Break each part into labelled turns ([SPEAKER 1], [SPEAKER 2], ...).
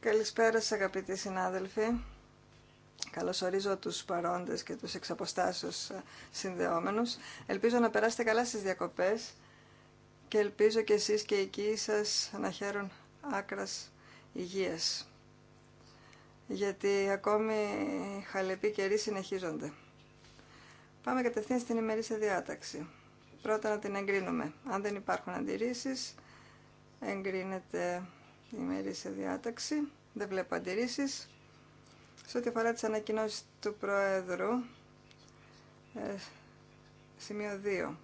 [SPEAKER 1] Καλησπέρα σας αγαπητοί συνάδελφοι. Καλωσορίζω τους παρόντες και τους εξαποστάσεως ε, συνδεόμενους. Ελπίζω να περάσετε καλά στις διακοπές και ελπίζω και εσείς και οι οικοί σας να χαίρουν άκρας υγείας. Γιατί ακόμη χαλεποί καιροί συνεχίζονται. Πάμε κατευθείαν στην ημερήσια διάταξη. Πρώτα να την εγκρίνουμε. Αν δεν υπάρχουν αντιρρήσεις, εγκρίνεται σε διάταξη. Δεν βλέπω αντιρρήσει. Σε ό,τι αφορά τι ανακοινώσει του Προέδρου, ε, σημείο 2.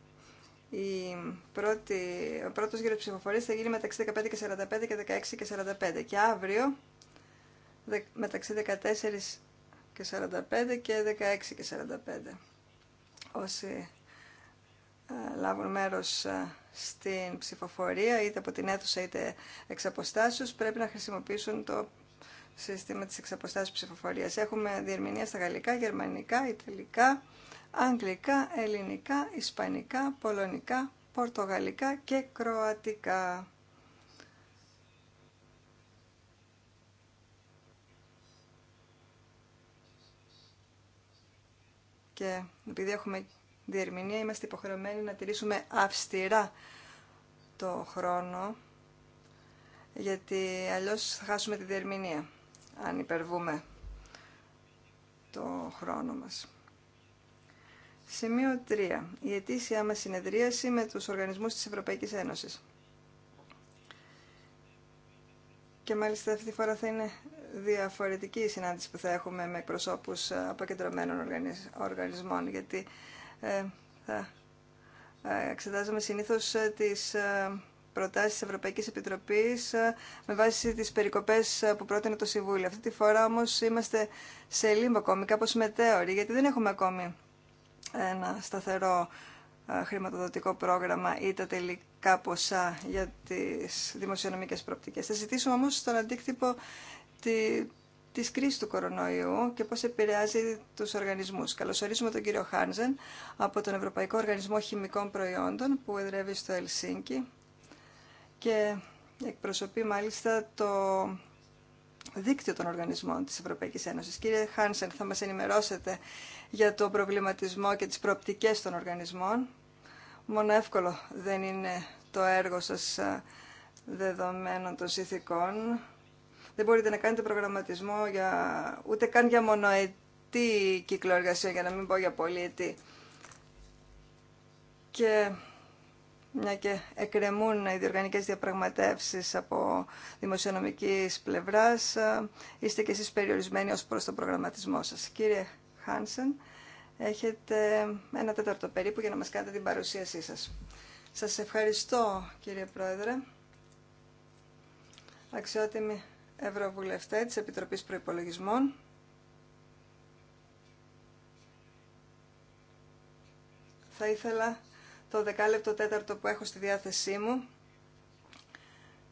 [SPEAKER 1] Η πρώτη, ο πρώτος γύρος ψηφοφορίας θα γίνει μεταξύ 15 και 45 και 16 και 45 και αύριο μεταξύ 14 και 45 και 16 και 45. Όσοι ε, λάβουν μέρος ε, στην ψηφοφορία, είτε από την αίθουσα είτε εξ πρέπει να χρησιμοποιήσουν το σύστημα της αποστάσεως ψηφοφορίας. Έχουμε διερμηνία στα γαλλικά, γερμανικά, ιταλικά, αγγλικά, ελληνικά, ισπανικά, πολωνικά, πορτογαλικά και κροατικά. Και επειδή έχουμε διερμηνία είμαστε υποχρεωμένοι να τηρήσουμε αυστηρά το χρόνο γιατί αλλιώς θα χάσουμε τη διερμηνία αν υπερβούμε το χρόνο μας. Σημείο 3. Η ετήσια μας συνεδρίαση με τους οργανισμούς της Ευρωπαϊκής Ένωσης. Και μάλιστα αυτή τη φορά θα είναι διαφορετική η συνάντηση που θα έχουμε με προσώπους αποκεντρωμένων οργανισμών, γιατί ε, θα ε, εξετάζουμε συνήθως ε, τις προτάσεις της Ευρωπαϊκής Επιτροπής με βάση τις περικοπές που πρότεινε το Συμβούλιο. Αυτή τη φορά όμως είμαστε σε λίμπο ακόμη, κάπως μετέωροι, γιατί δεν έχουμε ακόμη ένα σταθερό χρηματοδοτικό πρόγραμμα ή τα τελικά ποσά για τις δημοσιονομικές προοπτικές. Θα ζητήσουμε όμως τον αντίκτυπο Τη κρίση του κορονοϊού και πώ επηρεάζει του οργανισμού. Καλωσορίζουμε τον κύριο Χάνζεν από τον Ευρωπαϊκό Οργανισμό Χημικών Προϊόντων που εδρεύει στο Ελσίνκι και εκπροσωπεί μάλιστα το δίκτυο των οργανισμών της Ευρωπαϊκής Ένωσης. Κύριε Χάνσεν, θα μας ενημερώσετε για τον προβληματισμό και τι προοπτικές των οργανισμών. Μόνο εύκολο δεν είναι το έργο σας ε, δεδομένων των συνθηκών δεν μπορείτε να κάνετε προγραμματισμό για, ούτε καν για μονοετή κύκλο εργασία, για να μην πω για πολυετή. Και μια και εκρεμούν οι διοργανικές διαπραγματεύσεις από δημοσιονομικής πλευράς, είστε και εσείς περιορισμένοι ως προς τον προγραμματισμό σας. Κύριε Χάνσεν, έχετε ένα τέταρτο περίπου για να μας κάνετε την παρουσίασή σας. Σας ευχαριστώ κύριε Πρόεδρε. Αξιότιμη... Ευρωβουλευτέ της Επιτροπής Προϋπολογισμών. Θα ήθελα το δεκάλεπτο τέταρτο που έχω στη διάθεσή μου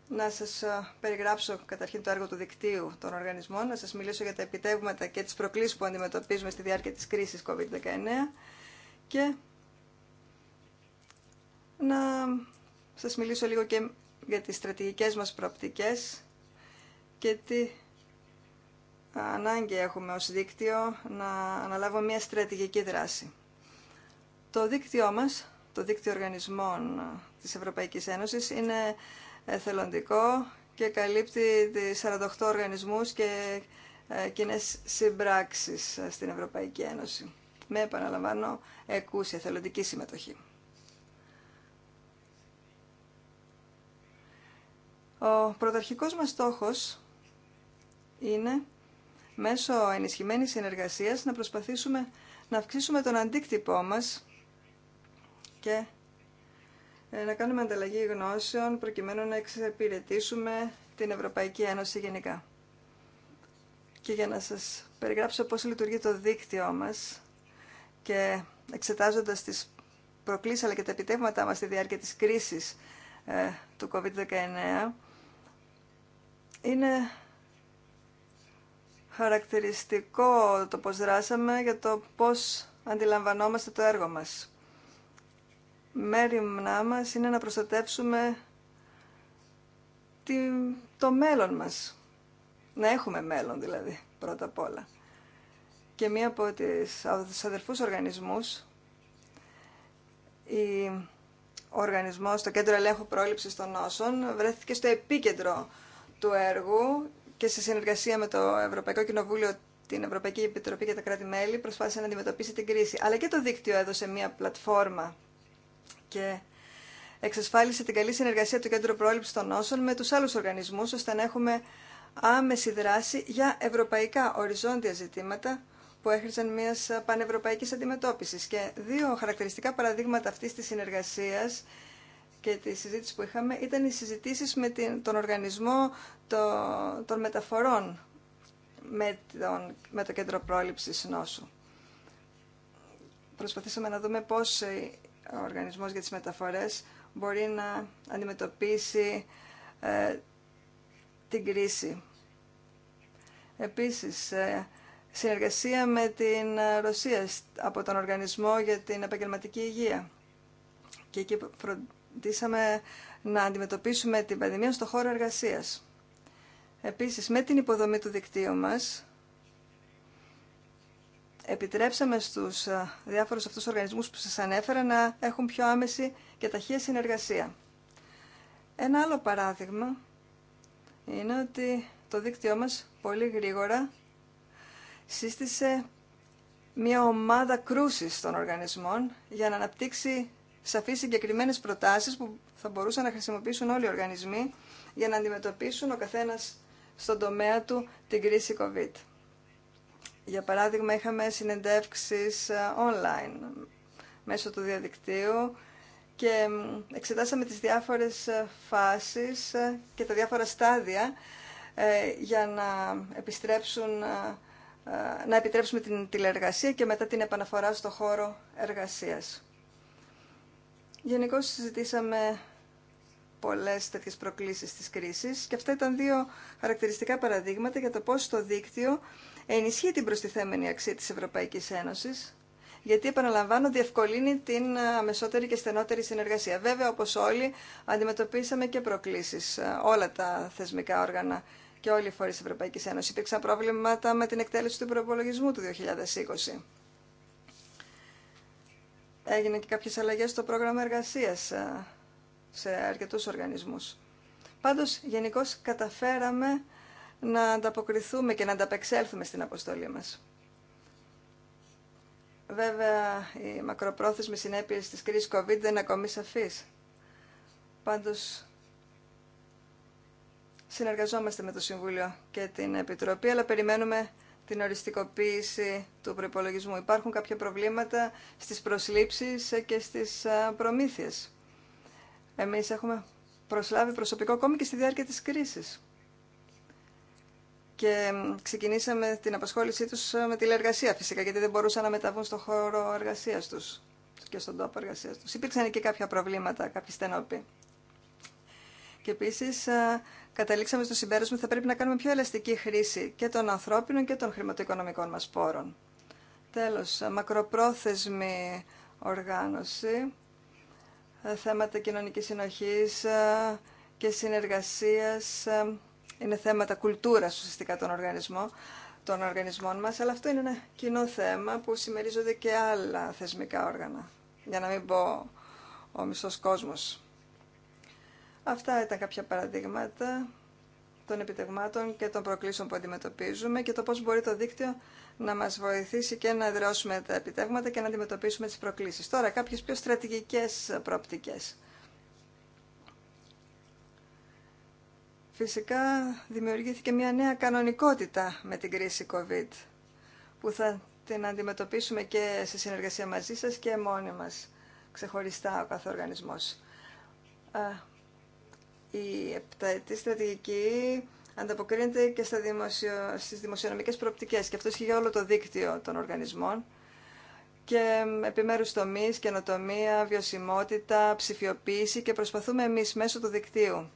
[SPEAKER 1] να σας περιγράψω καταρχήν το έργο του δικτύου των οργανισμών, να σας μιλήσω για τα επιτεύγματα και τις προκλήσεις που αντιμετωπίζουμε στη διάρκεια της κρίσης COVID-19 και να σας μιλήσω λίγο και για τις στρατηγικές μας προοπτικές και τι ανάγκη έχουμε ως δίκτυο να αναλάβουμε μια στρατηγική δράση. Το δίκτυό μας, το δίκτυο οργανισμών της Ευρωπαϊκής Ένωσης, είναι εθελοντικό και καλύπτει 48 οργανισμούς και ε, κοινέ συμπράξεις στην Ευρωπαϊκή Ένωση. Με, επαναλαμβάνω, εκούσια εθελοντική συμμετοχή. Ο πρωταρχικός μας στόχος είναι μέσω ενισχυμένης συνεργασίας να προσπαθήσουμε να αυξήσουμε τον αντίκτυπό μας και ε, να κάνουμε ανταλλαγή γνώσεων προκειμένου να εξυπηρετήσουμε την Ευρωπαϊκή Ένωση γενικά. Και για να σας περιγράψω πώς λειτουργεί το δίκτυό μας και εξετάζοντας τις προκλήσεις αλλά και τα επιτεύγματα μας στη διάρκεια της κρίσης ε, του COVID-19, είναι χαρακτηριστικό το πώς δράσαμε για το πώς αντιλαμβανόμαστε το έργο μας. Μέριμνά μας είναι να προστατεύσουμε το μέλλον μας. Να έχουμε μέλλον δηλαδή, πρώτα απ' όλα. Και μία από τις, από αδερφούς οργανισμούς, η, οργανισμός, το Κέντρο Ελέγχου Πρόληψης των Νόσων, βρέθηκε στο επίκεντρο του έργου και σε συνεργασία με το Ευρωπαϊκό Κοινοβούλιο, την Ευρωπαϊκή Επιτροπή και τα κράτη-μέλη προσπάθησε να αντιμετωπίσει την κρίση. Αλλά και το δίκτυο έδωσε μια πλατφόρμα και εξασφάλισε την καλή συνεργασία του Κέντρου Πρόληψη των Νόσων με τους άλλους οργανισμούς, ώστε να έχουμε άμεση δράση για ευρωπαϊκά οριζόντια ζητήματα που έχριζαν μια πανευρωπαϊκή αντιμετώπιση. Και δύο χαρακτηριστικά παραδείγματα αυτή τη συνεργασία και τη συζήτηση που είχαμε ήταν οι συζητήσεις με τον οργανισμό των μεταφορών με, τον, με το κέντρο πρόληψης νόσου. Προσπαθήσαμε να δούμε πώς ο οργανισμός για τις μεταφορές μπορεί να αντιμετωπίσει ε, την κρίση. Επίσης, ε, συνεργασία με την Ρωσία από τον Οργανισμό για την Επαγγελματική Υγεία και εκεί φροντίσαμε να αντιμετωπίσουμε την πανδημία στο χώρο εργασίας. Επίσης, με την υποδομή του δικτύου μας, επιτρέψαμε στους ε, διάφορους αυτούς οργανισμούς που σας ανέφερα να έχουν πιο άμεση και ταχεία συνεργασία. Ένα άλλο παράδειγμα είναι ότι το δίκτυό μας πολύ γρήγορα σύστησε μια ομάδα κρούσης των οργανισμών για να αναπτύξει σαφείς συγκεκριμένες προτάσεις που θα μπορούσαν να χρησιμοποιήσουν όλοι οι οργανισμοί για να αντιμετωπίσουν ο καθένας στον τομέα του την κρίση COVID. Για παράδειγμα, είχαμε συνεντεύξεις ε, online μέσω του διαδικτύου και εξετάσαμε τις διάφορες ε, φάσεις ε, και τα διάφορα στάδια για να επιστρέψουν να επιτρέψουμε την τηλεεργασία και μετά την επαναφορά στο χώρο εργασίας. Γενικώ συζητήσαμε πολλές τέτοιες προκλήσεις της κρίσης και αυτά ήταν δύο χαρακτηριστικά παραδείγματα για το πώς το δίκτυο ενισχύει την προστιθέμενη αξία της Ευρωπαϊκής Ένωσης γιατί επαναλαμβάνω διευκολύνει την ε, αμεσότερη και στενότερη συνεργασία. Βέβαια, όπως όλοι, αντιμετωπίσαμε και προκλήσεις ε, όλα τα θεσμικά όργανα και όλοι οι φορείς της Ευρωπαϊκής Ένωσης. Υπήρξαν προβλήματα με την εκτέλεση του προπολογισμού του 2020 έγιναν και κάποιες αλλαγές στο πρόγραμμα εργασίας ε, σε αρκετούς οργανισμούς. Πάντως, γενικώ καταφέραμε να ανταποκριθούμε και να ανταπεξέλθουμε στην αποστολή μας. Βέβαια, οι μακροπρόθεσμη συνέπεια της κρίσης COVID δεν είναι ακόμη σαφείς. Πάντως, συνεργαζόμαστε με το Συμβούλιο και την Επιτροπή, αλλά περιμένουμε την οριστικοποίηση του προπολογισμού. Υπάρχουν κάποια προβλήματα στις προσλήψεις και στις προμήθειες. Εμείς έχουμε προσλάβει προσωπικό ακόμη και στη διάρκεια της κρίσης. Και ξεκινήσαμε την απασχόλησή τους με τηλεεργασία φυσικά, γιατί δεν μπορούσαν να μεταβούν στον χώρο εργασίας τους και στον τόπο εργασίας τους. Υπήρξαν και κάποια προβλήματα, κάποιοι στενόποι. Και επίση, ε, καταλήξαμε στο συμπέρασμα ότι θα πρέπει να κάνουμε πιο ελαστική χρήση και των ανθρώπινων και των χρηματοοικονομικών μα πόρων. Τέλο, ε, μακροπρόθεσμη οργάνωση, ε, θέματα κοινωνική συνοχή και συνεργασία. είναι θέματα κουλτούρα ουσιαστικά των οργανισμών, των οργανισμών μας, αλλά αυτό είναι ένα κοινό θέμα που συμμερίζονται και άλλα θεσμικά όργανα, για να μην πω ο μισός κόσμος. Αυτά ήταν κάποια παραδείγματα των επιτεγμάτων και των προκλήσεων που αντιμετωπίζουμε και το πώς μπορεί το δίκτυο να μας βοηθήσει και να εδραιώσουμε τα επιτεύγματα και να αντιμετωπίσουμε τις προκλήσεις. Τώρα κάποιες πιο στρατηγικές προοπτικές. Φυσικά δημιουργήθηκε μια νέα κανονικότητα με την κρίση COVID που θα την αντιμετωπίσουμε και σε συνεργασία μαζί σας και μόνοι μας ξεχωριστά ο κάθε οργανισμός η επταετή στρατηγική ανταποκρίνεται και στα δημοσιο... στις δημοσιονομικές προοπτικές και αυτό ισχύει για όλο το δίκτυο των οργανισμών και επιμέρους τομείς, καινοτομία, βιωσιμότητα, ψηφιοποίηση και προσπαθούμε εμείς μέσω του δικτύου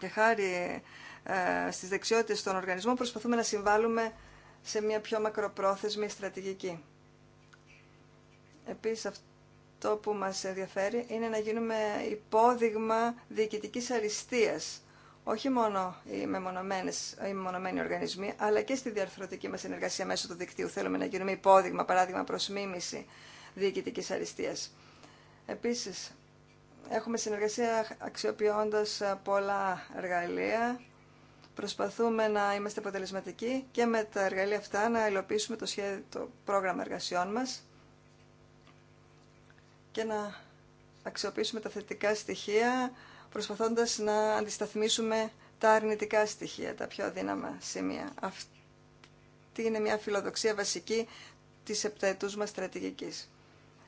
[SPEAKER 1] και χάρη ε, στις δεξιότητες των οργανισμών προσπαθούμε να συμβάλλουμε σε μια πιο μακροπρόθεσμη στρατηγική. Επίσης, αυτό που μας ενδιαφέρει είναι να γίνουμε υπόδειγμα διοικητικής αριστείας. Όχι μόνο οι μεμονωμένες, οι μεμονωμένοι οργανισμοί, αλλά και στη διαρθρωτική μας συνεργασία μέσω του δικτύου. Θέλουμε να γίνουμε υπόδειγμα, παράδειγμα προς μίμηση διοικητικής αριστείας. Επίσης, έχουμε συνεργασία αξιοποιώντας πολλά εργαλεία. Προσπαθούμε να είμαστε αποτελεσματικοί και με τα εργαλεία αυτά να υλοποιήσουμε το, σχέδιο, το πρόγραμμα εργασιών μας και να αξιοποιήσουμε τα θετικά στοιχεία προσπαθώντας να αντισταθμίσουμε τα αρνητικά στοιχεία, τα πιο αδύναμα σημεία. Αυτή είναι μια φιλοδοξία βασική της επταετούς μας στρατηγικής.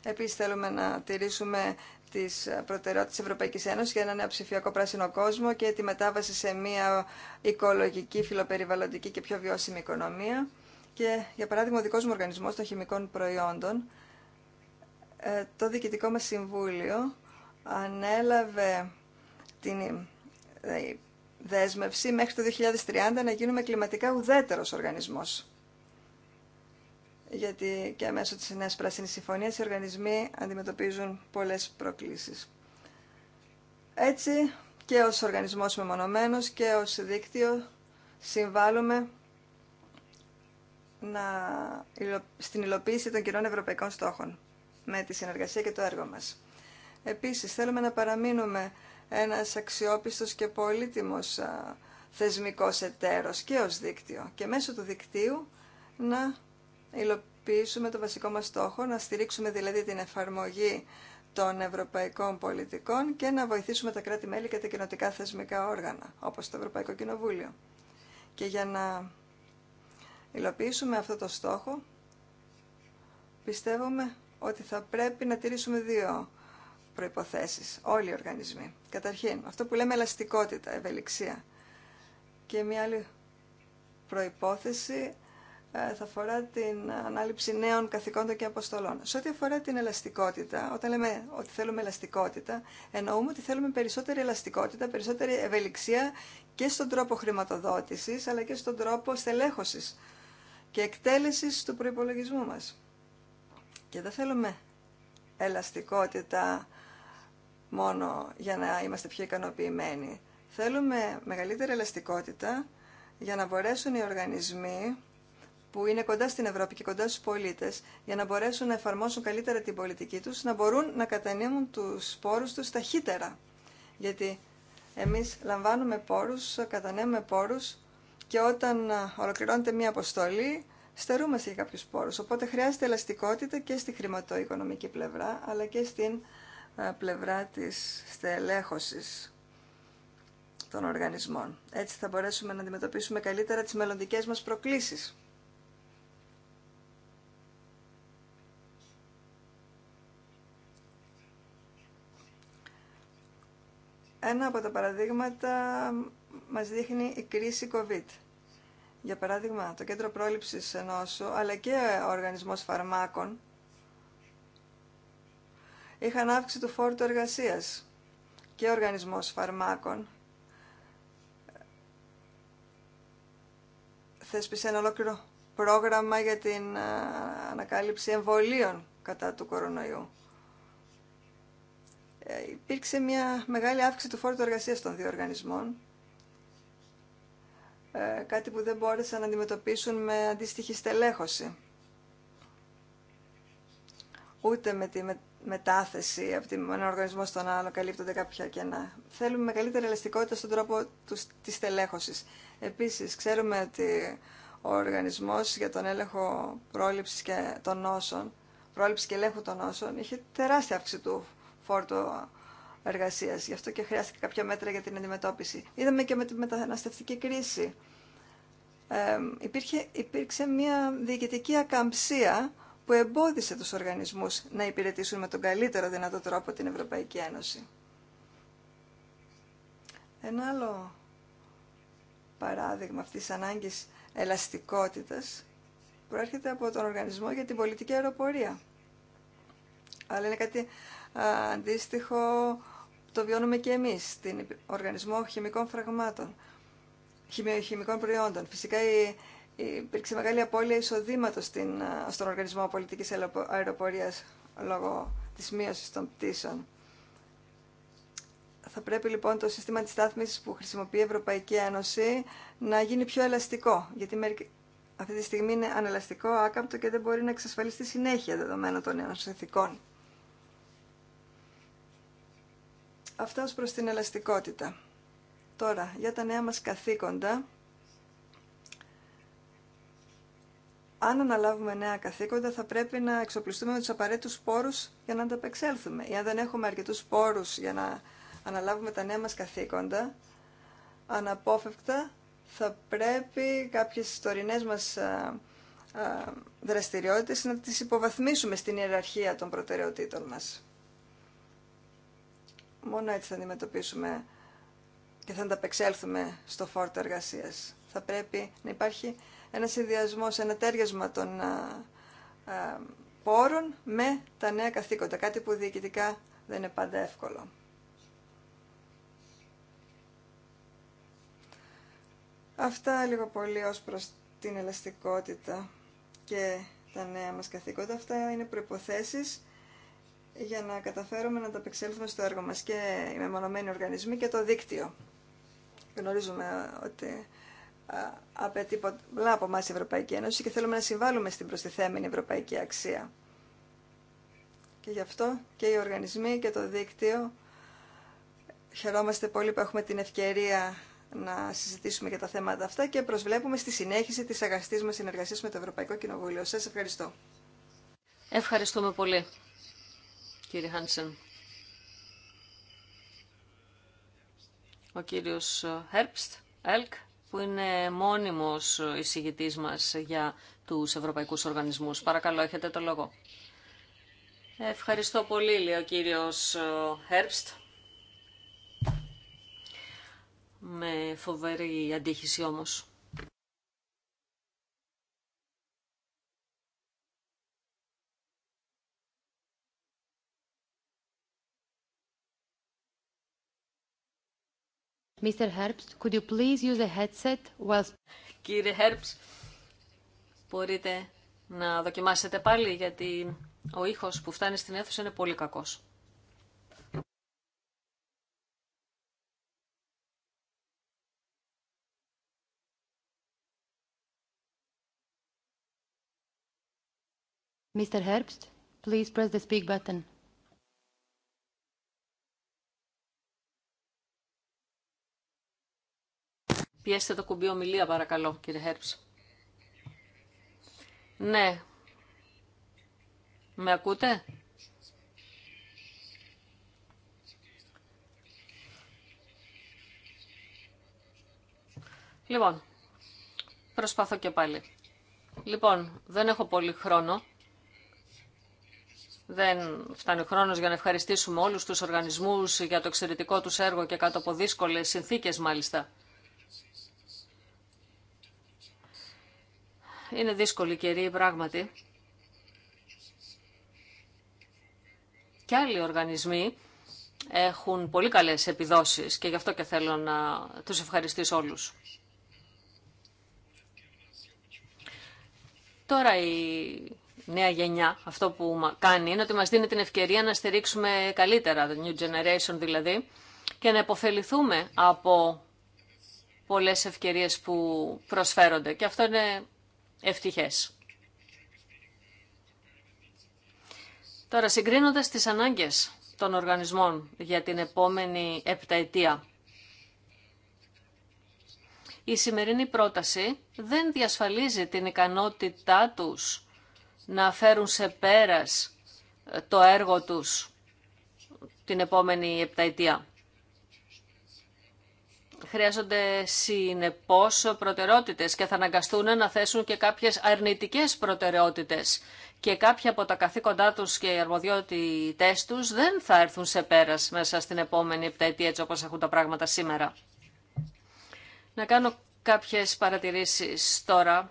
[SPEAKER 1] Επίσης θέλουμε να τηρήσουμε τις προτεραιότητες της Ευρωπαϊκής Ένωσης για ένα νέο ψηφιακό πράσινο κόσμο και τη μετάβαση σε μια οικολογική, φιλοπεριβαλλοντική και πιο βιώσιμη οικονομία. Και για παράδειγμα ο δικός μου οργανισμός των χημικών προϊόντων ε, το Διοικητικό μας Συμβούλιο ανέλαβε την ε, δέσμευση μέχρι το 2030 να γίνουμε κλιματικά ουδέτερος οργανισμός. Γιατί και μέσω της Νέας Πράσινης Συμφωνίας οι οργανισμοί αντιμετωπίζουν πολλές προκλήσεις. Έτσι και ως οργανισμός μεμονωμένος και ως δίκτυο συμβάλλουμε να, στην υλοποίηση των κοινών ευρωπαϊκών στόχων με τη συνεργασία και το έργο μας. Επίσης, θέλουμε να παραμείνουμε ένας αξιόπιστος και πολύτιμος θεσμικός εταίρος και ως δίκτυο και μέσω του δικτύου να υλοποιήσουμε το βασικό μας στόχο, να στηρίξουμε δηλαδή την εφαρμογή των ευρωπαϊκών πολιτικών και να βοηθήσουμε τα κράτη-μέλη και τα κοινοτικά θεσμικά όργανα, όπως το Ευρωπαϊκό Κοινοβούλιο. Και για να υλοποιήσουμε αυτό το στόχο, πιστεύουμε ότι θα πρέπει να τηρήσουμε δύο προϋποθέσεις, όλοι οι οργανισμοί. Καταρχήν, αυτό που λέμε ελαστικότητα, ευελιξία. Και μια άλλη προϋπόθεση ε, θα αφορά την ανάληψη νέων καθηκόντων και αποστολών. Σε ό,τι αφορά την ελαστικότητα, όταν λέμε ότι θέλουμε ελαστικότητα, εννοούμε ότι θέλουμε περισσότερη ελαστικότητα, περισσότερη ευελιξία και στον τρόπο χρηματοδότησης, αλλά και στον τρόπο στελέχωσης και εκτέλεσης του προϋπολογισμού μας. Και δεν θέλουμε ελαστικότητα μόνο για να είμαστε πιο ικανοποιημένοι. Θέλουμε μεγαλύτερη ελαστικότητα για να μπορέσουν οι οργανισμοί που είναι κοντά στην Ευρώπη και κοντά στους πολίτες, για να μπορέσουν να εφαρμόσουν καλύτερα την πολιτική τους, να μπορούν να κατανείμουν τους πόρους τους ταχύτερα. Γιατί εμείς λαμβάνουμε πόρους, κατανέμουμε πόρους και όταν ε, ολοκληρώνεται μια αποστολή στερούμαστε για κάποιους πόρους. Οπότε χρειάζεται ελαστικότητα και στη χρηματοοικονομική πλευρά, αλλά και στην ε, πλευρά της στελέχωσης των οργανισμών. Έτσι θα μπορέσουμε να αντιμετωπίσουμε καλύτερα τις μελλοντικέ μας προκλήσεις. Ένα από τα παραδείγματα μας δείχνει η κρίση COVID. Για παράδειγμα, το κέντρο πρόληψης νόσου, αλλά και ο οργανισμός φαρμάκων, είχαν αύξηση του φόρτου εργασίας και ο οργανισμός φαρμάκων. Θέσπισε ένα ολόκληρο πρόγραμμα για την ε, ανακάλυψη εμβολίων κατά του κορονοϊού. Ε, υπήρξε μια μεγάλη αύξηση του φόρτου εργασίας των δύο οργανισμών ε, κάτι που δεν μπόρεσαν να αντιμετωπίσουν με αντίστοιχη στελέχωση. Ούτε με τη μετάθεση από τον ένα οργανισμό στον άλλο καλύπτονται κάποια κενά. Θέλουμε μεγαλύτερη ελαστικότητα στον τρόπο της στελέχωσης. Επίσης, ξέρουμε ότι ο οργανισμός για τον έλεγχο πρόληψης και των νόσων, πρόληψη και ελέγχου των νόσων, είχε τεράστια αύξηση του φόρτου εργασία. Γι' αυτό και χρειάστηκε κάποια μέτρα για την αντιμετώπιση. Είδαμε και με τη μεταναστευτική κρίση. υπήρξε μια διοικητική ακαμψία που εμπόδισε τους οργανισμούς να υπηρετήσουν με τον καλύτερο δυνατό τρόπο την Ευρωπαϊκή Ένωση. Ένα άλλο παράδειγμα αυτής της ανάγκης ελαστικότητας προέρχεται από τον Οργανισμό για την Πολιτική Αεροπορία. Αλλά είναι κάτι αντίστοιχο το βιώνουμε και εμείς, στην Οργανισμό Χημικών Φραγμάτων, Χημικών Προϊόντων. Φυσικά υπήρξε μεγάλη απώλεια εισοδήματο στον Οργανισμό Πολιτικής Αεροπορίας λόγω της μείωσης των πτήσεων. Θα πρέπει λοιπόν το σύστημα της στάθμισης που χρησιμοποιεί η Ευρωπαϊκή Ένωση να γίνει πιο ελαστικό, γιατί αυτή τη στιγμή είναι ανελαστικό, άκαμπτο και δεν μπορεί να εξασφαλιστεί συνέχεια δεδομένων των ενωσιαθικών Αυτά ως προς την ελαστικότητα. Τώρα, για τα νέα μας καθήκοντα, αν αναλάβουμε νέα καθήκοντα θα πρέπει να εξοπλιστούμε με τους απαραίτητους πόρους για να ανταπεξέλθουμε. Ή αν δεν έχουμε αρκετούς πόρους για να αναλάβουμε τα νέα μας καθήκοντα, αναπόφευκτα θα πρέπει κάποιες τωρινές μας δραστηριότητες να τις υποβαθμίσουμε στην ιεραρχία των προτεραιοτήτων μας. Μόνο έτσι θα αντιμετωπίσουμε και θα ανταπεξέλθουμε στο φόρτο εργασία. Θα πρέπει να υπάρχει ένα συνδυασμό, ένα τέριασμα των πόρων με τα νέα καθήκοντα. Κάτι που διοικητικά δεν είναι πάντα εύκολο. Αυτά λίγο πολύ ως προς την ελαστικότητα και τα νέα μας καθήκοντα. Αυτά είναι προϋποθέσεις για να καταφέρουμε να ανταπεξέλθουμε στο έργο μας και οι μεμονωμένοι οργανισμοί και το δίκτυο. Γνωρίζουμε ότι απαιτεί πολλά από εμά η Ευρωπαϊκή Ένωση και θέλουμε να συμβάλλουμε στην προστιθέμενη ευρωπαϊκή αξία. Και γι' αυτό και οι οργανισμοί και το δίκτυο χαιρόμαστε πολύ που έχουμε την ευκαιρία να συζητήσουμε για τα θέματα αυτά και προσβλέπουμε στη συνέχιση της αγαστής μας συνεργασίας
[SPEAKER 2] με το Ευρωπαϊκό Κοινοβούλιο. Σας ευχαριστώ. Ευχαριστούμε πολύ κύριε Χάνσεν. Ο κύριος Herbst, Ελκ, που είναι μόνιμος εισηγητής μας για τους ευρωπαϊκούς οργανισμούς. Παρακαλώ, έχετε το λόγο. Ευχαριστώ πολύ, λέει ο κύριος Herbst. Με φοβερή αντίχηση όμως. Mr. Herbst, could you please use a headset while... Κύριε Herbst, μπορείτε να δοκιμάσετε πάλι γιατί ο ήχος που φτάνει στην αίθουσα είναι πολύ κακός. Mr. Herbst, please press the speak button. Πιέστε το κουμπί ομιλία παρακαλώ, κύριε Χέρψ. Ναι. Με ακούτε? Λοιπόν, προσπαθώ και πάλι. Λοιπόν, δεν έχω πολύ χρόνο. Δεν φτάνει ο χρόνος για να ευχαριστήσουμε όλους τους οργανισμούς για το εξαιρετικό τους έργο και κάτω από δύσκολες συνθήκες μάλιστα. είναι δύσκολη καιρή πράγματι. Και άλλοι οργανισμοί έχουν πολύ καλές επιδόσεις και γι' αυτό και θέλω να τους ευχαριστήσω όλους. Τώρα η νέα γενιά αυτό που κάνει είναι ότι μας δίνει την ευκαιρία να στηρίξουμε καλύτερα, the new generation δηλαδή, και να υποφεληθούμε από πολλές ευκαιρίες που προσφέρονται. Και αυτό είναι ευτυχές. Τώρα, συγκρίνοντας τις ανάγκες των οργανισμών για την επόμενη επταετία, η σημερινή πρόταση δεν διασφαλίζει την ικανότητά τους να φέρουν σε πέρας το έργο τους την επόμενη επταετία. Χρειάζονται συνεπώ προτεραιότητες και θα αναγκαστούν να θέσουν και κάποιες αρνητικέ προτεραιότητες και κάποια από τα καθήκοντά τους και οι αρμοδιότητές τους δεν θα έρθουν σε πέρας μέσα στην επόμενη επταετία έτσι όπως έχουν τα πράγματα σήμερα. Να κάνω κάποιες παρατηρήσει τώρα,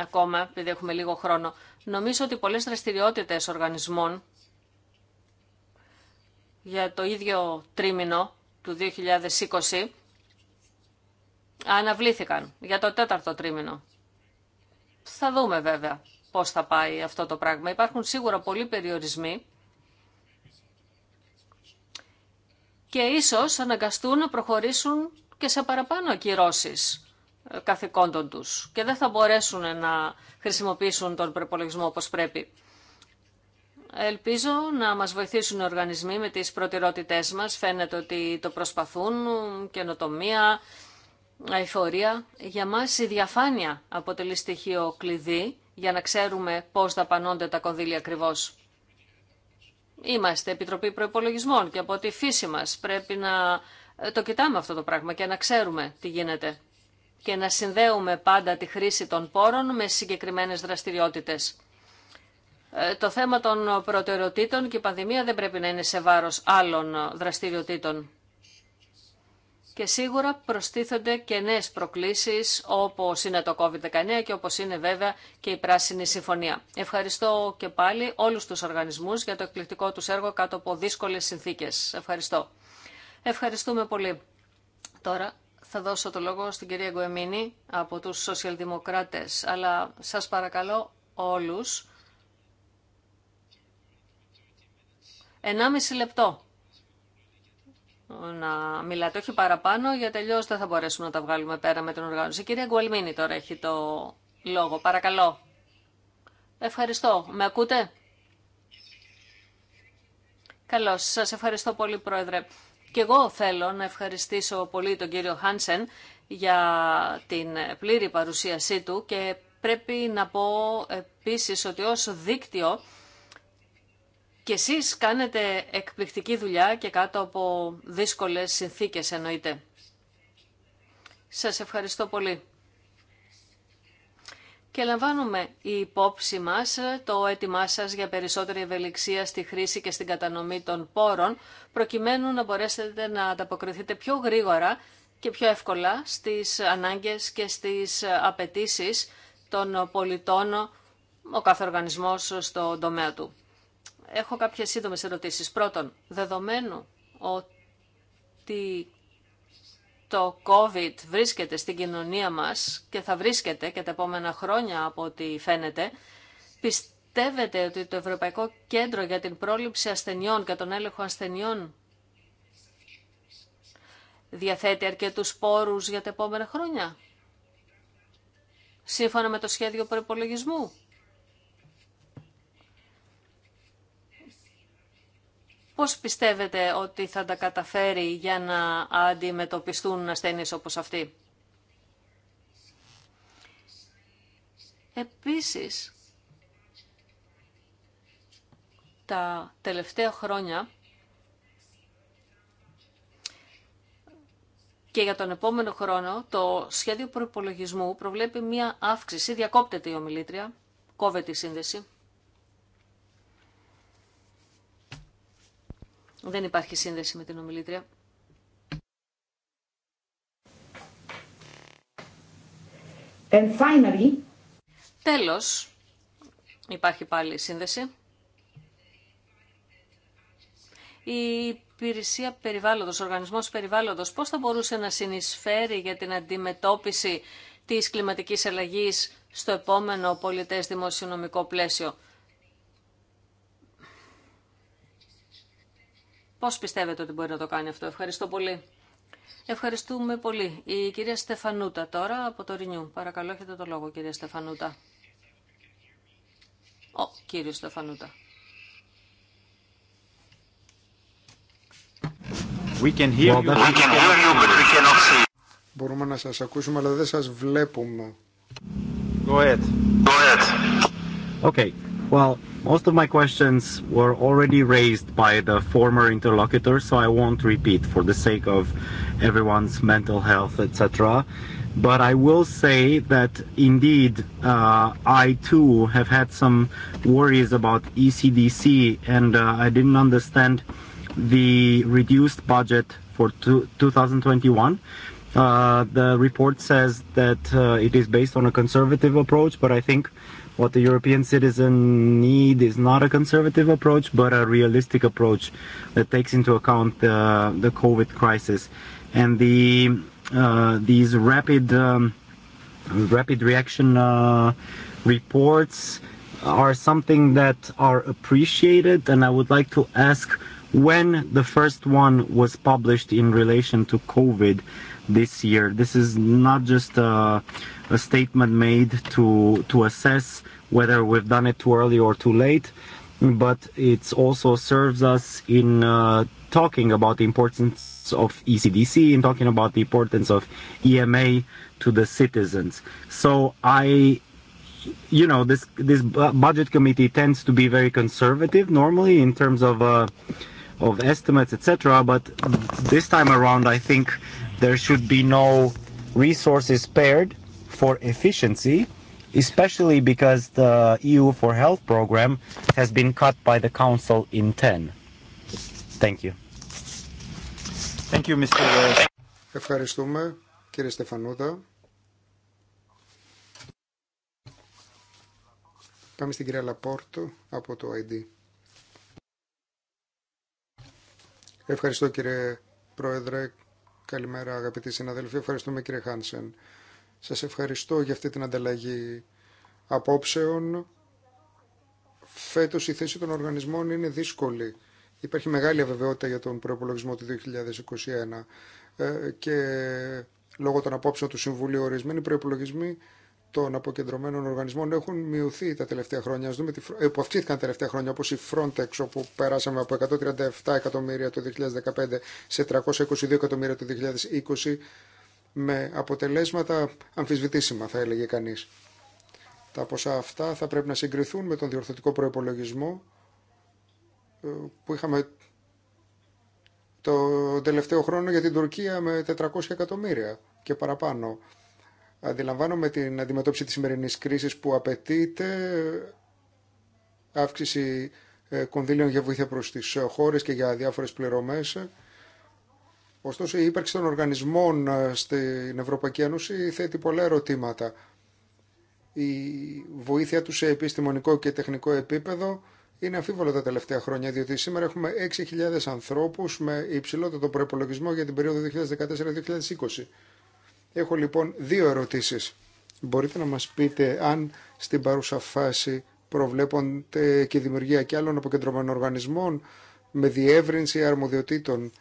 [SPEAKER 2] ακόμα, επειδή έχουμε λίγο χρόνο. Νομίζω ότι πολλέ δραστηριότητε οργανισμών για το ίδιο τρίμηνο του 2020 αναβλήθηκαν για το τέταρτο τρίμηνο. Θα δούμε βέβαια πώς θα πάει αυτό το πράγμα. Υπάρχουν σίγουρα πολλοί περιορισμοί και ίσως αναγκαστούν να προχωρήσουν και σε παραπάνω ακυρώσεις ε, καθηκόντων τους και δεν θα μπορέσουν να χρησιμοποιήσουν τον προπολογισμό όπως πρέπει. Ελπίζω να μας βοηθήσουν οι οργανισμοί με τις προτεραιότητές μας. Φαίνεται ότι το προσπαθούν, καινοτομία, αηφορία, για μας η διαφάνεια αποτελεί στοιχείο κλειδί για να ξέρουμε πώς δαπανώνται τα κονδύλια ακριβώς. Είμαστε Επιτροπή Προπολογισμών και από τη φύση μας πρέπει να ε, το κοιτάμε αυτό το πράγμα και να ξέρουμε τι γίνεται και να συνδέουμε πάντα τη χρήση των πόρων με συγκεκριμένες δραστηριότητες. Ε, το θέμα των προτεραιοτήτων και η πανδημία δεν πρέπει να είναι σε βάρος άλλων ε, δραστηριοτήτων και σίγουρα προστίθονται και νέε προκλήσει όπω είναι το COVID-19 και όπω είναι βέβαια και η Πράσινη Συμφωνία. Ευχαριστώ και πάλι όλου του οργανισμού για το εκπληκτικό του έργο κάτω από δύσκολε συνθήκε. Ευχαριστώ. Ευχαριστούμε πολύ. Τώρα θα δώσω το λόγο στην κυρία Γκουεμίνη από τους σοσιαλδημοκράτες, αλλά σας παρακαλώ όλους 1,5 λεπτό να μιλάτε, όχι παραπάνω, για τελειώ δεν θα μπορέσουμε να τα βγάλουμε πέρα με την οργάνωση. Η κυρία Γκουαλμίνη τώρα έχει το λόγο. Παρακαλώ. Ευχαριστώ. Με ακούτε? Καλώ, Σας ευχαριστώ πολύ, Πρόεδρε. Και εγώ θέλω να ευχαριστήσω πολύ τον κύριο Χάνσεν για την πλήρη παρουσίασή του και πρέπει να πω επίσης ότι ως δίκτυο και εσείς κάνετε εκπληκτική δουλειά και κάτω από δύσκολες συνθήκες εννοείται. Σας ευχαριστώ πολύ. Και λαμβάνουμε η υπόψη μας το έτοιμά σας για περισσότερη ευελιξία στη χρήση και στην κατανομή των πόρων, προκειμένου να μπορέσετε να ανταποκριθείτε πιο γρήγορα και πιο εύκολα στις ανάγκες και στις απαιτήσεις των πολιτών ο κάθε οργανισμός στον τομέα του έχω κάποιες σύντομες ερωτήσεις. Πρώτον, δεδομένου ότι το COVID βρίσκεται στην κοινωνία μας και θα βρίσκεται και τα επόμενα χρόνια από ό,τι φαίνεται, πιστεύετε ότι το Ευρωπαϊκό Κέντρο για την Πρόληψη Ασθενειών και τον Έλεγχο Ασθενειών διαθέτει αρκετούς πόρους για τα επόμενα χρόνια, σύμφωνα με το σχέδιο προϋπολογισμού Πώς πιστεύετε ότι θα τα καταφέρει για να αντιμετωπιστούν ασθένειες όπως αυτή. Επίσης, τα τελευταία χρόνια και για τον επόμενο χρόνο το σχέδιο προπολογισμού προβλέπει μία αύξηση, διακόπτεται η ομιλήτρια, κόβεται η σύνδεση. Δεν υπάρχει σύνδεση με την ομιλήτρια.
[SPEAKER 1] And finally...
[SPEAKER 2] Τέλος, υπάρχει πάλι σύνδεση. Η υπηρεσία περιβάλλοντος, ο οργανισμός περιβάλλοντος, πώς θα μπορούσε να συνεισφέρει για την αντιμετώπιση της κλιματικής αλλαγής στο επόμενο πολιτές δημοσιονομικό πλαίσιο. Πώς πιστεύετε ότι μπορεί να το κάνει αυτό. Ευχαριστώ πολύ. Ευχαριστούμε πολύ. Η κυρία Στεφανούτα τώρα από το Ρινιού. Παρακαλώ, έχετε το λόγο, κυρία Στεφανούτα. Ο, κύριο Στεφανούτα.
[SPEAKER 3] we can hear you but
[SPEAKER 4] we see. Μπορούμε να σας ακούσουμε, αλλά δεν σας βλέπουμε. Go ahead. Go ahead.
[SPEAKER 3] Okay. Well, Most of my questions were already raised by the former interlocutor, so I won't repeat for the sake of everyone's mental health, etc. But I will say that indeed I too have had some worries about ECDC and I didn't understand the reduced budget for 2021. The report says that it is based on a conservative approach, but I think What the European citizen need is not a conservative approach, but a realistic approach that takes into account the, the COVID crisis and the uh, these rapid um, rapid reaction uh, reports are something that are appreciated, and I would like to ask when the first one was published in relation to COVID this year. This is not just a, a statement made to, to assess whether we've done it too early or too late, but it also serves us in uh, talking about the importance of ECDC, and talking about the importance of EMA to the citizens. So I you know this this budget committee tends to be very conservative normally in terms of uh, of estimates, etc. But this time around, I think there should be no resources spared for efficiency, especially because the EU for Health program has been cut by the Council in 10. Thank you.
[SPEAKER 4] Thank you, Mr. Ευχαριστούμε, κύριε Στεφανούδα. Πάμε στην κυρία Λαπόρτο από το ID. Ευχαριστώ κύριε Πρόεδρε. Καλημέρα αγαπητοί συναδελφοί. Ευχαριστούμε κύριε Χάνσεν. Σας ευχαριστώ για αυτή την ανταλλαγή απόψεων. Φέτος η θέση των οργανισμών είναι δύσκολη. Υπάρχει μεγάλη αβεβαιότητα για τον προπολογισμό του 2021 ε, και λόγω των απόψεων του Συμβουλίου ορισμένοι προπολογισμοί των αποκεντρωμένων οργανισμών έχουν μειωθεί τα τελευταία χρόνια, ας δούμε, ε, που αυξήθηκαν τα τελευταία χρόνια, όπως η Frontex, όπου περάσαμε από 137 εκατομμύρια το 2015 σε 322 εκατομμύρια το 2020, με αποτελέσματα αμφισβητήσιμα, θα έλεγε κανείς. Τα ποσά αυτά θα πρέπει να συγκριθούν με τον διορθωτικό προπολογισμό ε, που είχαμε το τελευταίο χρόνο για την Τουρκία με 400 εκατομμύρια και παραπάνω. Αντιλαμβάνομαι την αντιμετώπιση της σημερινής κρίσης που απαιτείται αύξηση ε, κονδύλιων για βοήθεια προς τις ε, χώρες και για διάφορες πληρωμές. Ωστόσο, η ύπαρξη των οργανισμών ε, στην Ευρωπαϊκή Ένωση θέτει πολλά ερωτήματα. Η βοήθεια του σε επιστημονικό και τεχνικό επίπεδο είναι αμφίβολο τα τελευταία χρόνια, διότι σήμερα έχουμε 6.000 ανθρώπους με υψηλότερο προπολογισμό για την περίοδο 2014-2020. Έχω λοιπόν δύο ερωτήσεις. Μπορείτε να μας πείτε αν στην παρούσα φάση προβλέπονται και η δημιουργία και άλλων αποκεντρωμένων οργανισμών με διεύρυνση αρμοδιοτήτων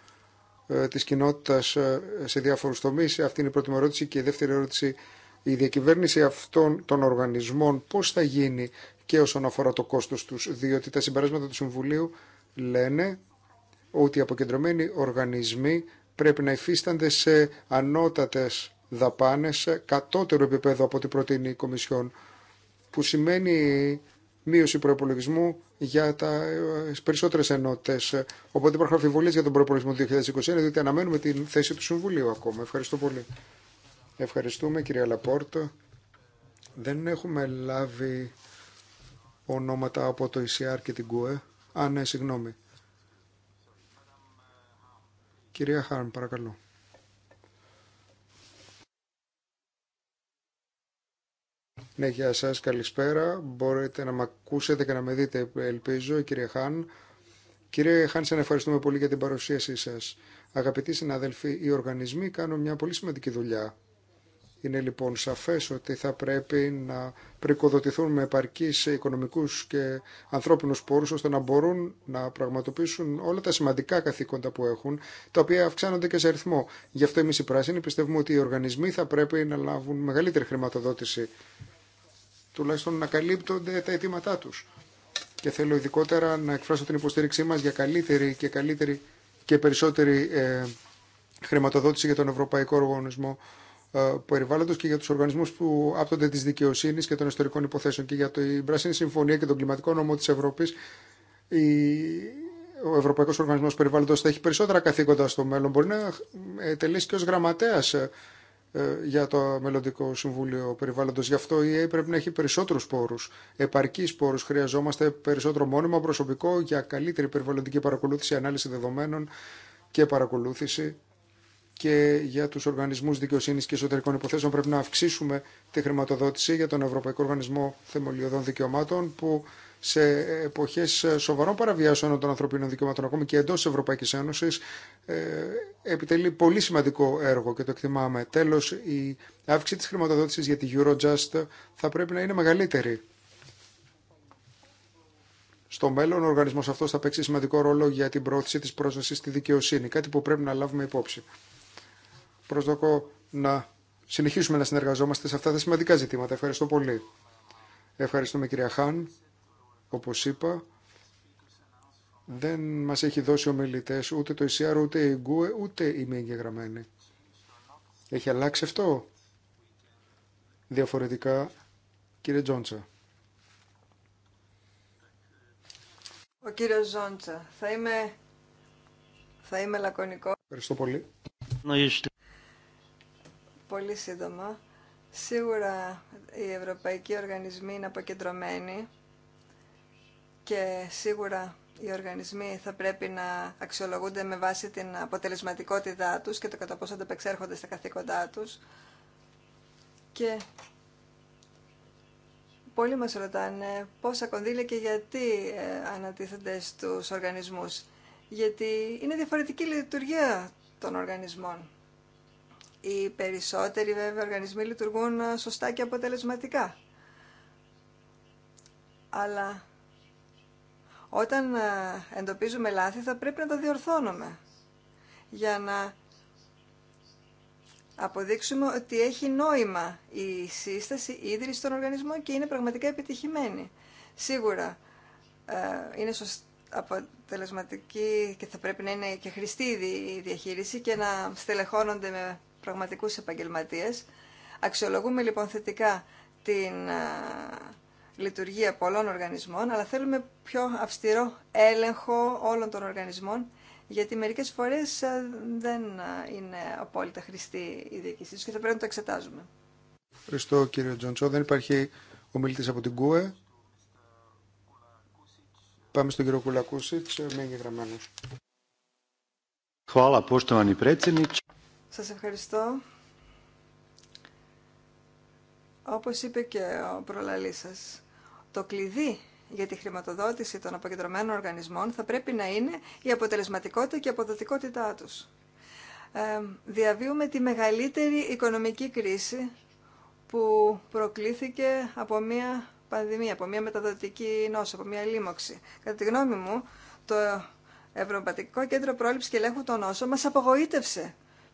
[SPEAKER 4] ε, της κοινότητας ε, σε διάφορους τομείς. Αυτή είναι η πρώτη μου ερώτηση και η δεύτερη ερώτηση η διακυβέρνηση αυτών των οργανισμών πώς θα γίνει και όσον αφορά το κόστος τους, διότι τα συμπεράσματα του Συμβουλίου λένε ότι οι αποκεντρωμένοι οργανισμοί πρέπει να υφίστανται σε ανώτατες σε κατώτερο επίπεδο από ό,τι προτείνει η Κομισιόν, που σημαίνει μείωση προπολογισμού για τα ε, περισσότερε ενότητες. Οπότε υπάρχουν αφιβολίε για τον προπολογισμό 2021, διότι αναμένουμε την θέση του Συμβουλίου ακόμα. Ευχαριστώ πολύ. Ευχαριστούμε κυρία Λαπόρτο. Δεν έχουμε λάβει ονόματα από το ECR και την ΚΟΕ. Α, ναι, συγγνώμη. Κυρία Χάρμ, παρακαλώ. Ναι, γεια σας, καλησπέρα. Μπορείτε να με ακούσετε και να με δείτε, ελπίζω, κύριε Χάν. Κύριε Χάν, Χάνσεν, ευχαριστούμε πολύ για την παρουσίασή σας. Αγαπητοί συναδελφοί, οι οργανισμοί κάνουν μια πολύ σημαντική δουλειά. Είναι λοιπόν σαφές ότι θα πρέπει να πρικοδοτηθούν με επαρκή σε οικονομικούς και ανθρώπινους πόρους ώστε να μπορούν να πραγματοποιήσουν όλα τα σημαντικά καθήκοντα που έχουν, τα οποία αυξάνονται και σε αριθμό. Γι' αυτό εμείς οι πράσινοι πιστεύουμε ότι οι οργανισμοί θα πρέπει να λάβουν μεγαλύτερη χρηματοδότηση τουλάχιστον να καλύπτονται τα αιτήματά τους. Και θέλω ειδικότερα να εκφράσω την υποστήριξή μας για καλύτερη και καλύτερη και περισσότερη ε, χρηματοδότηση για τον Ευρωπαϊκό Οργανισμό ε, Περιβάλλοντος και για τους οργανισμούς που άπτονται της δικαιοσύνης και των ιστορικών υποθέσεων και για την Πράσινη Συμφωνία και τον Κλιματικό Νόμο της Ευρώπης η, ο Ευρωπαϊκός Οργανισμός Περιβάλλοντος θα έχει περισσότερα καθήκοντα στο μέλλον. Μπορεί να ε, τελείσει και ως γραμματέας ε, ε, για το μελλοντικό Συμβούλιο Περιβάλλοντο. Γι' αυτό η ΕΕ πρέπει να έχει περισσότερου πόρου, επαρκεί πόρου. Χρειαζόμαστε περισσότερο μόνιμο προσωπικό για καλύτερη περιβαλλοντική παρακολούθηση, ανάλυση δεδομένων και παρακολούθηση. Και για του οργανισμού δικαιοσύνη και εσωτερικών υποθέσεων πρέπει να αυξήσουμε τη χρηματοδότηση για τον Ευρωπαϊκό Οργανισμό Θεμελιωδών Δικαιωμάτων που σε εποχέ σοβαρών παραβιάσεων των ανθρωπίνων δικαιωμάτων, ακόμη και εντό Ευρωπαϊκή Ένωση, ε, επιτελεί πολύ σημαντικό έργο και το εκτιμάμε. Τέλο, η αύξηση τη χρηματοδότηση για τη Eurojust θα πρέπει να είναι μεγαλύτερη. Στο μέλλον, ο οργανισμό αυτό θα παίξει σημαντικό ρόλο για την πρόθεση τη πρόσβαση στη δικαιοσύνη, κάτι που πρέπει να λάβουμε υπόψη. Προσδοκώ να συνεχίσουμε να συνεργαζόμαστε σε αυτά τα σημαντικά ζητήματα. Ευχαριστώ πολύ. Ευχαριστούμε κυρία Χάν. Όπως είπα, δεν μας έχει δώσει ομιλητές ούτε το ΕΣΥΑΡ, ούτε η ΓΚΟΕ, ούτε η μη εγγεγραμμένη. Έχει αλλάξει αυτό. Διαφορετικά, κύριε Τζόντσα.
[SPEAKER 1] Ο κύριος Τζόντσα. Θα είμαι, θα είμαι λακωνικό.
[SPEAKER 4] Ευχαριστώ πολύ.
[SPEAKER 1] Πολύ σύντομα. Σίγουρα οι ευρωπαϊκοί οργανισμοί είναι αποκεντρωμένοι και σίγουρα οι οργανισμοί θα πρέπει να αξιολογούνται με βάση την αποτελεσματικότητά τους και το κατά πόσο ανταπεξέρχονται στα καθήκοντά τους. Και πολλοί μας ρωτάνε πόσα κονδύλια και γιατί ε, ανατίθενται στους οργανισμούς. Γιατί είναι διαφορετική λειτουργία των οργανισμών. Οι περισσότεροι βέβαια οργανισμοί λειτουργούν ε, σωστά και αποτελεσματικά. Αλλά όταν ε, εντοπίζουμε λάθη θα πρέπει να τα διορθώνουμε για να αποδείξουμε ότι έχει νόημα η σύσταση, ίδρυση στον οργανισμό και είναι πραγματικά επιτυχημένη. Σίγουρα ε, είναι σωστή αποτελεσματική και θα πρέπει να είναι και χρηστή η διαχείριση και να στελεχώνονται με πραγματικούς επαγγελματίες. Αξιολογούμε λοιπόν θετικά την ε, λειτουργία πολλών οργανισμών, αλλά θέλουμε πιο αυστηρό έλεγχο όλων των οργανισμών, γιατί μερικές φορές ε, δεν ε, είναι απόλυτα χρηστή η διοίκησή και θα πρέπει να το εξετάζουμε.
[SPEAKER 4] Ευχαριστώ κύριε Τζοντσό. Δεν υπάρχει ομιλητής από την ΚΟΕ. Πάμε στον κύριο Κουλακούσιτς, ε, Μία εγγεγραμμένος.
[SPEAKER 1] Σα ευχαριστώ. Όπω είπε και ο προλαλής σας, το κλειδί για τη χρηματοδότηση των αποκεντρωμένων οργανισμών θα πρέπει να είναι η αποτελεσματικότητα και η αποδοτικότητά τους. Ε, διαβίουμε τη μεγαλύτερη οικονομική κρίση που προκλήθηκε από μια πανδημία, από μια μεταδοτική νόσο, από μια λίμωξη. Κατά τη γνώμη μου, το Ευρωπαϊκό Κέντρο Πρόληψης και Ελέγχου των Νόσων μας απογοήτευσε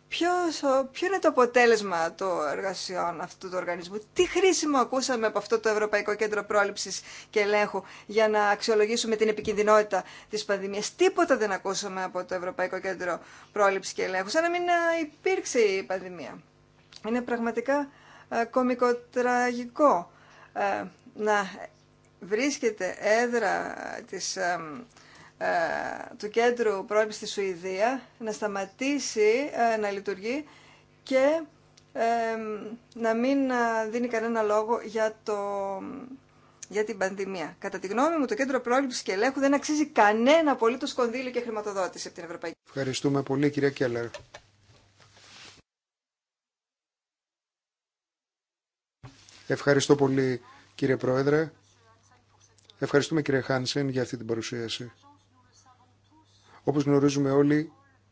[SPEAKER 1] ποιος, ποιο είναι το αποτέλεσμα των εργασιών αυτού του οργανισμού. Τι χρήσιμο ακούσαμε από αυτό το Ευρωπαϊκό Κέντρο Πρόληψης και Ελέγχου για να αξιολογήσουμε την επικινδυνότητα της πανδημίας. Τίποτα δεν ακούσαμε από το Ευρωπαϊκό Κέντρο Πρόληψης και Ελέγχου, σαν να μην ε, υπήρξε η πανδημία. Είναι πραγματικά ε, κομικοτραγικό ε, να βρίσκεται έδρα της ε, του κέντρου πρώιμης στη Σουηδία να σταματήσει ε, να λειτουργεί και ε, να μην δίνει κανένα λόγο για, το, για την πανδημία. Κατά τη γνώμη μου, το Κέντρο Πρόληψης και Ελέγχου δεν αξίζει κανένα απολύτω κονδύλιο και χρηματοδότηση από την Ευρωπαϊκή.
[SPEAKER 4] Ευχαριστούμε πολύ, κυρία Κέλλερ. Ευχαριστώ πολύ, κύριε Πρόεδρε. Ευχαριστούμε, κύριε Χάνσεν, για αυτή την παρουσίαση. Όπως γνωρίζουμε όλοι,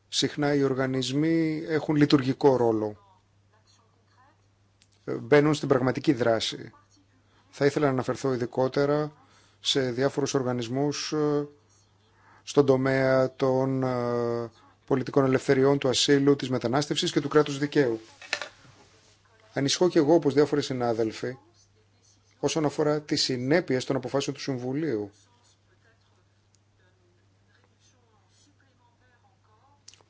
[SPEAKER 4] συχνά οι οργανισμοί έχουν λειτουργικό ρόλο. Ε, μπαίνουν στην πραγματική δράση. Θα ήθελα να αναφερθώ ειδικότερα σε διάφορους οργανισμούς ε, στον τομέα των ε, πολιτικών ελευθεριών, του ασύλου, της μετανάστευσης και του κράτους δικαίου. Ανισχώ και εγώ, όπως διάφοροι συνάδελφοι, όσον αφορά τις συνέπειες των αποφάσεων του Συμβουλίου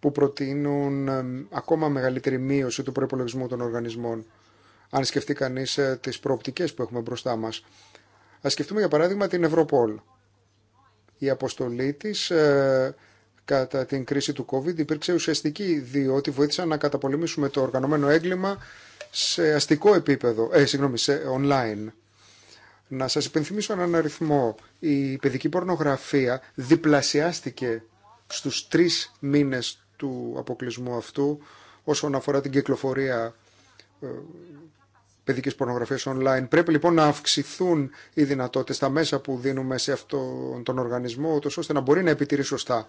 [SPEAKER 4] που προτείνουν ε, ακόμα μεγαλύτερη μείωση του προπολογισμού των οργανισμών, αν σκεφτεί κανεί ε, τι προοπτικέ που έχουμε μπροστά μα. Α σκεφτούμε για παράδειγμα την Ευρωπόλ. Η αποστολή τη ε, κατά την κρίση του COVID υπήρξε ουσιαστική, διότι βοήθησαν να καταπολεμήσουμε το οργανωμένο έγκλημα σε αστικό επίπεδο, ε, συγγνώμη, σε online. Να σας υπενθυμίσω έναν αριθμό. Η παιδική πορνογραφία διπλασιάστηκε στους τρεις μήνες του αποκλεισμού αυτού όσον αφορά την κυκλοφορία ε, παιδικής πορνογραφίας online. Πρέπει λοιπόν να αυξηθούν οι δυνατότητες, τα μέσα που δίνουμε σε αυτόν τον οργανισμό, ούτως ώστε να μπορεί να επιτηρεί σωστά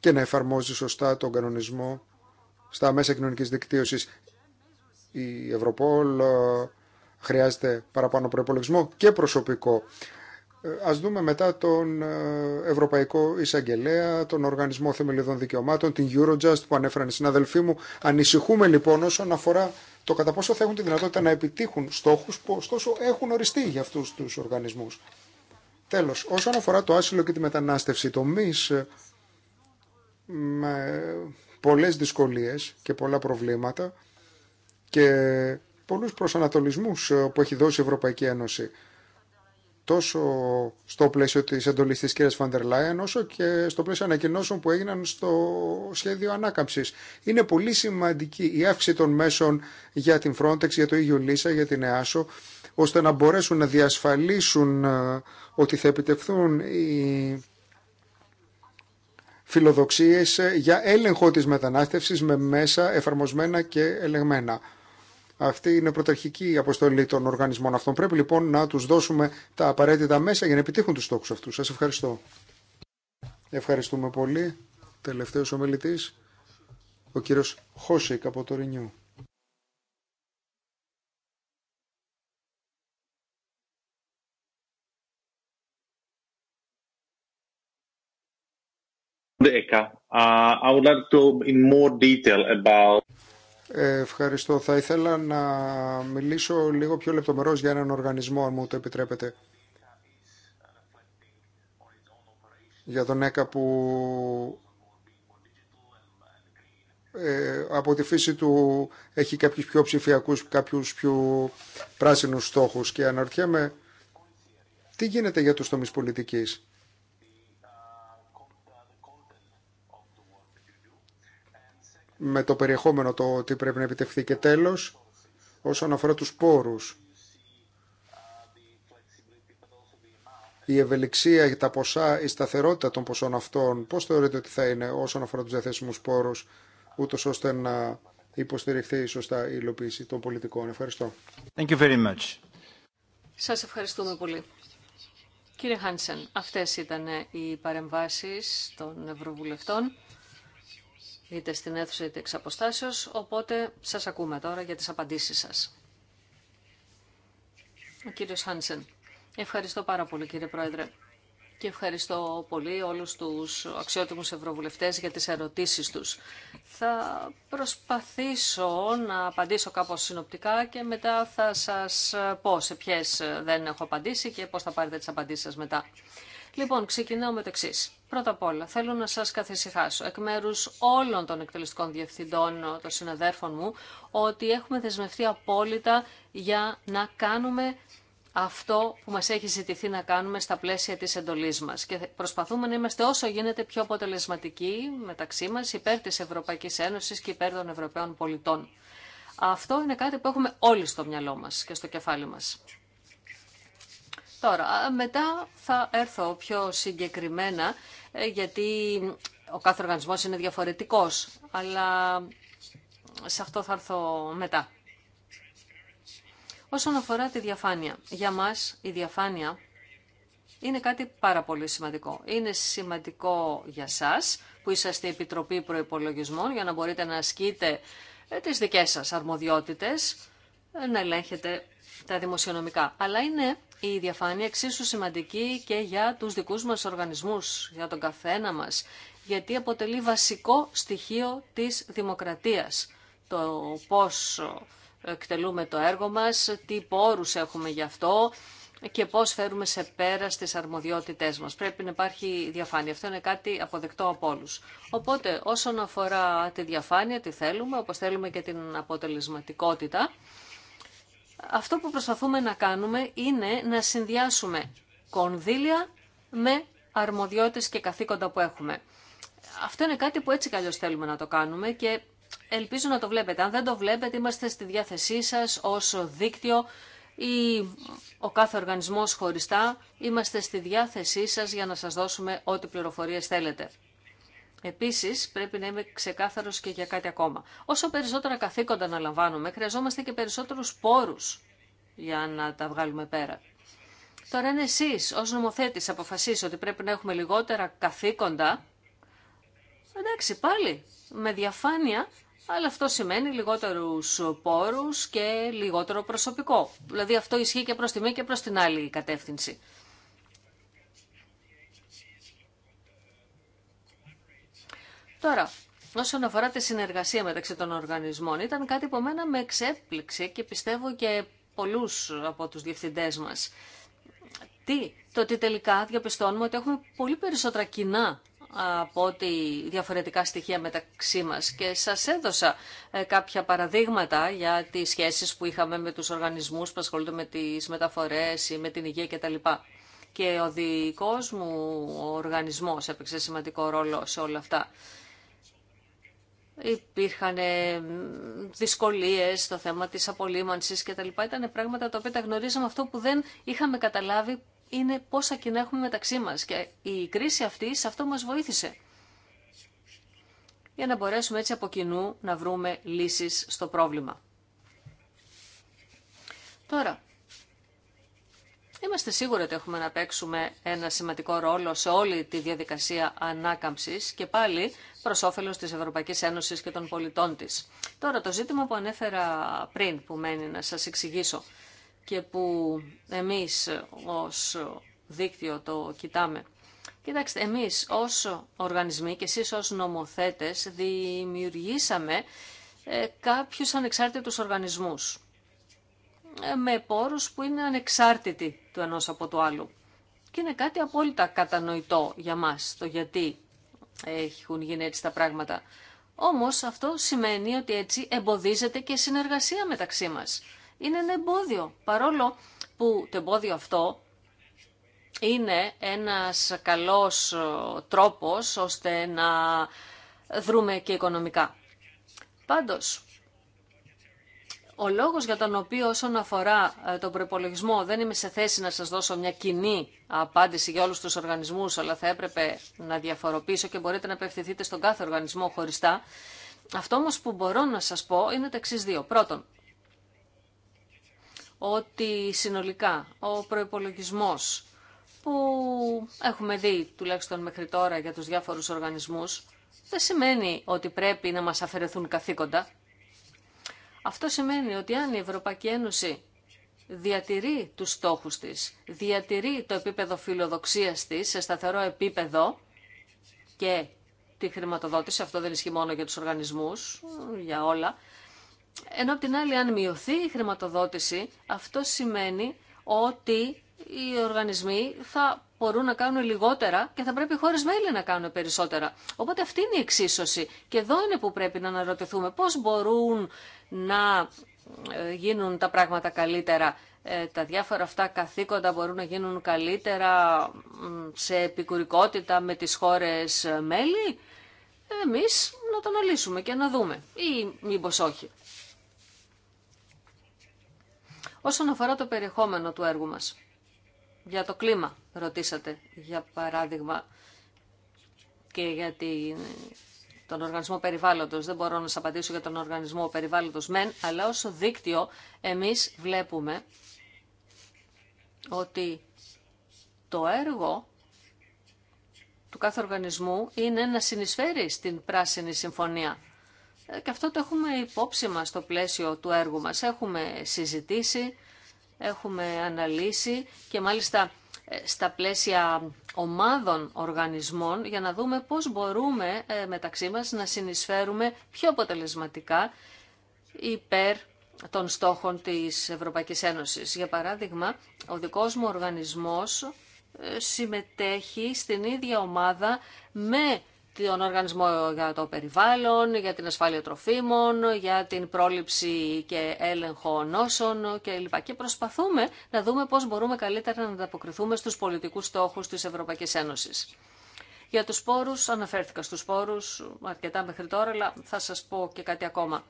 [SPEAKER 4] και να εφαρμόζει σωστά τον κανονισμό στα μέσα κοινωνικής δικτύωσης. Η Ευρωπόλ ε, χρειάζεται παραπάνω προπολογισμό και προσωπικό. Ε, ας δούμε μετά τον ε, Ευρωπαϊκό Εισαγγελέα, τον Οργανισμό Θεμελιωδών Δικαιωμάτων, την Eurojust που ανέφεραν οι συναδελφοί μου. Ανησυχούμε λοιπόν όσον αφορά το κατά πόσο θα έχουν τη δυνατότητα να επιτύχουν στόχους που ωστόσο έχουν οριστεί για αυτούς τους οργανισμούς. Τέλος, όσον αφορά το άσυλο και τη μετανάστευση, τομεί με πολλές δυσκολίες και πολλά προβλήματα και πολλούς προσανατολισμούς ε, που έχει δώσει η Ευρωπαϊκή Ένωση τόσο στο πλαίσιο της εντολής της κυρίας Φαντερ Λάιεν, όσο και στο πλαίσιο ανακοινώσεων που έγιναν στο σχέδιο ανάκαμψης. Είναι πολύ σημαντική η αύξηση των μέσων για την Frontex, για το ίδιο e Λίσα, για την ΕΑΣΟ ώστε να μπορέσουν να διασφαλίσουν ε, ότι θα επιτευχθούν οι φιλοδοξίες ε, για έλεγχο της μετανάστευσης με μέσα εφαρμοσμένα και ελεγμένα. Αυτή είναι πρωταρχική αποστολή των οργανισμών αυτών. Πρέπει λοιπόν να τους δώσουμε τα απαραίτητα μέσα για να επιτύχουν τους στόχους αυτούς. Σας ευχαριστώ. Ευχαριστούμε πολύ. Τελευταίος ομιλητής, ο κύριος Χώσικ από το Ρινιού.
[SPEAKER 3] Uh, I would like to in more detail about...
[SPEAKER 4] Ε, ευχαριστώ. Θα ήθελα να μιλήσω λίγο πιο λεπτομερώς για έναν οργανισμό, αν μου το επιτρέπετε. Για τον ΕΚΑ που ε, από τη φύση του έχει κάποιους πιο ψηφιακούς, κάποιους πιο πράσινους στόχους και αναρωτιέμαι τι γίνεται για τους τομείς πολιτικής. με το περιεχόμενο το ότι πρέπει να επιτευχθεί και τέλος όσον αφορά τους πόρους. Η ευελιξία για τα ποσά, η σταθερότητα των ποσών αυτών, πώς θεωρείτε ότι θα είναι όσον αφορά τους διαθέσιμους πόρους, ούτω ώστε να υποστηριχθεί σωστά η υλοποίηση των πολιτικών. Ευχαριστώ.
[SPEAKER 3] Thank you very much.
[SPEAKER 2] Σας ευχαριστούμε πολύ. Κύριε Χάνσεν, αυτές ήταν οι παρεμβάσεις των Ευρωβουλευτών είτε στην αίθουσα είτε εξ αποστάσεως, οπότε σας ακούμε τώρα για τις απαντήσεις σας. Ο κύριος Χάνσεν. Ευχαριστώ πάρα πολύ κύριε Πρόεδρε και ευχαριστώ πολύ όλους τους αξιότιμους ευρωβουλευτές για τις ερωτήσεις τους. Θα προσπαθήσω να απαντήσω κάπως συνοπτικά και μετά θα σας πω σε ποιες δεν έχω απαντήσει και πώς θα πάρετε τις απαντήσεις σας μετά. Λοιπόν, ξεκινάω με το εξή. Πρώτα απ' όλα, θέλω να σας καθησυχάσω εκ μέρους όλων των εκτελεστικών διευθυντών, των συναδέρφων μου, ότι έχουμε δεσμευτεί απόλυτα για να κάνουμε αυτό που μας έχει ζητηθεί να κάνουμε στα πλαίσια της εντολής μας. Και προσπαθούμε να είμαστε όσο γίνεται πιο αποτελεσματικοί μεταξύ μας υπέρ της Ευρωπαϊκής Ένωσης και υπέρ των Ευρωπαίων πολιτών. Αυτό είναι κάτι που έχουμε όλοι στο μυαλό μας και στο κεφάλι μας. Τώρα, μετά θα έρθω πιο συγκεκριμένα, ε, γιατί ο κάθε οργανισμός είναι διαφορετικός, αλλά σε αυτό θα έρθω μετά. Όσον αφορά τη διαφάνεια, για μας η διαφάνεια είναι κάτι πάρα πολύ σημαντικό. Είναι σημαντικό για σας που είσαστε Επιτροπή Προϋπολογισμών για να μπορείτε να ασκείτε ε, τις δικές σας αρμοδιότητες, ε, να ελέγχετε τα δημοσιονομικά. Αλλά είναι η διαφάνεια εξίσου σημαντική και για τους δικούς μας οργανισμούς, για τον καθένα μας, γιατί αποτελεί βασικό στοιχείο της δημοκρατίας. Το πώς εκτελούμε το έργο μας, τι πόρους έχουμε γι' αυτό και πώς φέρουμε σε πέρα στις αρμοδιότητές μας. Πρέπει να υπάρχει διαφάνεια. Αυτό είναι κάτι αποδεκτό από όλου. Οπότε όσον αφορά τη διαφάνεια, τη θέλουμε, όπως θέλουμε και την αποτελεσματικότητα, αυτό που προσπαθούμε να κάνουμε είναι να συνδυάσουμε κονδύλια με αρμοδιότητες και καθήκοντα που έχουμε. Αυτό είναι κάτι που έτσι κι θέλουμε να το κάνουμε και ελπίζω να το βλέπετε. Αν δεν το βλέπετε είμαστε στη διάθεσή σας ως δίκτυο ή ο κάθε οργανισμός χωριστά. Είμαστε στη διάθεσή σας για να σας δώσουμε ό,τι πληροφορίες θέλετε. Επίση πρέπει να είμαι ξεκάθαρος και για κάτι ακόμα. Όσο περισσότερα καθήκοντα να λαμβάνουμε, χρειαζόμαστε και περισσότερους πόρους για να τα βγάλουμε πέρα. Τώρα, αν εσεί ω νομοθέτης αποφασίσει ότι πρέπει να έχουμε λιγότερα καθήκοντα, εντάξει πάλι, με διαφάνεια, αλλά αυτό σημαίνει λιγότερους πόρους και λιγότερο προσωπικό. Δηλαδή αυτό ισχύει και προ τη μία και προ την άλλη κατεύθυνση. Τώρα, όσον αφορά τη συνεργασία μεταξύ των οργανισμών, ήταν κάτι που εμένα με εξέπληξε και πιστεύω και πολλούς από τους διευθυντές μας. Τι, το ότι τελικά διαπιστώνουμε ότι έχουμε πολύ περισσότερα κοινά από ό,τι διαφορετικά στοιχεία μεταξύ μας. Και σας έδωσα ε, κάποια παραδείγματα για τις σχέσεις που είχαμε με τους οργανισμούς που ασχολούνται με τις μεταφορές ή με την υγεία κτλ. Και ο δικός μου ο οργανισμός έπαιξε σημαντικό ρόλο σε όλα αυτά υπήρχαν δυσκολίες στο θέμα της απολύμανσης και τα λοιπά. Ήταν πράγματα τα οποία τα γνωρίζαμε. Αυτό που δεν είχαμε καταλάβει είναι πόσα κοινά έχουμε μεταξύ μας. Και η κρίση αυτή σε αυτό μας βοήθησε. Για να μπορέσουμε έτσι από κοινού να βρούμε λύσεις στο πρόβλημα. Τώρα, Είμαστε σίγουροι ότι έχουμε να παίξουμε ένα σημαντικό ρόλο σε όλη τη διαδικασία ανάκαμψης και πάλι προς όφελος της Ευρωπαϊκής Ένωσης και των πολιτών της. Τώρα το ζήτημα που ανέφερα πριν που μένει να σας εξηγήσω και που εμείς ως δίκτυο το κοιτάμε. Κοιτάξτε, εμείς ως οργανισμοί και εσείς ως νομοθέτες δημιουργήσαμε ε, κάποιους ανεξάρτητους οργανισμούς με πόρους που είναι ανεξάρτητοι του ενός από του άλλου. Και είναι κάτι απόλυτα κατανοητό για μας το γιατί έχουν γίνει έτσι τα πράγματα. Όμως αυτό σημαίνει ότι έτσι εμποδίζεται και συνεργασία μεταξύ μας. Είναι ένα εμπόδιο, παρόλο που το εμπόδιο αυτό είναι ένας καλός ε, τρόπος ώστε να δρούμε και οικονομικά. Πάντως, ο λόγος για τον οποίο όσον αφορά ε, τον προπολογισμό δεν είμαι σε θέση να σας δώσω μια κοινή απάντηση για όλους τους οργανισμούς, αλλά θα έπρεπε να διαφοροποιήσω και μπορείτε να απευθυνθείτε στον κάθε οργανισμό χωριστά. Αυτό όμως που μπορώ να σας πω είναι τα εξή δύο. Πρώτον, ότι συνολικά ο προπολογισμό που έχουμε δει τουλάχιστον μέχρι τώρα για τους διάφορους οργανισμούς δεν σημαίνει ότι πρέπει να μας αφαιρεθούν καθήκοντα. Αυτό σημαίνει ότι αν η Ευρωπαϊκή Ένωση διατηρεί τους στόχους της, διατηρεί το επίπεδο φιλοδοξίας της σε σταθερό επίπεδο και τη χρηματοδότηση, αυτό δεν ισχύει μόνο για τους οργανισμούς, για όλα, ενώ απ' την άλλη αν μειωθεί η χρηματοδότηση, αυτό σημαίνει ότι οι οργανισμοί θα μπορούν να κάνουν λιγότερα και θα πρέπει οι μέλη να κάνουν περισσότερα. Οπότε αυτή είναι η εξίσωση. Και εδώ είναι που πρέπει να αναρωτηθούμε πώ μπορούν να ε, γίνουν τα πράγματα καλύτερα. Ε, τα διάφορα αυτά καθήκοντα μπορούν να γίνουν καλύτερα σε επικουρικότητα με τις χώρες μέλη. Εμείς να το αναλύσουμε και να δούμε. Ή μήπως όχι. Όσον αφορά το περιεχόμενο του έργου μας, για το κλίμα ρωτήσατε, για παράδειγμα, και για την τον οργανισμό περιβάλλοντος. Δεν μπορώ να σα απαντήσω για τον οργανισμό περιβάλλοντος μεν, αλλά όσο δίκτυο εμείς βλέπουμε ότι το έργο του κάθε οργανισμού είναι να συνεισφέρει στην Πράσινη Συμφωνία. Ε, και αυτό το έχουμε υπόψη μας στο πλαίσιο του έργου μας. Έχουμε συζητήσει, έχουμε αναλύσει και μάλιστα ε, στα πλαίσια ομάδων οργανισμών για να δούμε πώς μπορούμε ε, μεταξύ μας να συνεισφέρουμε πιο αποτελεσματικά υπέρ των στόχων της Ευρωπαϊκής Ένωσης. Για παράδειγμα, ο δικός μου οργανισμός ε, συμμετέχει στην ίδια ομάδα με τον Οργανισμό για το Περιβάλλον, για την ασφάλεια τροφίμων, για την πρόληψη και έλεγχο νόσων κλπ. Και προσπαθούμε να δούμε πώς μπορούμε καλύτερα να ανταποκριθούμε στους πολιτικούς στόχους της Ευρωπαϊκής Ένωσης. Για τους σπόρους, αναφέρθηκα στους σπόρους αρκετά μέχρι τώρα, αλλά θα σας πω και κάτι ακόμα.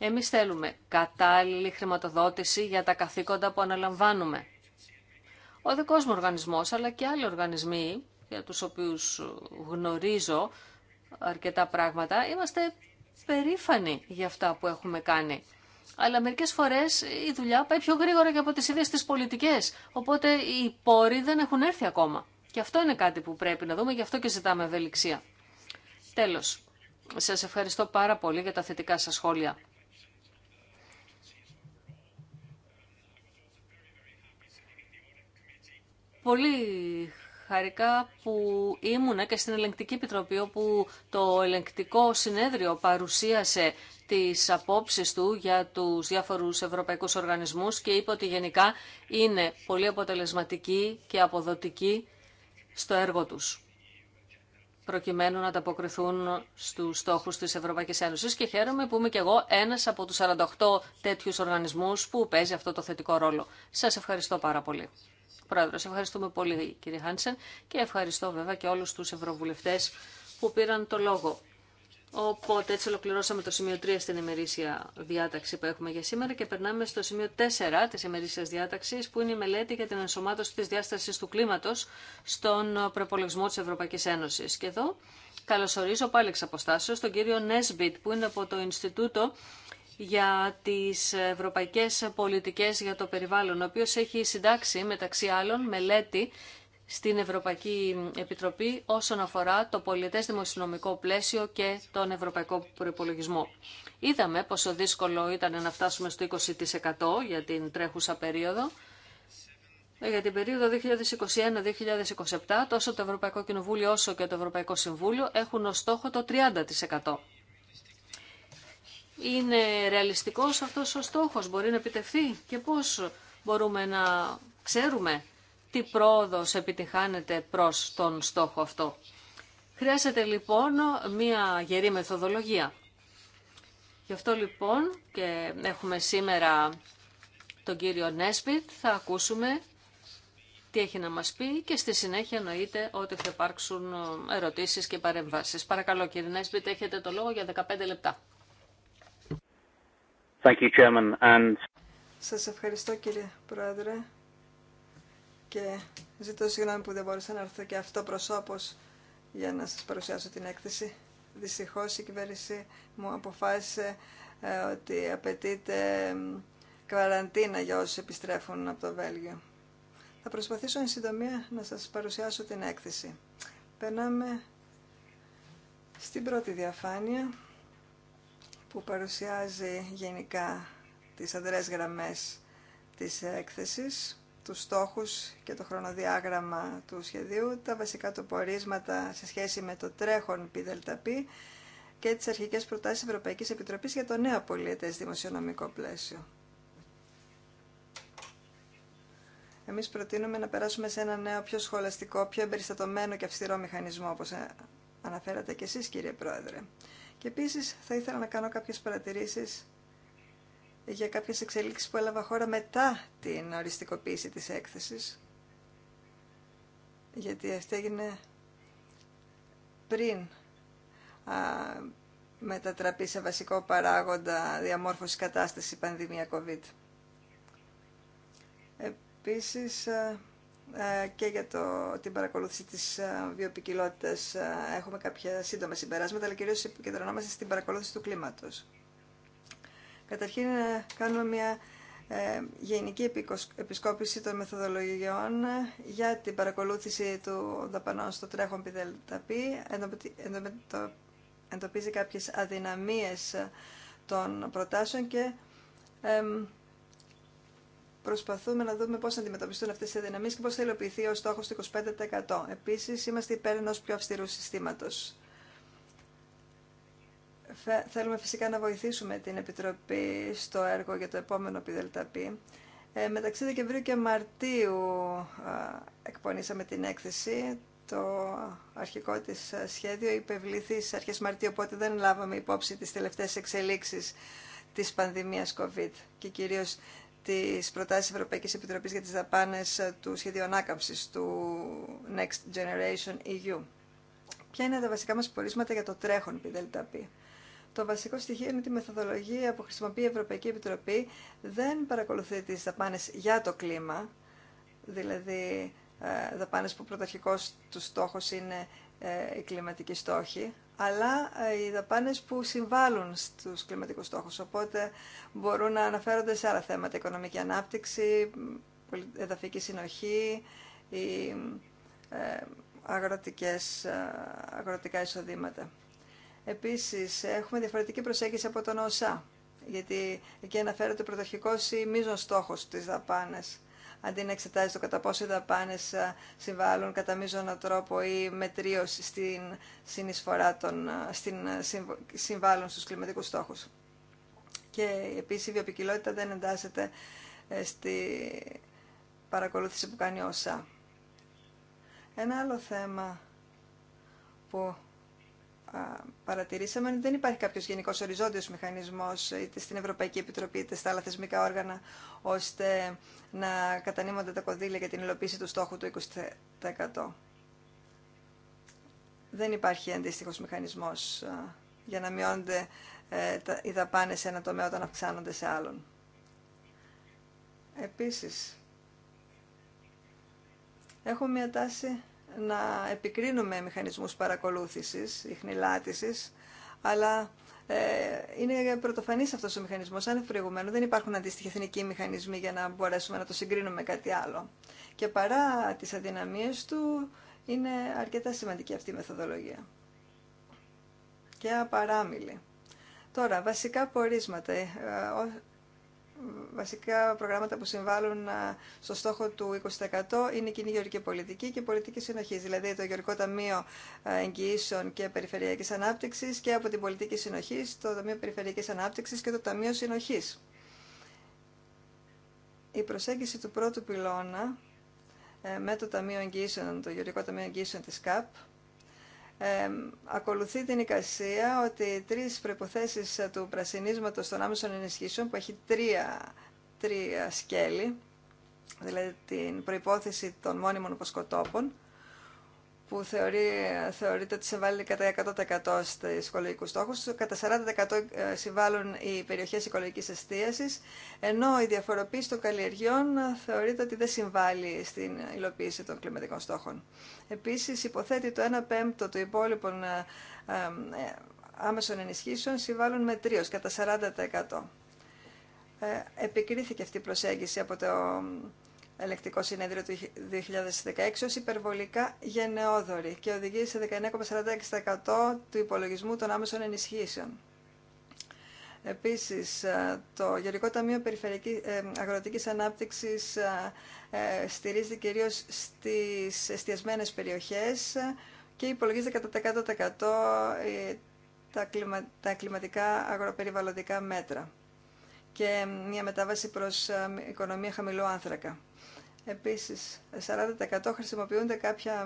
[SPEAKER 2] Εμείς θέλουμε κατάλληλη χρηματοδότηση για τα καθήκοντα που αναλαμβάνουμε. Ο δικός μου οργανισμός, αλλά και άλλοι οργανισμοί για τους οποίους γνωρίζω αρκετά πράγματα, είμαστε περήφανοι για αυτά που έχουμε κάνει. Αλλά μερικές φορές η δουλειά πάει πιο γρήγορα και από τι ίδιε τι πολιτικέ. Οπότε οι πόροι δεν έχουν έρθει ακόμα. Και αυτό είναι κάτι που πρέπει να δούμε, γι' αυτό και ζητάμε ευελιξία. Τέλος, σας ευχαριστώ πάρα πολύ για τα θετικά σα σχόλια. Πολύ Χαρικά που ήμουνα και στην Ελεγκτική Επιτροπή όπου το Ελεγκτικό Συνέδριο παρουσίασε τις απόψεις του για τους διάφορους ευρωπαϊκούς οργανισμούς και είπε ότι γενικά είναι πολύ αποτελεσματική και αποδοτική στο έργο τους προκειμένου να ανταποκριθούν στους στόχους της Ευρωπαϊκής Ένωσης και χαίρομαι που είμαι και εγώ ένας από τους 48 τέτοιους οργανισμούς που παίζει αυτό το θετικό ρόλο. Σας ευχαριστώ πάρα πολύ. Πρόεδρο. ευχαριστούμε πολύ κύριε Χάνσεν και ευχαριστώ βέβαια και όλου του ευρωβουλευτέ που πήραν το λόγο. Οπότε έτσι ολοκληρώσαμε το σημείο 3 στην ημερήσια διάταξη που έχουμε για σήμερα και περνάμε στο σημείο 4 της ημερήσιας διάταξης που είναι η μελέτη για την ενσωμάτωση της διάστασης του κλίματος στον προπολογισμό της Ευρωπαϊκής Ένωσης. Και εδώ καλωσορίζω πάλι εξ αποστάσεως τον κύριο Νέσμπιτ που είναι από το Ινστιτούτο για τις ευρωπαϊκές πολιτικές για το περιβάλλον, ο οποίος έχει συντάξει μεταξύ άλλων μελέτη στην Ευρωπαϊκή Επιτροπή όσον αφορά το πολιτές δημοσιονομικό πλαίσιο και τον ευρωπαϊκό προϋπολογισμό. Είδαμε πόσο δύσκολο ήταν να φτάσουμε στο 20% για την τρέχουσα περίοδο. Για την περίοδο 2021-2027, τόσο το Ευρωπαϊκό Κοινοβούλιο όσο και το Ευρωπαϊκό Συμβούλιο έχουν ως στόχο το 30%. Είναι ρεαλιστικός αυτός ο στόχος, μπορεί να επιτευχθεί και πώς μπορούμε να ξέρουμε τι πρόοδος επιτυχάνεται προς τον στόχο αυτό. Χρειάζεται λοιπόν μία γερή μεθοδολογία. Γι' αυτό λοιπόν και έχουμε σήμερα τον κύριο Νέσπιτ, θα ακούσουμε τι έχει να μας πει και στη συνέχεια εννοείται ότι θα υπάρξουν ερωτήσεις και παρεμβάσεις. Παρακαλώ κύριε Νέσπιτ, έχετε το λόγο για 15 λεπτά.
[SPEAKER 3] Thank you, Chairman. And...
[SPEAKER 1] Σας ευχαριστώ κύριε Πρόεδρε και ζητώ συγγνώμη που δεν μπορούσα να έρθω και αυτό προσώπως για να σας παρουσιάσω την έκθεση. Δυστυχώς η κυβέρνηση μου αποφάσισε ε, ότι απαιτείται καραντίνα για όσους επιστρέφουν από το Βέλγιο. Θα προσπαθήσω εν συντομία να σας παρουσιάσω την έκθεση. Περνάμε στην πρώτη διαφάνεια που παρουσιάζει γενικά τις αδρές γραμμές της έκθεσης, τους στόχους και το χρονοδιάγραμμα του σχεδίου, τα βασικά τοπορίσματα σε σχέση με το τρέχον ΠΔΠ και τις αρχικές προτάσεις Ευρωπαϊκής Επιτροπής για το νέο πολιετές δημοσιονομικό πλαίσιο. Εμείς προτείνουμε να περάσουμε σε ένα νέο, πιο σχολαστικό, πιο εμπεριστατωμένο και αυστηρό μηχανισμό, όπως αναφέρατε και εσείς, κύριε Πρόεδρε. Και επίσης θα ήθελα να κάνω κάποιες παρατηρήσεις για κάποιες εξελίξεις που έλαβα χώρα μετά την οριστικοποίηση της έκθεσης. Γιατί αυτή έγινε πριν α, μετατραπεί σε βασικό παράγοντα διαμόρφωση κατάσταση πανδημία COVID. Επίσης, ε, και για το, την παρακολούθηση της ε, βιοπικιλότητας ε, έχουμε κάποια σύντομα συμπεράσματα, αλλά κυρίως επικεντρωνόμαστε στην παρακολούθηση του κλίματος. Καταρχήν κάνουμε μια γενική επισκόπηση των μεθοδολογιών για την παρακολούθηση του δαπανών στο τρέχον πιδελταπή. Εντοπίζει κάποιες αδυναμίες των προτάσεων και προσπαθούμε να δούμε πώς θα αντιμετωπιστούν αυτές οι αδυναμίε και πώς θα υλοποιηθεί ο στόχος του 25%. Επίσης, είμαστε υπέρ ενό πιο αυστηρού συστήματος. Θέλουμε φυσικά να βοηθήσουμε την Επιτροπή στο έργο για το επόμενο ΠΔΠ. Ε, μεταξύ Δεκεμβρίου και Μαρτίου εκπονήσαμε την έκθεση. Το αρχικό της σχέδιο υπευλήθη στις αρχές Μαρτίου, οπότε δεν λάβαμε υπόψη τις τελευταίες εξελίξεις της πανδημίας COVID και τις προτάσεις Ευρωπαϊκής Επιτροπής για τις δαπάνες ε, του σχεδίου ανάκαμψης του Next Generation EU. Ποια είναι τα βασικά μας πορίσματα για το τρέχον ΠΔΠ. Το βασικό στοιχείο είναι ότι η μεθοδολογία που χρησιμοποιεί η Ευρωπαϊκή Επιτροπή δεν παρακολουθεί τις δαπάνες για το κλίμα, δηλαδή ε, δαπάνες που πρωταρχικός του στόχος είναι ε, οι κλιματικοί στόχοι, αλλά ε, οι δαπάνες που συμβάλλουν στους κλιματικούς στόχους. Οπότε μπορούν να αναφέρονται σε άλλα θέματα, οικονομική ανάπτυξη, εδαφική συνοχή, οι ε, αγροτικές, ε, αγροτικά εισοδήματα. Επίσης, έχουμε διαφορετική προσέγγιση από τον ΩΣΑ, γιατί εκεί αναφέρεται πρωτοχικός ή μείζον στόχος της δαπάνες αντί να εξετάζει το κατά πόσο οι δαπάνε ε, συμβάλλουν κατά μείζωνα τρόπο ή μετρίωση στην συνεισφορά των, ε, στην, ε, συμβάλλουν στους κλιματικούς στόχους. Και επίσης η βιοπικιλότητα δεν εντάσσεται στη παρακολούθηση που κάνει όσα. Ένα άλλο θέμα που παρατηρήσαμε ότι δεν υπάρχει κάποιος γενικός οριζόντιος μηχανισμός είτε στην Ευρωπαϊκή Επιτροπή είτε στα άλλα θεσμικά όργανα ώστε να κατανείμονται τα κονδύλια για την υλοποίηση του στόχου του 20%. Δεν υπάρχει αντίστοιχος μηχανισμός για να μειώνονται ε, οι δαπάνε σε ένα τομέα όταν αυξάνονται σε άλλον. Επίσης, έχω μια τάση να επικρίνουμε μηχανισμούς παρακολούθησης, ιχνηλάτησης, αλλά ε, είναι πρωτοφανή αυτός ο μηχανισμός, αν προηγουμένου δεν υπάρχουν αντίστοιχοι εθνικοί μηχανισμοί για να μπορέσουμε να το συγκρίνουμε με κάτι άλλο. Και παρά τις αδυναμίες του, είναι αρκετά σημαντική αυτή η μεθοδολογία. Και απαράμιλη. Τώρα, βασικά πορίσματα. Ε, βασικά προγράμματα που συμβάλλουν στο στόχο του 20% είναι η κοινή γεωργική πολιτική και η πολιτική συνοχή. Δηλαδή το Γεωργικό Ταμείο Εγγυήσεων και Περιφερειακή Ανάπτυξη και από την πολιτική συνοχή το Ταμείο Περιφερειακή Ανάπτυξη και το Ταμείο Συνοχή. Η προσέγγιση του πρώτου πυλώνα ε, με το Ταμείο Εγγυήσεων, το Γεωργικό Ταμείο Εγγυήσεων της ΚΑΠ, ακολουθεί την εικασία ότι τρεις προϋποθέσεις ε, του πρασινίσματος των άμεσων ενισχύσεων που έχει τρία, σκέλη, δηλαδή την προϋπόθεση των μόνιμων υποσκοτόπων, που θεωρεί, θεωρείται ότι συμβάλλει κατά 100% στους οικολογικούς στόχους. Κατά 40% ε, συμβάλλουν οι περιοχές οικολογικής εστίασης, ενώ η διαφοροποίηση των καλλιεργιών ε, θεωρείται ότι δεν συμβάλλει στην υλοποίηση των κλιματικών στόχων. Επίσης, υποθέτει το 1 πέμπτο του υπόλοιπων ε, άμεσων ενισχύσεων συμβάλλουν με τρίος, κατά 40%. Επικρίθηκε αυτή η προσέγγιση από το ελεκτικό συνέδριο του 2016 ως υπερβολικά γενναιόδορη και οδηγεί σε 19,46% του υπολογισμού των άμεσων ενισχύσεων. Επίσης, ε, το Γεωργικό Ταμείο Περιφερειακής ε, Αγροτικής Ανάπτυξης ε, στηρίζει κυρίως στις εστιασμένες περιοχές και υπολογίζει κατά 100% τα, τα κλιματικά αγροπεριβαλλοντικά μέτρα και μια μετάβαση προς οικονομία χαμηλού άνθρακα. Επίσης, 40% χρησιμοποιούνται κάποια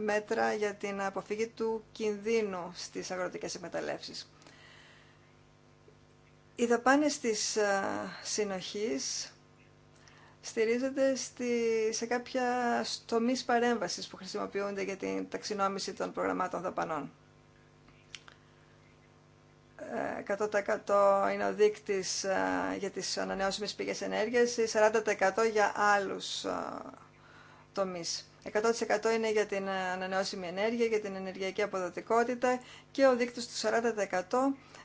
[SPEAKER 1] μέτρα για την αποφύγη του κινδύνου στις αγροτικές εκμεταλλεύσεις. Οι δαπάνε της ε, συνοχής στηρίζονται στη, σε κάποια τομείς παρέμβασης που χρησιμοποιούνται για την ταξινόμηση των προγραμμάτων δαπανών. 100% είναι ο δείκτης ε, για τις ανανεώσιμες πηγές ενέργειας, 40% για άλλους ε, τομείς. 100% είναι για την ανανεώσιμη ενέργεια, για την ενεργειακή αποδοτικότητα και ο δείκτης του 40%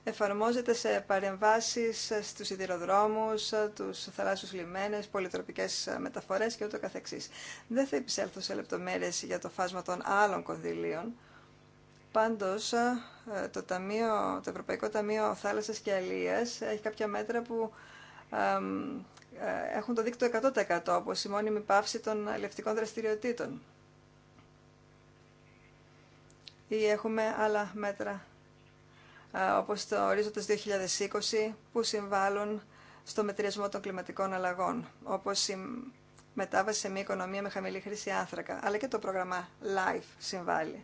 [SPEAKER 1] εφαρμόζεται σε παρεμβάσεις στους σιδηροδρόμους, τους θαλάσσιους λιμένες, πολυτροπικές μεταφορές και ούτω καθεξής. Δεν θα επισέλθω σε λεπτομέρειες για το φάσμα των άλλων κονδυλίων, Πάντως, ε, το, ταμείο, το Ευρωπαϊκό Ταμείο Θάλασσας και Αλίας έχει κάποια μέτρα που ε, έχουν το δίκτυο 100% όπως η μόνιμη πάυση των αλευτικών δραστηριοτήτων. Ή έχουμε άλλα μέτρα ε, όπως το ορίζοντας 2020 που συμβάλλουν στο μετριασμό των κλιματικών αλλαγών, όπως η μετάβαση σε μια οικονομία με χαμηλή χρήση άνθρακα, αλλά και το πρόγραμμα LIFE συμβάλλει.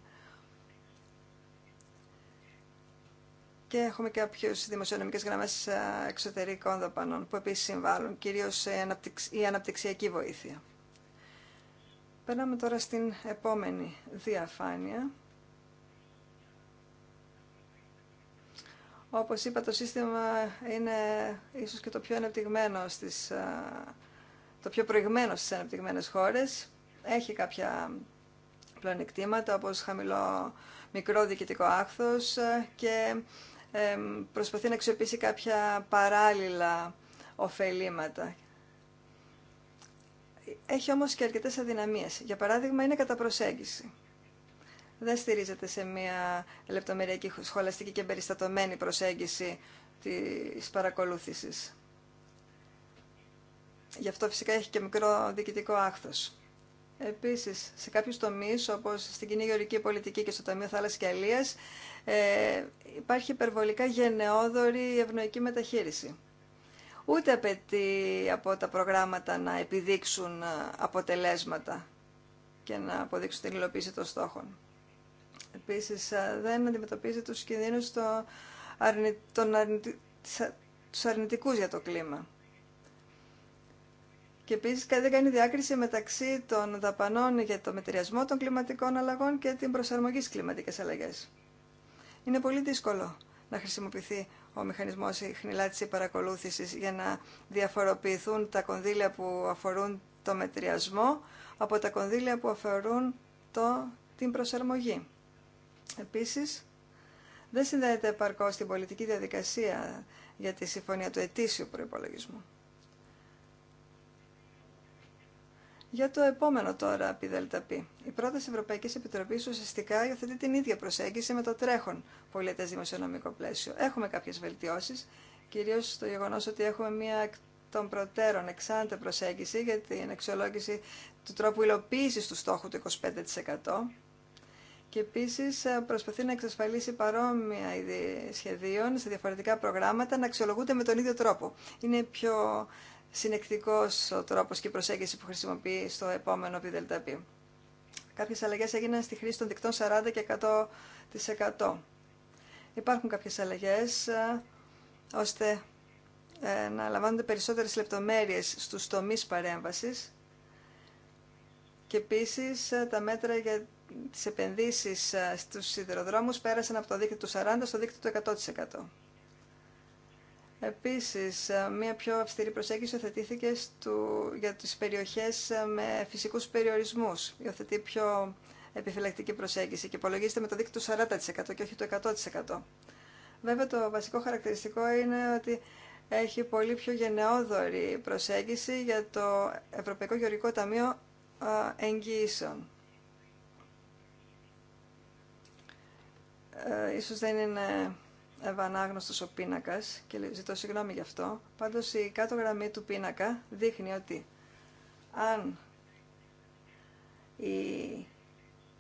[SPEAKER 1] Και έχουμε κάποιε δημοσιονομικέ γραμμέ ε, εξωτερικών δαπανών που επίση συμβάλλουν, κυρίω η αναπτυξιακή βοήθεια. Περνάμε τώρα στην επόμενη διαφάνεια. Όπως είπα, το σύστημα είναι ίσως και το πιο αναπτυγμένο στις, ε, το πιο προηγμένο στις αναπτυγμένες χώρες. Έχει κάποια πλανεκτήματα, όπως χαμηλό μικρό διοικητικό ε, και προσπαθεί να αξιοποιήσει κάποια παράλληλα ωφελήματα. Έχει όμως και αρκετές αδυναμίες. Για παράδειγμα, είναι κατά προσέγγιση. Δεν στηρίζεται σε μια λεπτομεριακή σχολαστική και περιστατωμένη προσέγγιση της παρακολούθησης. Γι' αυτό φυσικά έχει και μικρό διοικητικό άχθος. Επίσης, σε κάποιους τομείς, όπως στην κοινή γεωρική πολιτική και στο Ταμείο Θάλασσας και ε, υπάρχει υπερβολικά γενναιόδορη ευνοϊκή μεταχείριση. Ούτε απαιτεί από τα προγράμματα να επιδείξουν ε, αποτελέσματα και να αποδείξουν την υλοποίηση των στόχων. Επίσης, ε, δεν αντιμετωπίζει τους κινδύνους στο αρνη, τους αρνητικούς για το κλίμα. Και επίσης δεν κάνει διάκριση μεταξύ των δαπανών για το μετριασμό των κλιματικών αλλαγών και την προσαρμογή στις κλιματικές αλλαγές είναι πολύ δύσκολο να χρησιμοποιηθεί ο μηχανισμός χνηλάτιση παρακολούθησης για να διαφοροποιηθούν τα κονδύλια που αφορούν το μετριασμό από τα κονδύλια που αφορούν το, την προσαρμογή. Επίσης, δεν συνδέεται επαρκώς στην πολιτική διαδικασία για τη συμφωνία του ετήσιου προϋπολογισμού. Για το επόμενο τώρα, Δελταπή, Η πρόταση Ευρωπαϊκή Επιτροπή ουσιαστικά υιοθετεί την ίδια προσέγγιση με το τρέχον πολιτέ δημοσιονομικό πλαίσιο. Έχουμε κάποιε βελτιώσει, κυρίω το γεγονό ότι έχουμε μία των προτέρων εξάντε προσέγγιση για την αξιολόγηση του τρόπου υλοποίηση του στόχου του 25% και επίση ε, προσπαθεί να εξασφαλίσει παρόμοια είδη σχεδίων σε διαφορετικά προγράμματα να αξιολογούνται με τον ίδιο τρόπο. Είναι πιο συνεκτικός ο τρόπο και η προσέγγιση που χρησιμοποιεί στο επόμενο ΒΔΠ. Κάποιες αλλαγές έγιναν στη χρήση των δικτών 40 και 100%. Υπάρχουν κάποιες αλλαγέ, ε, ώστε ε, να λαμβάνονται περισσότερες λεπτομέρειες στους τομείς παρέμβασης και επίσης ε, τα μέτρα για τις επενδύσεις στους σιδηροδρόμους πέρασαν από το δίκτυο του 40% στο δίκτυο του 100%. Επίσης, ε, μια πιο αυστηρή προσέγγιση οθετήθηκε για τις περιοχές ε, με φυσικούς περιορισμούς. Υιοθετεί πιο επιφυλακτική προσέγγιση και υπολογίζεται με το δίκτυο του 40% και όχι το 100%. Βέβαια, το βασικό χαρακτηριστικό είναι ότι έχει πολύ πιο γενναιόδορη προσέγγιση για το Ευρωπαϊκό Γεωργικό Ταμείο ε, Εγγυήσεων. ίσως δεν είναι Ευανάγνωστο ο πίνακας και ζητώ συγγνώμη γι' αυτό. Πάντως η κάτω γραμμή του πίνακα δείχνει ότι αν οι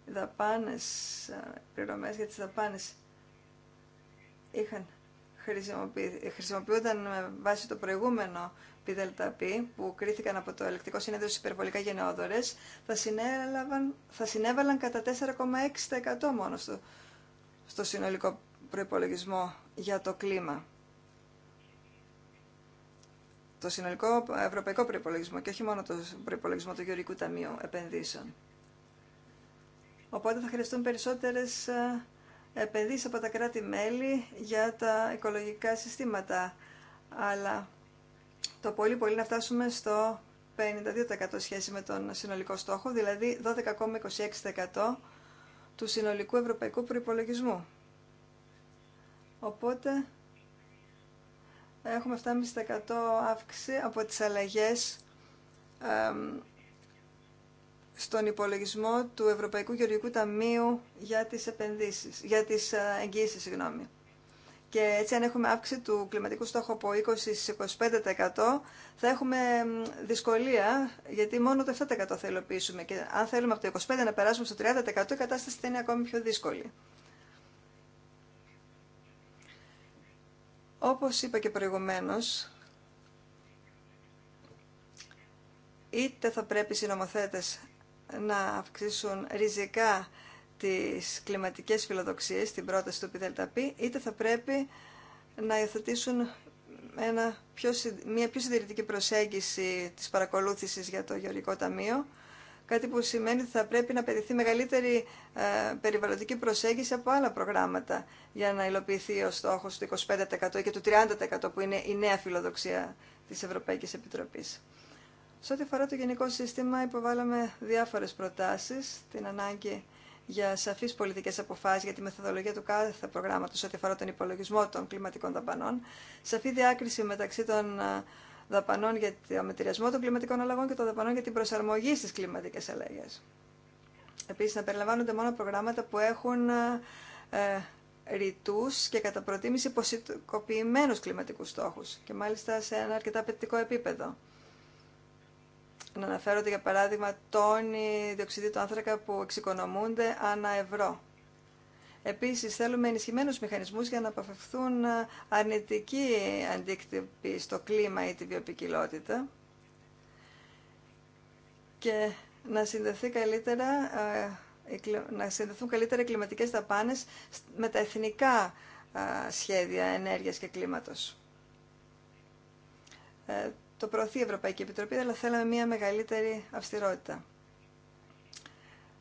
[SPEAKER 1] δαπάνες, πληρωμές για τις δαπάνες είχαν χρησιμοποιούνταν με βάση το προηγούμενο πι που κρίθηκαν από το ελεκτικό συνέδριο στις υπερβολικά γενναιόδορες θα, συνέβαλαν, θα συνέβαλαν κατά 4,6% μόνο στο, στο συνολικό προϋπολογισμό για το κλίμα. Το συνολικό ευρωπαϊκό προϋπολογισμό και όχι μόνο το προϋπολογισμό του Γεωργικού Ταμείου Επενδύσεων. Οπότε θα χρειαστούν περισσότερες ε, επενδύσεις από τα κράτη-μέλη για τα οικολογικά συστήματα. Αλλά το πολύ πολύ να φτάσουμε στο 52% σχέση με τον συνολικό στόχο, δηλαδή 12,26% του συνολικού ευρωπαϊκού προϋπολογισμού. Οπότε έχουμε 7,5% αύξηση από τις αλλαγές στον υπολογισμό του Ευρωπαϊκού Γεωργικού Ταμείου για τις επενδύσεις, για τις ε, εγγύησεις, συγγνώμη. Και έτσι αν έχουμε αύξηση του κλιματικού στόχου από 20-25% θα έχουμε δυσκολία γιατί μόνο το 7% θα υλοποιήσουμε και αν θέλουμε από το 25% να περάσουμε στο 30% η κατάσταση θα είναι ακόμη πιο δύσκολη. Όπως είπα και προηγουμένως, είτε θα πρέπει οι συνομοθέτες να αυξήσουν ριζικά τις κλιματικές φιλοδοξίες στην πρόταση του πιδελταπή είτε θα πρέπει να υιοθετήσουν μια πιο συντηρητική προσέγγιση της παρακολούθησης για το Γεωργικό Ταμείο, Κάτι που σημαίνει ότι θα πρέπει να περιθεί μεγαλύτερη ε, περιβαλλοντική προσέγγιση από άλλα προγράμματα για να υλοποιηθεί ο στόχος του 25% και του 30% που είναι η νέα φιλοδοξία της Ευρωπαϊκής Επιτροπής. Σε ό,τι αφορά το γενικό σύστημα υποβάλαμε διάφορες προτάσεις, την ανάγκη για σαφείς πολιτικές αποφάσεις για τη μεθοδολογία του κάθε προγράμματος ό,τι αφορά τον υπολογισμό των κλιματικών δαπανών, σαφή διάκριση μεταξύ των ε, δαπανών για το μετριασμό των κλιματικών αλλαγών και των δαπανών για την προσαρμογή στις κλιματικές αλλαγές. Επίσης, να περιλαμβάνονται μόνο προγράμματα που έχουν ε, ε και κατά προτίμηση ποσοτικοποιημένους κλιματικούς στόχους και μάλιστα σε ένα αρκετά απαιτητικό επίπεδο. Να αναφέρονται για παράδειγμα τόνοι διοξιδίου του άνθρακα που εξοικονομούνται ανά ευρώ. Επίσης, θέλουμε ενισχυμένους μηχανισμούς για να αποφευθούν ε, αρνητικοί αντίκτυποι στο κλίμα ή τη βιοπικιλότητα και να, συνδεθεί καλύτερα, ε, να συνδεθούν καλύτερα οι κλιματικές δαπάνες με τα εθνικά ε, σχέδια ενέργειας και κλίματος. Το προωθεί η Ευρωπαϊκή Επιτροπή, αλλά θέλαμε μια μεγαλύτερη αυστηρότητα.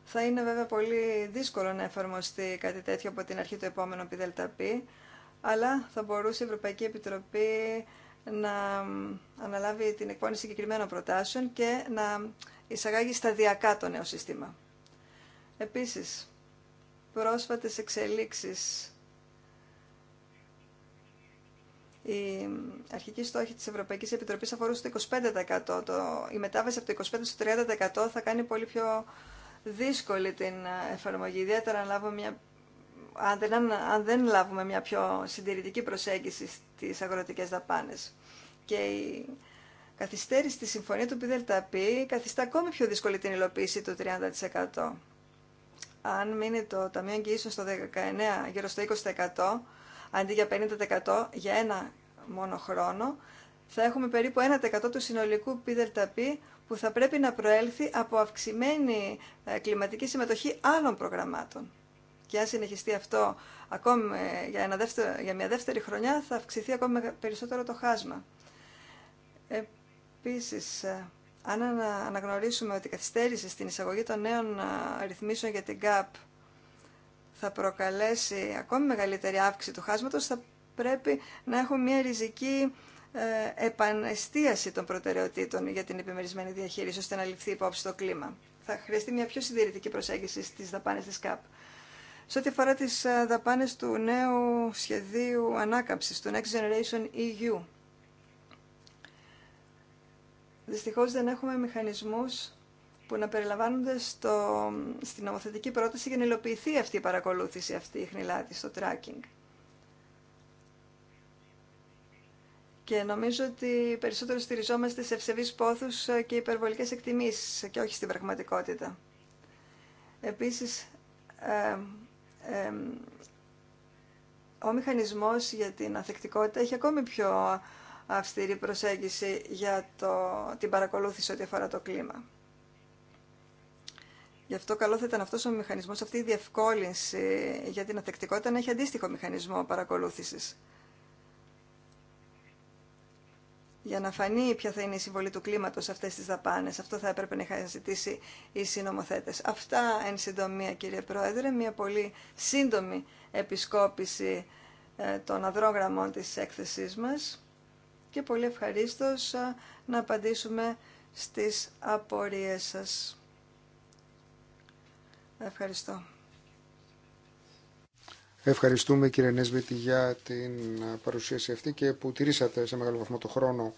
[SPEAKER 1] Θα είναι βέβαια πολύ δύσκολο να εφαρμοστεί κάτι τέτοιο από την αρχή του επόμενου ΠΔΕΛΤΑΠΗ, αλλά θα μπορούσε η Ευρωπαϊκή Επιτροπή να αναλάβει την εκπόνηση συγκεκριμένων προτάσεων και να εισαγάγει σταδιακά το νέο σύστημα. Επίσης, πρόσφατες εξελίξεις. Η αρχική στόχη της Ευρωπαϊκής Επιτροπής αφορούσε το 25%. Το, η μετάβαση από το 25% στο 30% θα κάνει πολύ πιο δύσκολη την ε, εφαρμογή, ιδιαίτερα αν, μια, αν, δεν, αν δεν λάβουμε μια πιο συντηρητική προσέγγιση στις αγροτικές δαπάνες. Και η καθυστέρηση της συμφωνία του ΠΙΔΕΛΤΑΠΗ καθιστά ακόμη πιο δύσκολη την υλοποίηση του 30%. Αν μείνει το Ταμείο Εγγυήσεων στο 19, γύρω στο 20%, αντί για 50% για ένα μόνο χρόνο, θα έχουμε περίπου 1% του συνολικού ΠΙΔΕΛΤΑΠΗ που θα πρέπει να προέλθει από αυξημένη ε, κλιματική συμμετοχή άλλων προγραμμάτων. Και αν συνεχιστεί αυτό ακόμη ε, για, ένα δεύτερο, μια δεύτερη χρονιά, θα αυξηθεί ακόμη περισσότερο το χάσμα. Επίσης, ε, αν αναγνωρίσουμε ότι η καθυστέρηση στην εισαγωγή των νέων ρυθμίσεων για την ΚΑΠ θα προκαλέσει ακόμη μεγαλύτερη αύξηση του χάσματος, θα πρέπει να έχουμε μια ριζική ε, επανεστίαση των προτεραιοτήτων για την επιμερισμένη διαχείριση ώστε να ληφθεί υπόψη το κλίμα. Θα χρειαστεί μια πιο συντηρητική προσέγγιση στις δαπάνες της ΚΑΠ. Σε ό,τι αφορά τι ε, δαπάνες του νέου σχεδίου ανάκαμψη, του Next Generation EU, Δυστυχώ δεν έχουμε μηχανισμούς που να περιλαμβάνονται στην νομοθετική πρόταση για να υλοποιηθεί αυτή η παρακολούθηση, αυτή η χνηλάτη, στο tracking. Και νομίζω ότι περισσότερο στηριζόμαστε σε ευσεβείς πόθους και υπερβολικές εκτιμήσεις και όχι στην πραγματικότητα. Επίσης, ε, ε, ο μηχανισμός για την αθεκτικότητα έχει ακόμη πιο αυστηρή προσέγγιση για το, την παρακολούθηση ό,τι αφορά το κλίμα. Γι' αυτό καλό θα ήταν αυτός ο μηχανισμός, αυτή η διευκόλυνση για την αθεκτικότητα να έχει αντίστοιχο μηχανισμό παρακολούθησης. για να φανεί ποια θα είναι η συμβολή του κλίματος σε αυτές τις δαπάνες. Αυτό θα έπρεπε να είχαν ζητήσει οι συνομοθέτες. Αυτά εν συντομία κύριε Πρόεδρε, μια πολύ σύντομη επισκόπηση ε, των αδρόγραμμών της έκθεσής μας και πολύ ευχαριστώ ε, να απαντήσουμε στις απορίες σας. Ευχαριστώ.
[SPEAKER 4] Ευχαριστούμε κύριε Νέσβητη για την παρουσίαση αυτή και που τηρήσατε σε μεγάλο βαθμό το χρόνο.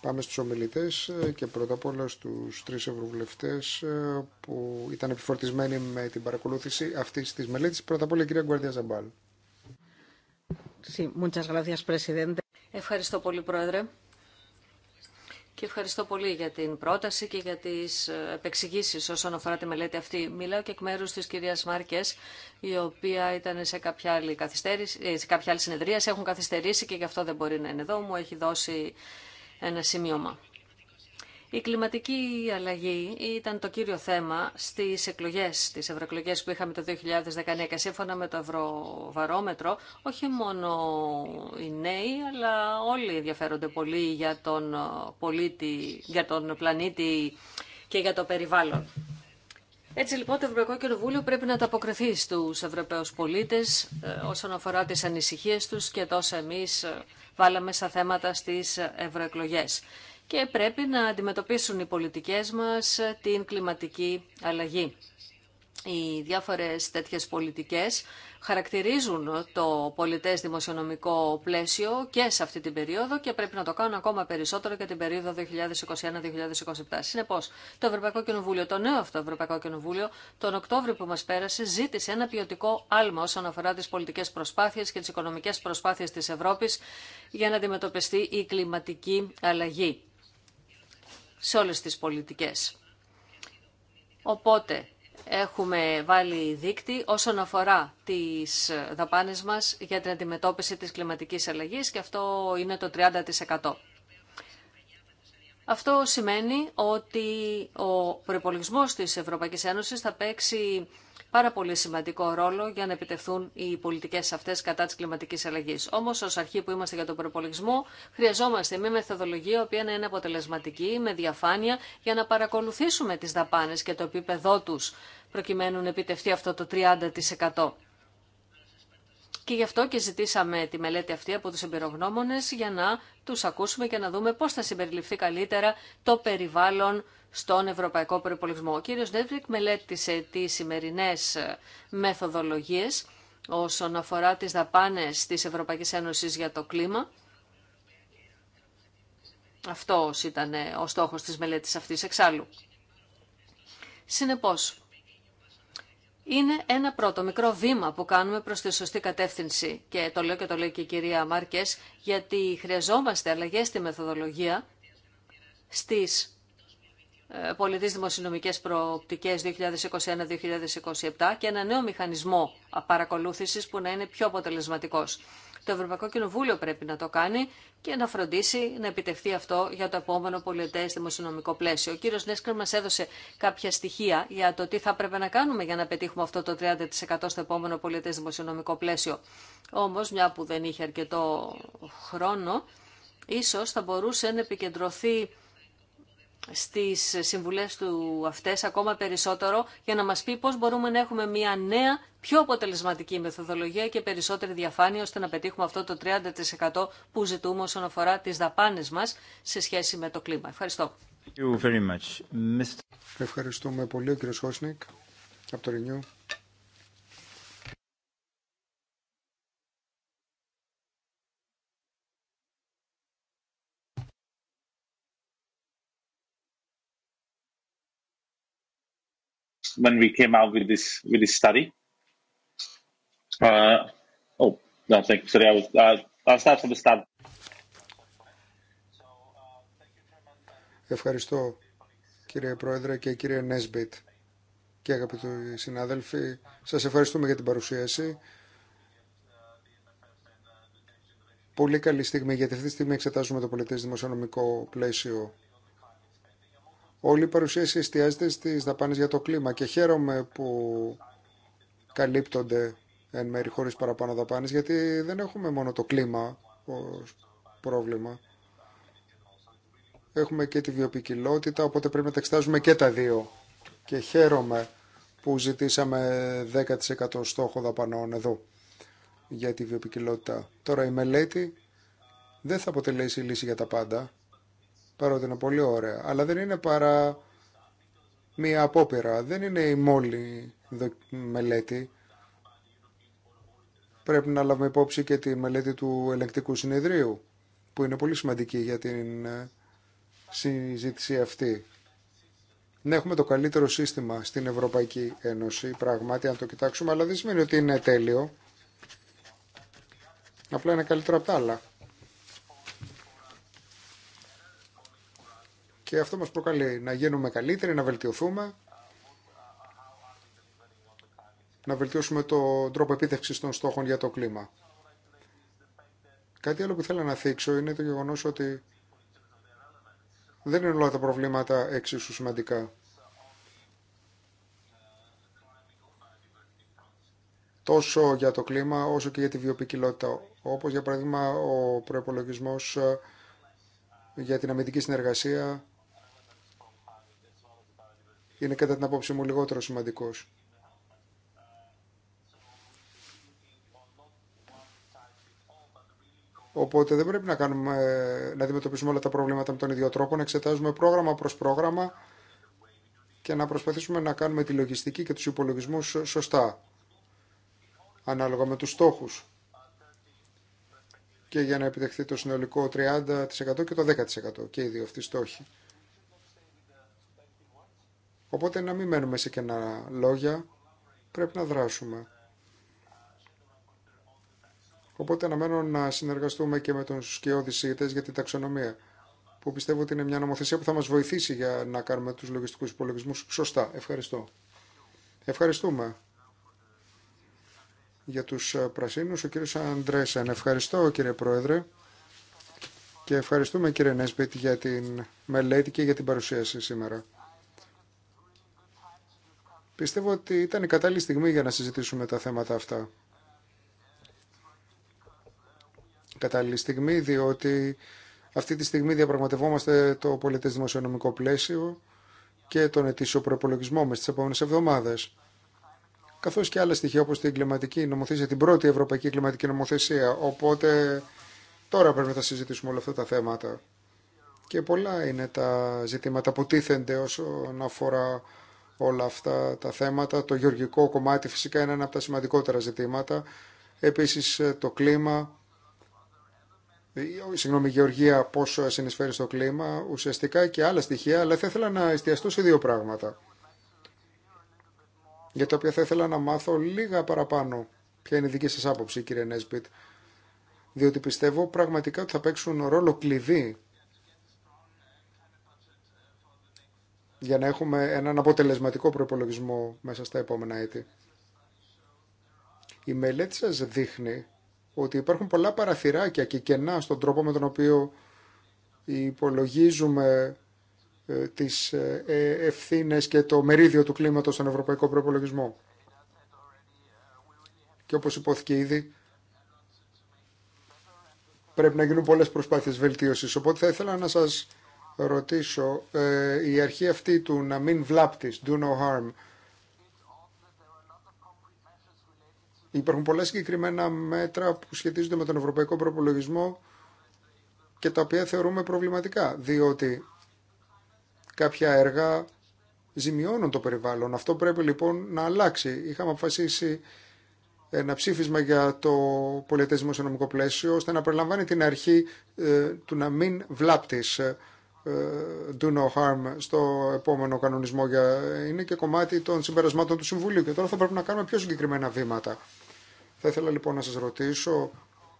[SPEAKER 4] Πάμε στους ομιλητές ε, και πρώτα απ' όλα στους τρεις ευρωβουλευτές ε, που ήταν επιφορτισμένοι με την παρακολούθηση αυτής της μελέτης. Πρώτα απ' όλα η κυρία Γκουαρδία Ζαμπάλ.
[SPEAKER 2] Ευχαριστώ πολύ, Πρόεδρε και ευχαριστώ πολύ για την πρόταση και για τις ε, επεξηγήσεις όσον αφορά τη μελέτη αυτή. Μιλάω και εκ μέρου τη κυρία Μάρκες, η οποία ήταν σε κάποια άλλη, ε, σε κάποια άλλη συνεδρία, έχουν καθυστερήσει και γι' αυτό δεν μπορεί να είναι εδώ, μου έχει δώσει ένα σημείωμα. Η κλιματική αλλαγή ήταν το κύριο θέμα στις εκλογέ, στι ευρωεκλογέ που είχαμε το 2019 σύμφωνα με το Ευρωβαρόμετρο, όχι μόνο οι νέοι, αλλά όλοι ενδιαφέρονται πολύ για τον, πολίτη, για τον πλανήτη και για το περιβάλλον. Έτσι λοιπόν το Ευρωπαϊκό Κοινοβούλιο πρέπει να αποκριθεί στους Ευρωπαίους πολίτες ε, όσον αφορά τις ανησυχίες τους και τόσα εμείς ε, βάλαμε στα θέματα στις ευρωεκλογές και πρέπει να αντιμετωπίσουν οι πολιτικές μας την κλιματική αλλαγή. Οι διάφορες τέτοιες πολιτικές χαρακτηρίζουν το πολιτές δημοσιονομικό πλαίσιο και σε αυτή την περίοδο και πρέπει να το κάνουν ακόμα περισσότερο για την περίοδο 2021-2027. Συνεπώς, το Ευρωπαϊκό Κοινοβούλιο, το νέο αυτό Ευρωπαϊκό Κοινοβούλιο, τον Οκτώβριο που μας πέρασε, ζήτησε ένα ποιοτικό άλμα όσον αφορά τις πολιτικές προσπάθειες και τις οικονομικές προσπάθειες της Ευρώπης για να αντιμετωπιστεί η κλιματική αλλαγή σε όλες τις πολιτικές. Οπότε έχουμε βάλει δίκτυ όσον αφορά τις δαπάνες μας για την αντιμετώπιση της κλιματικής αλλαγής και αυτό είναι το 30%. Αυτό σημαίνει ότι ο προπολογισμό της Ευρωπαϊκής Ένωσης θα παίξει πάρα πολύ σημαντικό ρόλο για να επιτευχθούν οι πολιτικέ αυτέ κατά τη κλιματική αλλαγή. Όμω, ω αρχή που είμαστε για τον προπολογισμό, χρειαζόμαστε μια μεθοδολογία οποία να είναι αποτελεσματική, με διαφάνεια, για να παρακολουθήσουμε τι δαπάνε και το επίπεδό του, προκειμένου να επιτευχθεί αυτό το 30%. Και γι' αυτό και ζητήσαμε τη μελέτη αυτή από τους εμπειρογνώμονες για να τους ακούσουμε και να δούμε πώς θα συμπεριληφθεί καλύτερα το περιβάλλον στον Ευρωπαϊκό Προπολογισμό. Ο κύριος Νέτβικ μελέτησε τις σημερινές μεθοδολογίες όσον αφορά τις δαπάνες της Ευρωπαϊκής Ένωσης για το κλίμα. Αυτός ήταν ο στόχος της μελέτης αυτής εξάλλου. Συνεπώς, είναι ένα πρώτο μικρό βήμα που κάνουμε προς τη σωστή κατεύθυνση και το λέω και το λέει και η κυρία Μάρκες γιατί χρειαζόμαστε αλλαγές στη μεθοδολογία στις ε, πολιτεις δημοσιονομικες δημοσιονομικές προοπτικές 2021-2027 και ένα νέο μηχανισμό παρακολούθησης που να είναι πιο αποτελεσματικός. Το Ευρωπαϊκό Κοινοβούλιο πρέπει να το κάνει και να φροντίσει να επιτευχθεί αυτό για το επόμενο πολιτέ δημοσιονομικό πλαίσιο. Ο κύριο Νέσκερ μα έδωσε κάποια στοιχεία για το τι θα πρέπει να κάνουμε για να πετύχουμε αυτό το 30% στο επόμενο πολιτέ δημοσιονομικό πλαίσιο. Όμω, μια που δεν είχε αρκετό χρόνο, ίσω θα μπορούσε να επικεντρωθεί στις συμβουλές του αυτές ακόμα περισσότερο για να μας πει πώς μπορούμε να έχουμε μια νέα πιο αποτελεσματική μεθοδολογία και περισσότερη διαφάνεια ώστε να πετύχουμε αυτό το 30% που ζητούμε όσον αφορά τις δαπάνες μας σε σχέση με το κλίμα. Ευχαριστώ.
[SPEAKER 4] Ευχαριστούμε πολύ κύριε Σχόσνικ από το
[SPEAKER 1] when we came out
[SPEAKER 3] with this with this study. Uh, oh, no, thank you. Uh,
[SPEAKER 4] Ευχαριστώ κύριε Πρόεδρε και κύριε Νέσμπιτ και αγαπητοί συνάδελφοι. Σας ευχαριστούμε για την παρουσίαση. Πολύ καλή στιγμή γιατί αυτή τη στιγμή εξετάζουμε το πολιτές δημοσιονομικό πλαίσιο Όλη η παρουσίαση εστιάζεται στις δαπάνες για το κλίμα και χαίρομαι που καλύπτονται εν μέρη χωρίς παραπάνω δαπάνες γιατί δεν έχουμε μόνο το κλίμα ως πρόβλημα. Έχουμε και τη βιοπικιλότητα, οπότε πρέπει να τα εξετάζουμε και τα δύο. Και χαίρομαι που ζητήσαμε 10% στόχο δαπανών εδώ για τη βιοπικιλότητα. Τώρα η μελέτη δεν θα αποτελέσει λύση για τα πάντα παρότι είναι πολύ ωραία. Αλλά δεν είναι παρά μία απόπειρα. Δεν είναι η μόλι μελέτη. Πρέπει να λάβουμε υπόψη και τη μελέτη του ελεγκτικού συνεδρίου, που είναι πολύ σημαντική για την ε, συζήτηση αυτή. Να έχουμε το καλύτερο σύστημα στην Ευρωπαϊκή Ένωση, πράγματι, αν το κοιτάξουμε, αλλά δεν σημαίνει ότι είναι τέλειο. Απλά είναι καλύτερο από τα άλλα. Και αυτό μας προκαλεί να γίνουμε καλύτεροι, να βελτιωθούμε, να βελτιώσουμε τον τρόπο επίτευξης των στόχων για το κλίμα. Κάτι άλλο που θέλω να θίξω είναι το γεγονός ότι δεν είναι όλα τα προβλήματα εξίσου σημαντικά. Τόσο για το κλίμα όσο και για τη βιοπικιλότητα. Όπως για παράδειγμα ο προπολογισμό ε, για την αμυντική συνεργασία είναι κατά την απόψη μου λιγότερο σημαντικός. Οπότε δεν πρέπει να, κάνουμε, να αντιμετωπίσουμε όλα τα προβλήματα με τον ίδιο τρόπο, να εξετάζουμε πρόγραμμα προς πρόγραμμα και να προσπαθήσουμε να κάνουμε τη λογιστική και τους υπολογισμούς σωστά, ανάλογα με τους στόχους. Και για να επιτευχθεί το συνολικό 30% και το 10% και οι δύο αυτοί στόχοι. Οπότε να μην μένουμε σε κενά λόγια, πρέπει να δράσουμε. Οπότε αναμένω να συνεργαστούμε και με τον σκιώδη για την ταξονομία, που πιστεύω ότι είναι μια νομοθεσία που θα μας βοηθήσει για να κάνουμε τους λογιστικούς υπολογισμού σωστά. Ευχαριστώ. Ευχαριστούμε. Για τους ε, πρασίνους, ο κύριος Αντρέσεν. Ευχαριστώ κύριε Πρόεδρε. Και ευχαριστούμε κύριε Νέσπιτ για την μελέτη και για την παρουσίαση σήμερα. Πιστεύω ότι ήταν η κατάλληλη στιγμή για να συζητήσουμε τα θέματα αυτά. Κατάλληλη στιγμή διότι αυτή τη στιγμή διαπραγματευόμαστε το πολιτές δημοσιονομικό πλαίσιο και τον ετήσιο προπολογισμό με στις επόμενες εβδομάδες καθώς και άλλα στοιχεία όπως την κλιματική νομοθεσία, την πρώτη ευρωπαϊκή κλιματική νομοθεσία. Οπότε τώρα πρέπει να τα συζητήσουμε όλα αυτά τα θέματα. Και πολλά είναι τα ζητήματα που τίθενται όσον αφορά όλα αυτά τα θέματα. Το γεωργικό κομμάτι φυσικά είναι ένα από τα σημαντικότερα ζητήματα. Επίσης ε, το κλίμα, ε, συγγνώμη γεωργία πόσο συνεισφέρει στο κλίμα, ουσιαστικά και άλλα στοιχεία, αλλά θα ήθελα να εστιαστώ σε δύο πράγματα, για τα οποία θα ήθελα να μάθω λίγα παραπάνω. Ποια είναι η δική σας άποψη κύριε Νέσπιτ, διότι πιστεύω πραγματικά ότι θα παίξουν ρόλο κλειδί για να έχουμε έναν αποτελεσματικό προπολογισμό μέσα στα επόμενα έτη. Η μελέτη σας δείχνει ότι υπάρχουν πολλά παραθυράκια και κενά στον τρόπο με τον οποίο υπολογίζουμε ε, τις ε, ευθύνες και το μερίδιο του κλίματος στον ευρωπαϊκό προπολογισμό. Και όπως υπόθηκε ήδη, πρέπει να γίνουν πολλές προσπάθειες βελτίωσης. Οπότε θα ήθελα να σας ρωτήσω, ε, η αρχή αυτή του να μην βλάπτεις, do no harm, υπάρχουν πολλά συγκεκριμένα μέτρα που σχετίζονται με τον ευρωπαϊκό προπολογισμό και τα οποία θεωρούμε προβληματικά, διότι κάποια έργα ζημιώνουν το περιβάλλον. Αυτό πρέπει λοιπόν να αλλάξει. Είχαμε αποφασίσει ένα ψήφισμα για το σε νομικό πλαίσιο, ώστε να περιλαμβάνει την αρχή ε, του να μην βλάπτεις ε, do no harm στο επόμενο κανονισμό για... είναι και κομμάτι των συμπερασμάτων του Συμβουλίου και τώρα θα πρέπει να κάνουμε πιο συγκεκριμένα βήματα. Θα ήθελα λοιπόν να σας ρωτήσω,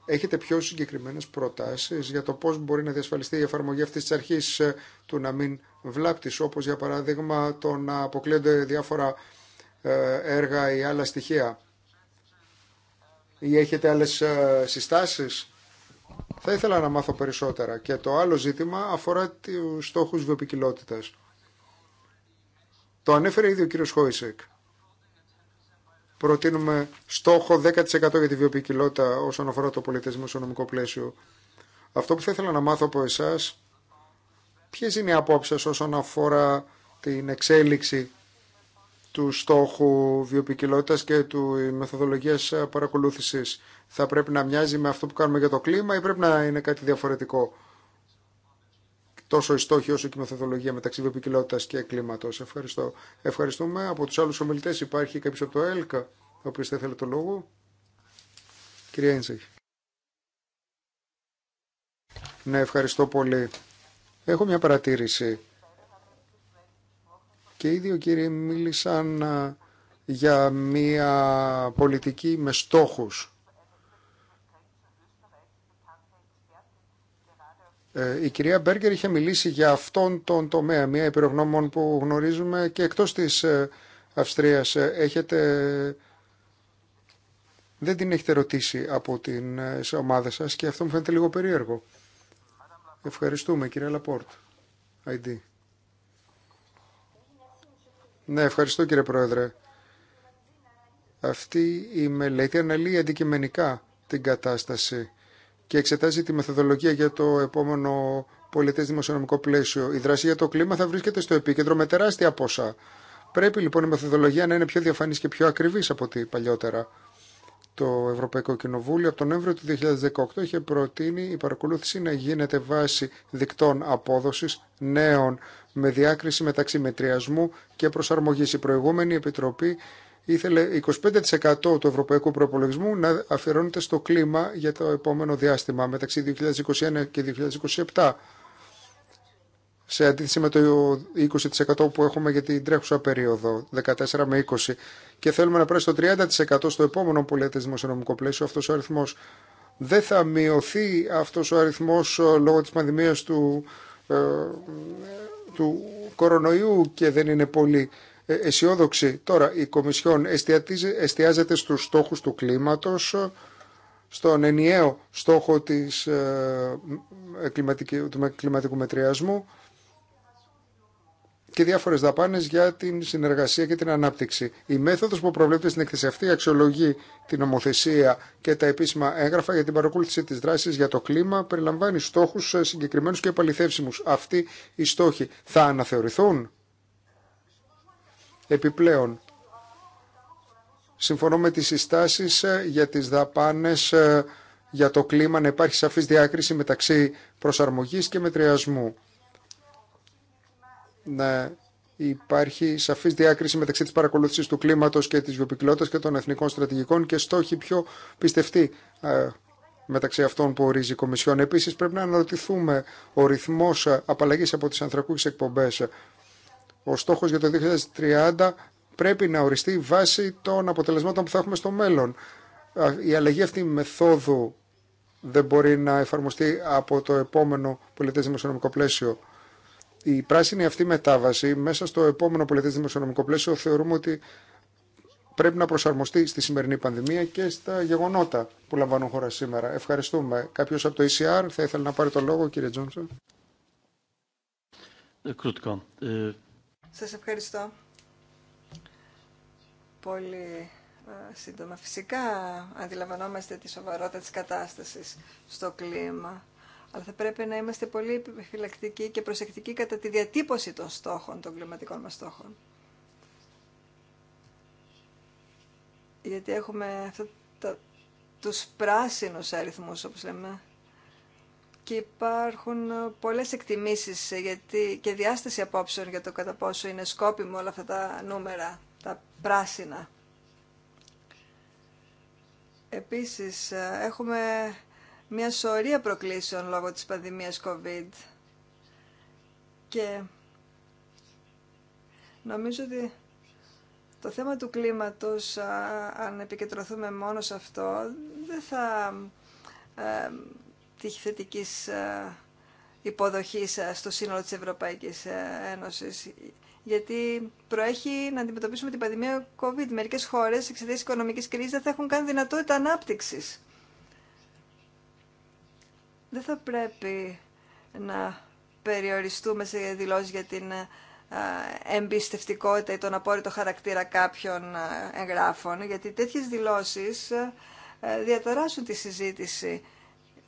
[SPEAKER 4] έχετε πιο συγκεκριμένες προτάσεις για το πώς μπορεί να διασφαλιστεί η εφαρμογή αυτής της αρχής ε, του να μην βλάπτεις, όπως για παράδειγμα το να αποκλείονται διάφορα ε, έργα ή άλλα στοιχεία. Ή έχετε άλλες συστάσεις θα ήθελα να μάθω περισσότερα. Και το άλλο ζήτημα αφορά του στόχους βιοπικιλότητα. Το ανέφερε ήδη ο κύριος Χόισεκ. Προτείνουμε στόχο 10% για τη βιοπικιλότητα όσον αφορά το πολιτισμό στο νομικό πλαίσιο. Αυτό που θα ήθελα να μάθω από εσά ποιε είναι οι απόψεις όσον αφορά την εξέλιξη του στόχου βιοποικιλότητας και του μεθοδολογίας παρακολούθησης. Θα πρέπει να μοιάζει με αυτό που κάνουμε για το κλίμα ή πρέπει να είναι κάτι διαφορετικό. Τόσο η στοχη όσο και η μεθοδολογία μεταξύ βιοποικιλότητας και κλίματος. Ευχαριστώ. Ευχαριστούμε. Από τους άλλους ομιλητές υπάρχει κάποιο από το ΕΛΚΑ, ο οποίο θα ήθελε το λόγο. Κυρία Ναι, ευχαριστώ πολύ. Έχω μια παρατήρηση και οι δύο κύριοι μίλησαν για μια πολιτική με στόχους. Ε, η κυρία Μπέργκερ είχε μιλήσει για αυτόν τον τομέα, μια υπηρεγνώμων που γνωρίζουμε και εκτός της ε, Αυστρίας. Ε, έχετε... Δεν την έχετε ρωτήσει από την ομάδα σας και αυτό μου φαίνεται λίγο περίεργο. Ευχαριστούμε κυρία Λαπόρτ. ID. Ναι, ευχαριστώ κύριε Πρόεδρε. Αυτή η μελέτη αναλύει αντικειμενικά την κατάσταση και εξετάζει τη μεθοδολογία για το επόμενο πολιτές δημοσιονομικό πλαίσιο. Η δράση για το κλίμα θα βρίσκεται στο επίκεντρο με τεράστια ποσά. Πρέπει λοιπόν η μεθοδολογία να είναι πιο διαφανής και πιο ακριβής από ό,τι παλιότερα. Το Ευρωπαϊκό Κοινοβούλιο από τον Νοέμβριο του 2018 είχε προτείνει η παρακολούθηση να γίνεται βάση δικτών απόδοσης νέων με διάκριση μεταξύ μετριασμού και προσαρμογής. Η προηγούμενη Επιτροπή ήθελε 25% του ευρωπαϊκού προπολογισμού να αφιερώνεται στο κλίμα για το επόμενο διάστημα μεταξύ 2021 και 2027 σε αντίθεση με το 20% που έχουμε για την τρέχουσα περίοδο, 14 με 20. Και θέλουμε να πρέπει στο 30% στο επόμενο σε δημοσιονομικό πλαίσιο αυτός ο αριθμό Δεν θα μειωθεί αυτό ο αριθμό ε, λόγω της πανδημίας του, ε, του κορονοϊού και δεν είναι πολύ ε, αισιόδοξη. Τώρα η Κομισιόν εστιάζεται στους στόχους του κλίματος, στον ενιαίο στόχο της, του κλιματικού μετριασμού και διάφορε δαπάνε για την συνεργασία και την ανάπτυξη. Η μέθοδο που προβλέπεται στην εκθέση αυτή αξιολογεί την νομοθεσία και τα επίσημα έγγραφα για την παρακολούθηση τη δράση για το κλίμα, περιλαμβάνει στόχου συγκεκριμένου και επαληθεύσιμου. Αυτοί οι στόχοι θα αναθεωρηθούν. Επιπλέον, συμφωνώ με τις συστάσεις ε, για τις δαπάνες ε, για το κλίμα να υπάρχει σαφής διάκριση μεταξύ προσαρμογής και μετριασμού να υπάρχει σαφή διάκριση μεταξύ τη παρακολούθηση του κλίματο και τη βιοπικιλότητα και των εθνικών στρατηγικών και στόχοι πιο πιστευτοί ε, μεταξύ αυτών που ορίζει η Κομισιόν. Επίση, πρέπει να αναρωτηθούμε ο ρυθμό ε, απαλλαγή από τι ανθρακούχε εκπομπέ. Ο στόχο για το 2030 πρέπει να οριστεί βάσει των αποτελεσμάτων που θα έχουμε στο μέλλον. Η αλλαγή αυτή μεθόδου δεν μπορεί να εφαρμοστεί από το επόμενο πολιτές δημοσιονομικό πλαίσιο η πράσινη αυτή μετάβαση μέσα στο επόμενο πολιτικο δημοσιονομικό πλαίσιο θεωρούμε ότι πρέπει να προσαρμοστεί στη σημερινή πανδημία και στα γεγονότα που λαμβάνουν χώρα σήμερα. Ευχαριστούμε. Κάποιο από το ECR θα ήθελε να πάρει το λόγο, κύριε Τζόνσον. Ε,
[SPEAKER 1] Σας ευχαριστώ. Πολύ ε, σύντομα. Φυσικά αντιλαμβανόμαστε τη σοβαρότητα της κατάστασης στο κλίμα αλλά θα πρέπει να είμαστε πολύ επιφυλακτικοί και προσεκτικοί κατά τη διατύπωση των στόχων, των κλιματικών μας στόχων. Γιατί έχουμε αυτά τα, τους πράσινους αριθμούς, όπως λέμε, και υπάρχουν πολλές εκτιμήσεις γιατί, και διάσταση απόψεων για το κατά πόσο είναι σκόπιμο όλα αυτά τα νούμερα, τα πράσινα. Επίσης, έχουμε μια σωρία προκλήσεων λόγω της πανδημίας COVID. Και νομίζω ότι το θέμα του κλίματος, αν επικεντρωθούμε μόνο σε αυτό, δεν θα ε, τύχει θετικής ε, υποδοχής ε, στο σύνολο της Ευρωπαϊκής ε, Ένωσης. Γιατί προέχει να αντιμετωπίσουμε την πανδημία COVID. Μερικές χώρες εξαιτίας οικονομικής κρίσης δεν θα έχουν καν δυνατότητα ανάπτυξης δεν θα πρέπει να περιοριστούμε σε δηλώσεις για την ε, εμπιστευτικότητα ή τον απόρριτο χαρακτήρα κάποιων ε, εγγράφων, γιατί τέτοιες δηλώσεις ε, διαταράσσουν τη συζήτηση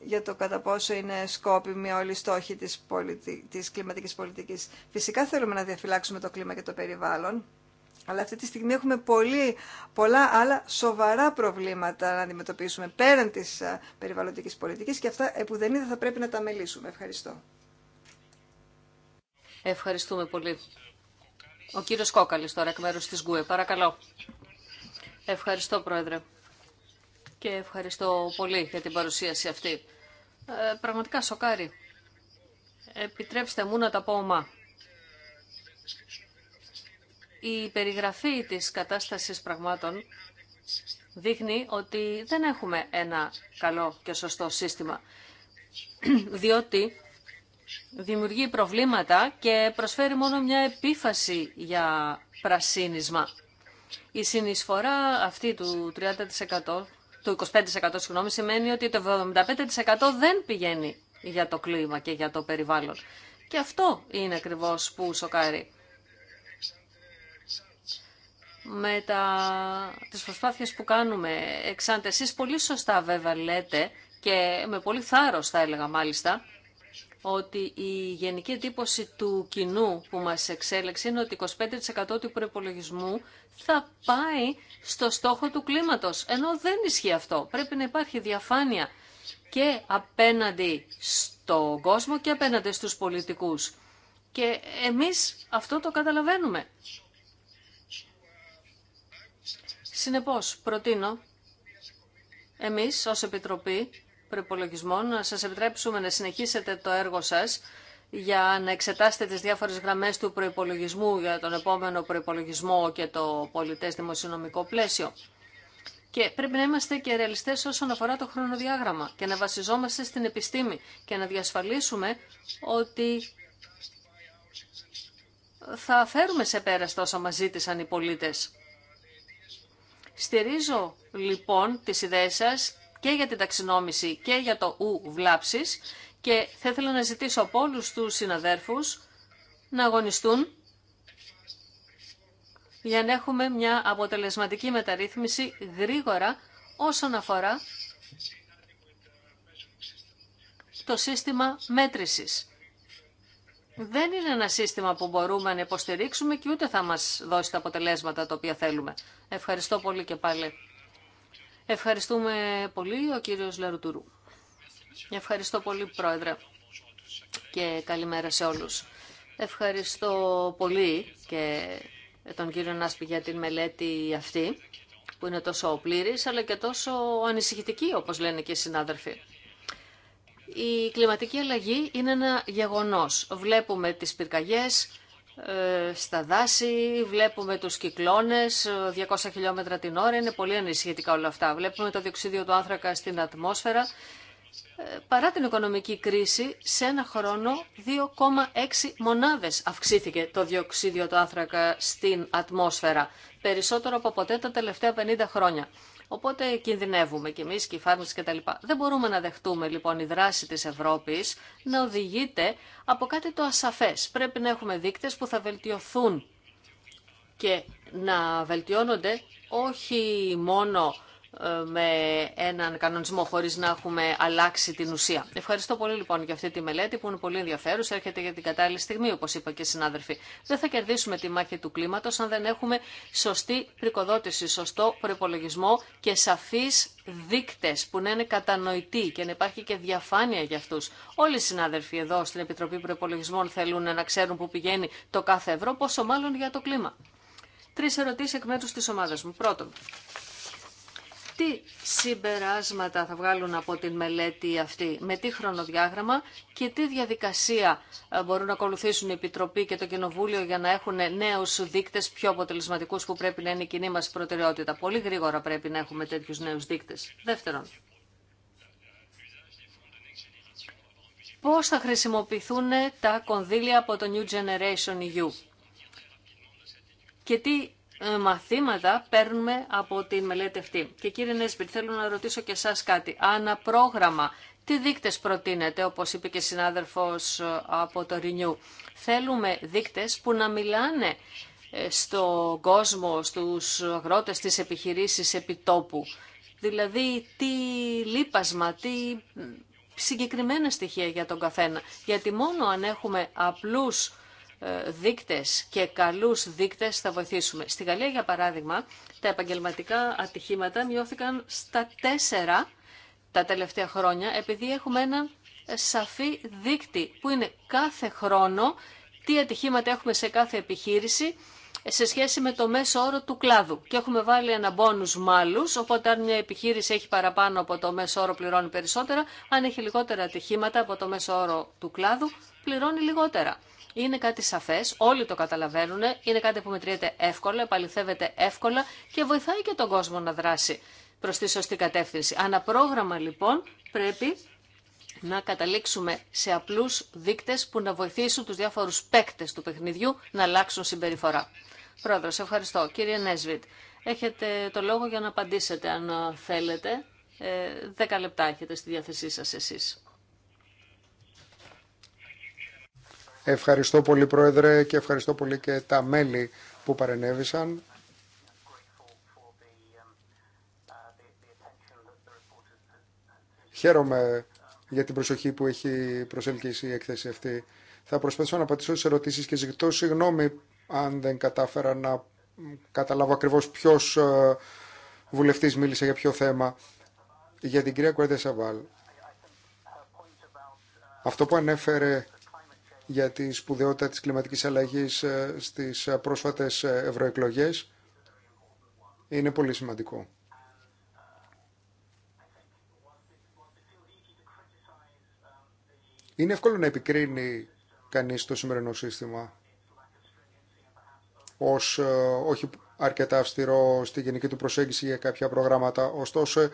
[SPEAKER 1] για το κατά πόσο είναι σκόπιμη όλη η στόχη της, πολιτι... της κλιματικής πολιτικής. Φυσικά θέλουμε να διαφυλάξουμε το κλίμα και το περιβάλλον, αλλά αυτή τη στιγμή έχουμε πολύ, πολλά άλλα σοβαρά προβλήματα να αντιμετωπίσουμε πέραν της ε, περιβαλλοντικής πολιτικής και αυτά είδα θα πρέπει να τα μελήσουμε. Ευχαριστώ.
[SPEAKER 2] Ευχαριστούμε πολύ. Ο κύριος Κόκαλης τώρα εκ μέρους της ΓΚΟΕ. Παρακαλώ. Ευχαριστώ Πρόεδρε. Και ευχαριστώ πολύ για την παρουσίαση αυτή. Ε, πραγματικά σοκάρι. Επιτρέψτε μου να τα πω ομά. Η περιγραφή της κατάστασης πραγμάτων δείχνει ότι δεν έχουμε ένα καλό και σωστό σύστημα, διότι δημιουργεί προβλήματα και προσφέρει μόνο μια επίφαση για πρασίνισμα. Η συνεισφορά αυτή του 30%, του 25% συγγνώμη, σημαίνει ότι το 75% δεν πηγαίνει για το κλίμα και για το περιβάλλον. Και αυτό είναι ακριβώς που σοκάρει με τα, τις προσπάθειες που κάνουμε εξάντε. Εσείς πολύ σωστά βέβαια λέτε και με πολύ θάρρος θα έλεγα μάλιστα ότι η γενική εντύπωση του κοινού που μας εξέλεξε είναι ότι 25% του προπολογισμού θα πάει στο στόχο του κλίματος. Ενώ δεν ισχύει αυτό. Πρέπει να υπάρχει διαφάνεια και απέναντι στον κόσμο και απέναντι στους πολιτικούς. Και εμείς αυτό το καταλαβαίνουμε. Συνεπώς, προτείνω εμείς ως Επιτροπή Προϋπολογισμών να σας επιτρέψουμε να συνεχίσετε το έργο σας για να εξετάσετε τις διάφορες γραμμές του προϋπολογισμού για τον επόμενο προϋπολογισμό και το πολιτές δημοσιονομικό πλαίσιο. Και πρέπει να είμαστε και ρεαλιστές όσον αφορά το χρονοδιάγραμμα και να βασιζόμαστε στην επιστήμη και να διασφαλίσουμε ότι θα φέρουμε σε πέρα όσα μας ζήτησαν οι Στηρίζω λοιπόν τις ιδέες σας και για την ταξινόμηση και για το ου βλάψης και θα ήθελα να ζητήσω από όλους τους συναδέρφους να αγωνιστούν για να έχουμε μια αποτελεσματική μεταρρύθμιση γρήγορα όσον αφορά το σύστημα μέτρησης δεν είναι ένα σύστημα που μπορούμε να υποστηρίξουμε και ούτε θα μας δώσει τα αποτελέσματα τα οποία θέλουμε. Ευχαριστώ πολύ και πάλι. Ευχαριστούμε πολύ ο κύριος Λαρουτουρού. Ευχαριστώ πολύ Πρόεδρε και καλημέρα σε όλους. Ευχαριστώ πολύ και τον κύριο Νάσπη για την μελέτη αυτή που είναι τόσο πλήρης αλλά και τόσο ανησυχητική όπως λένε και οι συνάδελφοι. Η κλιματική αλλαγή είναι ένα γεγονός. Βλέπουμε τις πυρκαγιές ε, στα δάση, βλέπουμε τους κυκλώνες, 200 ε, χιλιόμετρα την ώρα, είναι πολύ ανησυχητικά όλα αυτά. Βλέπουμε το διοξίδιο του άνθρακα στην ατμόσφαιρα. Ε, παρά την οικονομική κρίση, σε ένα χρόνο 2,6 μονάδες αυξήθηκε το διοξίδιο του άνθρακα στην ατμόσφαιρα, περισσότερο από ποτέ τα τελευταία 50 χρόνια. Οπότε κινδυνεύουμε κι εμείς και οι τα κτλ. Δεν μπορούμε να δεχτούμε λοιπόν η δράση της Ευρώπης να οδηγείται από κάτι το ασαφές. Πρέπει να έχουμε δείκτες που θα βελτιωθούν και να βελτιώνονται όχι μόνο ε, με έναν κανονισμό χωρί να έχουμε αλλάξει την ουσία. Ευχαριστώ πολύ λοιπόν για αυτή τη μελέτη που είναι πολύ ενδιαφέρουσα, έρχεται για την κατάλληλη στιγμή όπω είπα και οι συνάδελφοι. Δεν θα κερδίσουμε τη μάχη του κλίματο αν δεν έχουμε σωστή πρικοδότηση, σωστό προπολογισμό και σαφεί δείκτε που να είναι κατανοητοί και να υπάρχει και διαφάνεια για αυτού. Όλοι οι συνάδελφοι εδώ στην Επιτροπή Προπολογισμών θέλουν να ξέρουν που πηγαίνει το κάθε ευρώ, πόσο μάλλον για το κλίμα. Τρει ερωτήσει εκ μέρου τη ομάδα μου. Πρώτον, τι συμπεράσματα θα βγάλουν από την μελέτη αυτή, με τι χρονοδιάγραμμα και τι διαδικασία ε, μπορούν να ακολουθήσουν η Επιτροπή και το Κοινοβούλιο για να έχουν νέους δείκτες πιο αποτελεσματικούς που πρέπει να είναι η κοινή μας προτεραιότητα. Πολύ γρήγορα πρέπει να έχουμε τέτοιους νέους δείκτες. Δεύτερον, πώς θα χρησιμοποιηθούν τα κονδύλια από το New Generation EU και τι ε, μαθήματα παίρνουμε από τη μελέτη αυτή. Και κύριε Νέσπιρ, θέλω να ρωτήσω και εσά κάτι. Ανά πρόγραμμα, τι δείκτες προτείνετε, όπως είπε και συνάδελφος ε, από το Ρινιού. Θέλουμε δείκτες που να μιλάνε ε, στον κόσμο, στους αγρότες, στις επιχειρήσεις επιτόπου. Δηλαδή, τι λύπασμα, τι συγκεκριμένα στοιχεία για τον καθένα. Γιατί μόνο αν έχουμε απλούς ε, δείκτες και καλούς δείκτες θα βοηθήσουμε. Στη Γαλλία, για παράδειγμα, τα επαγγελματικά ατυχήματα μειώθηκαν στα τέσσερα τα τελευταία χρόνια, επειδή έχουμε ένα σαφή δείκτη που είναι κάθε χρόνο τι ατυχήματα έχουμε σε κάθε επιχείρηση σε σχέση με το μέσο όρο του κλάδου. Και έχουμε βάλει ένα μπόνους μάλους, οπότε αν μια επιχείρηση έχει παραπάνω από το μέσο όρο πληρώνει περισσότερα, αν έχει λιγότερα ατυχήματα από το μέσο όρο του κλάδου πληρώνει λιγότερα είναι κάτι σαφές, όλοι το καταλαβαίνουν, είναι κάτι που μετριέται εύκολα, επαληθεύεται εύκολα και βοηθάει και τον κόσμο να δράσει προς τη σωστή κατεύθυνση. Αναπρόγραμμα λοιπόν πρέπει να καταλήξουμε σε απλούς δείκτες που να βοηθήσουν τους διάφορου παίκτες του παιχνιδιού να αλλάξουν συμπεριφορά. Πρόεδρο, ευχαριστώ. Κύριε Νέσβιτ, έχετε το λόγο για να απαντήσετε αν θέλετε. Ε, δέκα λεπτά έχετε στη διάθεσή σας εσείς.
[SPEAKER 4] Ευχαριστώ πολύ Πρόεδρε και ευχαριστώ πολύ και τα μέλη που παρενέβησαν. Χαίρομαι για την προσοχή που έχει προσελκύσει η έκθεση αυτή. Θα προσπαθήσω να απαντήσω σε ερωτήσεις και ζητώ συγγνώμη αν δεν κατάφερα να καταλάβω ακριβώς ποιος ε, βουλευτής μίλησε για ποιο θέμα. Για την κυρία Κουέντε Σαβάλ. Αυτό που ανέφερε για τη σπουδαιότητα της κλιματικής αλλαγής ε, στις ε, πρόσφατες ε, ευρωεκλογέ. είναι πολύ σημαντικό. Είναι εύκολο να επικρίνει κανείς το σημερινό σύστημα ως ε, όχι αρκετά αυστηρό στη γενική του προσέγγιση για κάποια προγράμματα. Ωστόσο,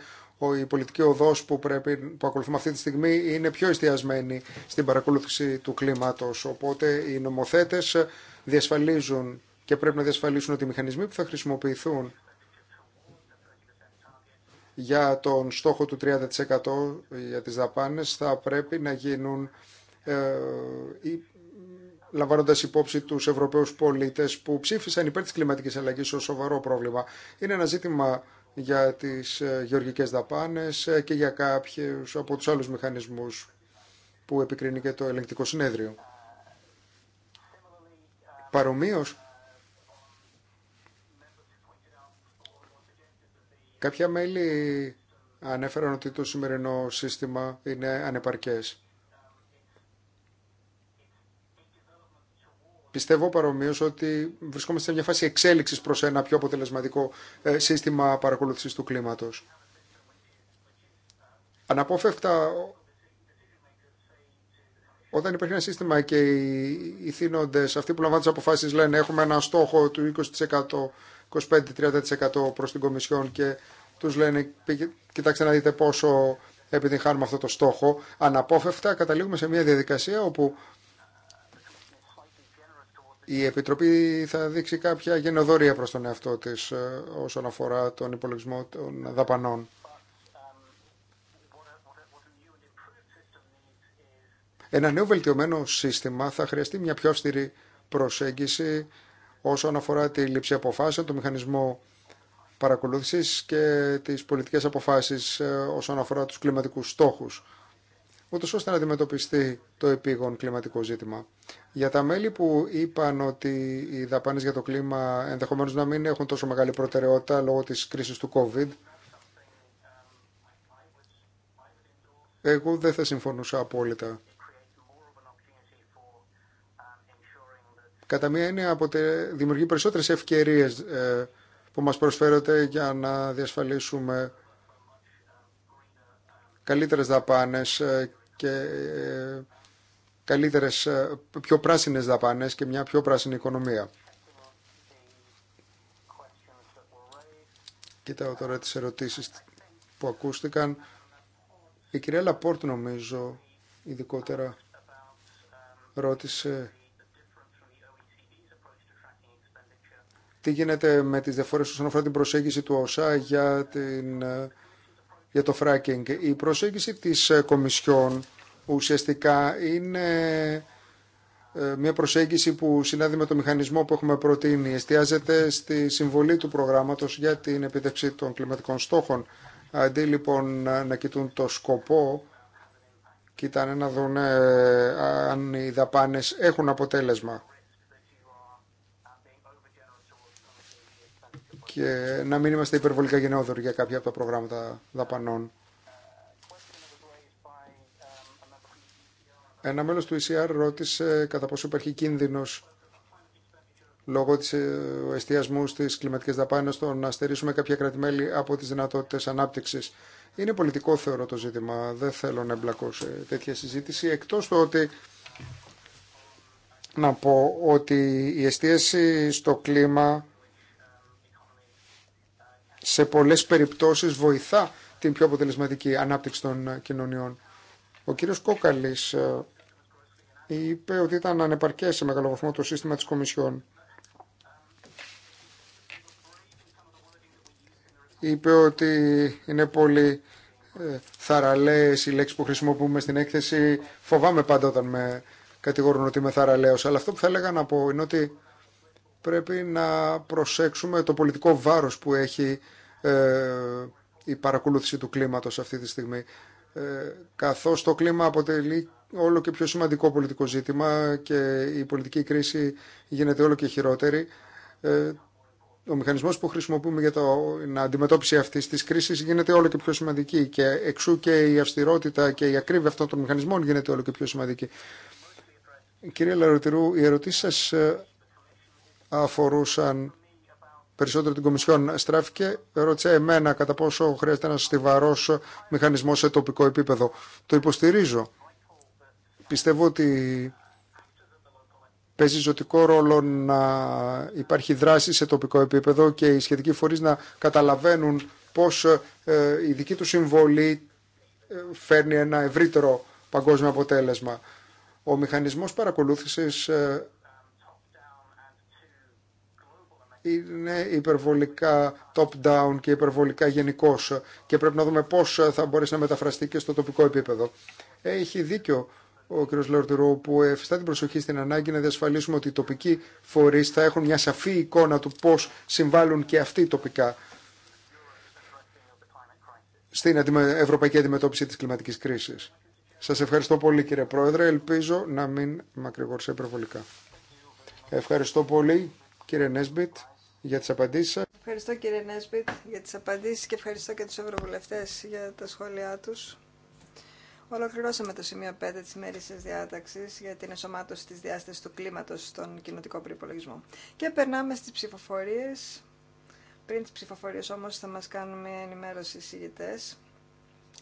[SPEAKER 4] η πολιτική οδός που, πρέπει, που ακολουθούμε αυτή τη στιγμή είναι πιο εστιασμένη στην παρακολούθηση του κλίματος. Οπότε οι νομοθέτες διασφαλίζουν και πρέπει να διασφαλίσουν ότι οι μηχανισμοί που θα χρησιμοποιηθούν για τον στόχο του 30% για τις δαπάνες θα πρέπει να γίνουν ε, λαμβάνοντα υπόψη του Ευρωπαίου πολίτε που ψήφισαν υπέρ τη κλιματική αλλαγή ω σοβαρό πρόβλημα. Είναι ένα ζήτημα για τι ε, γεωργικέ δαπάνε ε, και για κάποιου από του άλλου μηχανισμού που επικρίνει και το ελεγκτικό συνέδριο. Παρομοίω, κάποια μέλη ανέφεραν ότι το σημερινό σύστημα είναι ανεπαρκές. Πιστεύω παρομοίω ότι βρισκόμαστε σε μια φάση εξέλιξη προ ένα πιο αποτελεσματικό ε, σύστημα παρακολούθηση του κλίματο. Αναπόφευκτα, όταν υπάρχει ένα σύστημα και οι θύνοντε, αυτοί που λαμβάνουν τι αποφάσει, λένε έχουμε ένα στόχο του 20%, 25-30% προ την Κομισιόν και του λένε κοιτάξτε να δείτε πόσο επιτυγχάνουμε αυτό το στόχο. Αναπόφευκτα, καταλήγουμε σε μια διαδικασία όπου η Επιτροπή θα δείξει κάποια γενοδορία προς τον εαυτό της ε, όσον αφορά τον υπολογισμό των δαπανών. Ένα νέο βελτιωμένο σύστημα θα χρειαστεί μια πιο αυστηρή προσέγγιση όσον αφορά τη λήψη αποφάσεων, το μηχανισμό παρακολούθησης και τις πολιτικές αποφάσεις ε, όσον αφορά τους κλιματικούς στόχους ούτω ώστε να αντιμετωπιστεί το επίγον κλιματικό ζήτημα. Για τα μέλη που είπαν ότι οι δαπάνε για το κλίμα ενδεχομένω να μην έχουν τόσο μεγάλη προτεραιότητα λόγω τη κρίση του COVID, εγώ δεν θα συμφωνούσα απόλυτα. Κατά μία έννοια, δημιουργεί περισσότερες ευκαιρίες ε, που μας προσφέρονται για να διασφαλίσουμε καλύτερες δαπάνες ε, και ε, καλύτερες, ε, πιο πράσινες δαπάνες και μια πιο πράσινη οικονομία. Κοίταω τώρα τις ερωτήσεις που ακούστηκαν. Η κυρία Λαπόρτ νομίζω ειδικότερα ρώτησε τι γίνεται με τις διαφορές όσον αφορά την προσέγγιση του ΩΣΑ για την ε, για το fracking. Η προσέγγιση της ε, Κομισιόν ουσιαστικά είναι ε, μια προσέγγιση που συνάδει με το μηχανισμό που έχουμε προτείνει. Εστιάζεται στη συμβολή του προγράμματος για την επίτευξη των κλιματικών στόχων. Αντί λοιπόν να κοιτούν το σκοπό, κοιτάνε να δουν ε, αν οι δαπάνες έχουν αποτέλεσμα. και να μην είμαστε υπερβολικά γενναιόδοροι για κάποια από τα προγράμματα δαπανών. Ένα μέλος του ECR ρώτησε κατά πόσο υπάρχει κίνδυνος λόγω της ε, εστιασμού στις κλιματικές δαπάνες το να στερήσουμε κάποια κρατημέλη από τις δυνατότητες ανάπτυξης. Είναι πολιτικό θεωρώ το ζήτημα, δεν θέλω να εμπλακώ σε τέτοια συζήτηση, εκτός το ότι να πω ότι η εστίαση στο κλίμα σε πολλές περιπτώσεις βοηθά την πιο αποτελεσματική ανάπτυξη των ε, κοινωνιών. Ο κύριος Κόκαλης ε, είπε ότι ήταν ανεπαρκές σε μεγάλο βαθμό το σύστημα της Κομισιόν. Είπε ότι είναι πολύ ε, θαραλέες οι λέξεις που χρησιμοποιούμε στην έκθεση. Φοβάμαι πάντα όταν με κατηγορούν ότι είμαι θαραλέος. Αλλά αυτό που θα έλεγα να πω είναι ότι πρέπει να προσέξουμε το πολιτικό βάρος που έχει ε, η παρακολούθηση του κλίματος αυτή τη στιγμή. Ε, καθώς το κλίμα αποτελεί όλο και πιο σημαντικό πολιτικό ζήτημα και η πολιτική κρίση γίνεται όλο και χειρότερη, ε, ο μηχανισμός που χρησιμοποιούμε για την αντιμετώπιση αυτής της κρίσης γίνεται όλο και πιο σημαντική και εξού και η αυστηρότητα και η ακρίβεια αυτών των μηχανισμών γίνεται όλο και πιο σημαντική. Κύριε Λαρωτηρού, οι ερωτήσει σας αφορούσαν περισσότερο την Κομισιόν στράφηκε, ρώτησε εμένα κατά πόσο χρειάζεται ένα στιβαρό μηχανισμό σε τοπικό επίπεδο. Το υποστηρίζω. Πιστεύω ότι παίζει ζωτικό ρόλο να υπάρχει δράση σε τοπικό επίπεδο και οι σχετικοί φορείς να καταλαβαίνουν πώς ε, η δική του συμβολή ε, φέρνει ένα ευρύτερο παγκόσμιο αποτέλεσμα. Ο μηχανισμός παρακολούθησης ε, είναι υπερβολικά top-down και υπερβολικά γενικό και πρέπει να δούμε πώς θα μπορέσει να μεταφραστεί και στο τοπικό επίπεδο. Έχει δίκιο ο κ. Λορτουρού που εφιστά την προσοχή στην ανάγκη να διασφαλίσουμε ότι οι τοπικοί φορείς θα έχουν μια σαφή εικόνα του πώς συμβάλλουν και αυτοί τοπικά στην ευρωπαϊκή αντιμετώπιση της κλιματικής κρίσης. Σας ευχαριστώ πολύ κύριε Πρόεδρε, ελπίζω να μην μακρηγόρησα υπερβολικά. Ευχαριστώ πολύ κύριε Νέσμπιτ, για τις απαντήσεις σας.
[SPEAKER 1] Ευχαριστώ κύριε Νέσμπιτ για τις απαντήσεις και ευχαριστώ και τους ευρωβουλευτές για τα σχόλιά τους. Ολοκληρώσαμε το σημείο 5 τη μέρης διάταξη για την εσωμάτωση τη διάσταση του κλίματο στον κοινοτικό προπολογισμό. Και περνάμε στι ψηφοφορίε, Πριν τι ψηφοφορίε όμω θα μα κάνουν μια ενημέρωση οι συγγητέ.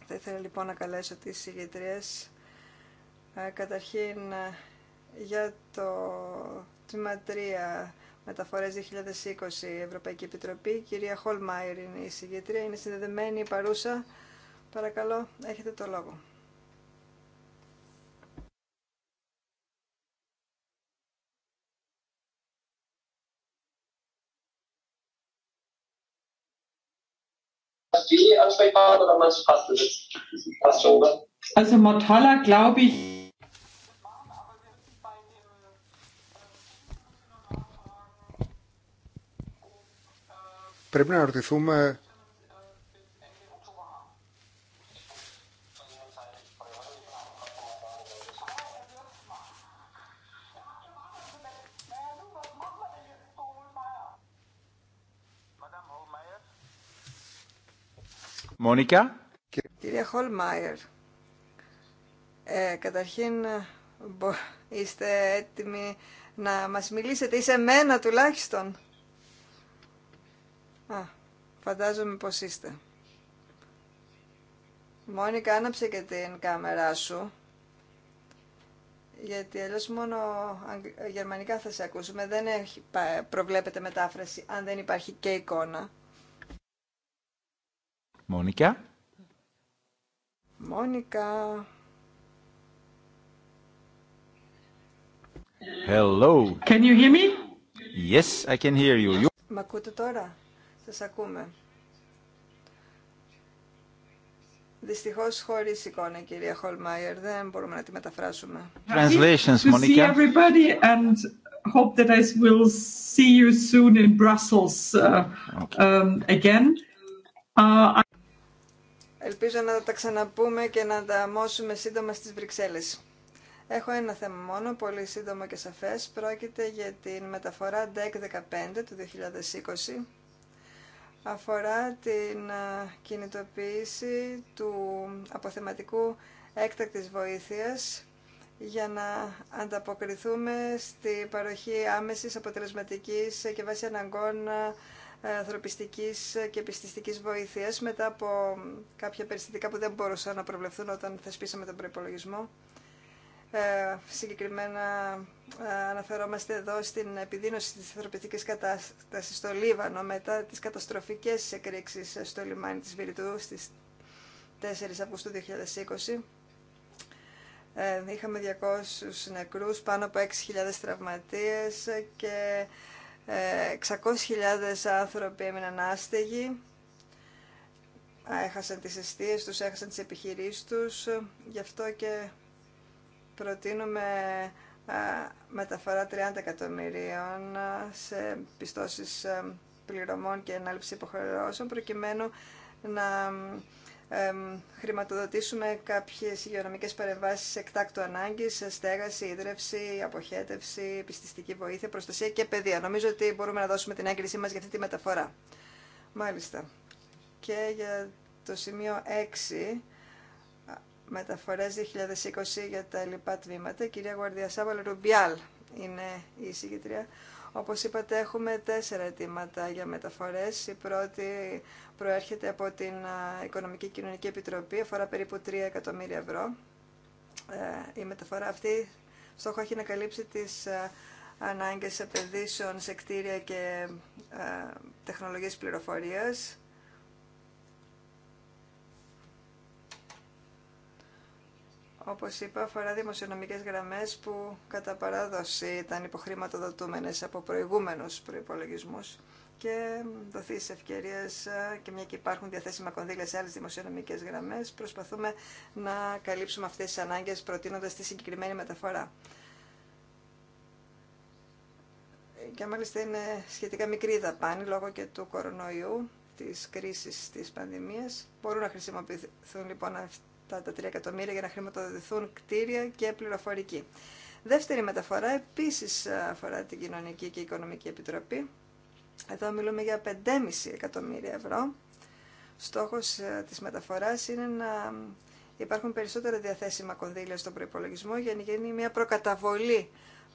[SPEAKER 1] Θα ήθελα λοιπόν να καλέσω τι συγγητρίε. Ε, καταρχήν ε, για το τμήμα Μεταφορές 2020, Ευρωπαϊκή Επιτροπή. κυρία Χολμάιρ είναι η συγγετρία, είναι συνδεδεμένη η παρούσα. Παρακαλώ, έχετε το λόγο.
[SPEAKER 2] Also
[SPEAKER 4] πρέπει να ρωτηθούμε
[SPEAKER 2] Μόνικα. Κυρία
[SPEAKER 1] Χολμάιερ, ε, καταρχήν είστε έτοιμοι να μας μιλήσετε, είσαι μένα τουλάχιστον. Α, φαντάζομαι πως είστε. Μόνικα, άναψε και την κάμερά σου. Γιατί αλλιώς μόνο γερμανικά θα σε ακούσουμε. Δεν έχει, προβλέπεται μετάφραση αν δεν υπάρχει και εικόνα. Μόνικα. Μόνικα.
[SPEAKER 3] Hello. Can you hear me? Yes, I can hear you. you...
[SPEAKER 1] Μ' ακούτε τώρα? Σας ακούμε. Δυστυχώς χωρίς εικόνα, κυρία Χολμάιερ, δεν μπορούμε να τη μεταφράσουμε. Translations, Monica. see everybody and hope that I see you soon in Brussels uh, um, again. Uh, Ελπίζω να τα ξαναπούμε και να τα αμώσουμε σύντομα στις Βρυξέλλες. Έχω ένα θέμα μόνο, πολύ σύντομο και σαφές. Πρόκειται για την μεταφορά DEC 15 του 2020 αφορά την ε, κινητοποίηση του αποθεματικού έκτακτης βοήθειας για να ανταποκριθούμε στη παροχή άμεσης, αποτελεσματικής και βάσει αναγκών ε, ανθρωπιστικής και πιστιστικής βοήθειας μετά από κάποια περιστατικά που δεν μπορούσαν να προβλεφθούν όταν θεσπίσαμε τον προϋπολογισμό. Ε, συγκεκριμένα ε, αναφερόμαστε εδώ στην επιδείνωση της ανθρωπιστικής κατάστασης στο Λίβανο μετά τις καταστροφικές εκρήξεις στο λιμάνι της Βηρητού στις 4 Αυγούστου 2020. Ε, είχαμε 200 νεκρούς, πάνω από 6.000 τραυματίες και 600.000 ε, άνθρωποι έμειναν άστεγοι. Έχασαν τις αιστείες τους, έχασαν τις επιχειρήσεις τους. Γι' αυτό και προτείνουμε ε, μεταφορά 30 εκατομμυρίων ε, σε πιστώσεις ε, πληρωμών και ενάλυψη υποχρεώσεων προκειμένου να χρηματοδοτήσουμε κάποιες υγειονομικές παρεμβάσεις εκτάκτου ανάγκης, στέγαση, ίδρευση, αποχέτευση, πιστιστική βοήθεια, προστασία και παιδεία. Νομίζω ότι μπορούμε να δώσουμε την έγκρισή μας για αυτή τη μεταφορά. Μάλιστα. Και για το σημείο 6 μεταφορές 2020 για τα λοιπά τμήματα. Κυρία κυρία Γουαρδιασάβαλ Ρουμπιάλ είναι η εισηγητρία. Όπως είπατε έχουμε τέσσερα αιτήματα για μεταφορές. Η πρώτη προέρχεται από την Οικονομική Κοινωνική Επιτροπή, αφορά περίπου 3 εκατομμύρια ευρώ. Ε, η μεταφορά αυτή στόχο έχει να καλύψει τις ανάγκες επενδύσεων σε κτίρια και τεχνολογίες πληροφορίας όπως είπα, αφορά δημοσιονομικές γραμμές που κατά παράδοση ήταν υποχρηματοδοτούμενες από προηγούμενους προϋπολογισμούς και δοθεί σε ευκαιρίες ε, και μια και υπάρχουν διαθέσιμα κονδύλια σε άλλε δημοσιονομικέ γραμμέ, προσπαθούμε να καλύψουμε αυτές τις ανάγκες προτείνοντα τη συγκεκριμένη μεταφορά. Και μάλιστα είναι σχετικά μικρή η δαπάνη λόγω και του κορονοϊού, της κρίσης, της πανδημίας. Μπορούν να χρησιμοποιηθούν λοιπόν αυτοί τα 3 εκατομμύρια για να χρηματοδοτηθούν κτίρια και πληροφορική. Δεύτερη μεταφορά επίσης αφορά την Κοινωνική και Οικονομική Επιτροπή. Εδώ μιλούμε για 5,5 εκατομμύρια ευρώ. Στόχος ε, της μεταφοράς είναι να υπάρχουν περισσότερα διαθέσιμα κονδύλια στον προϋπολογισμό για να γίνει μια προκαταβολή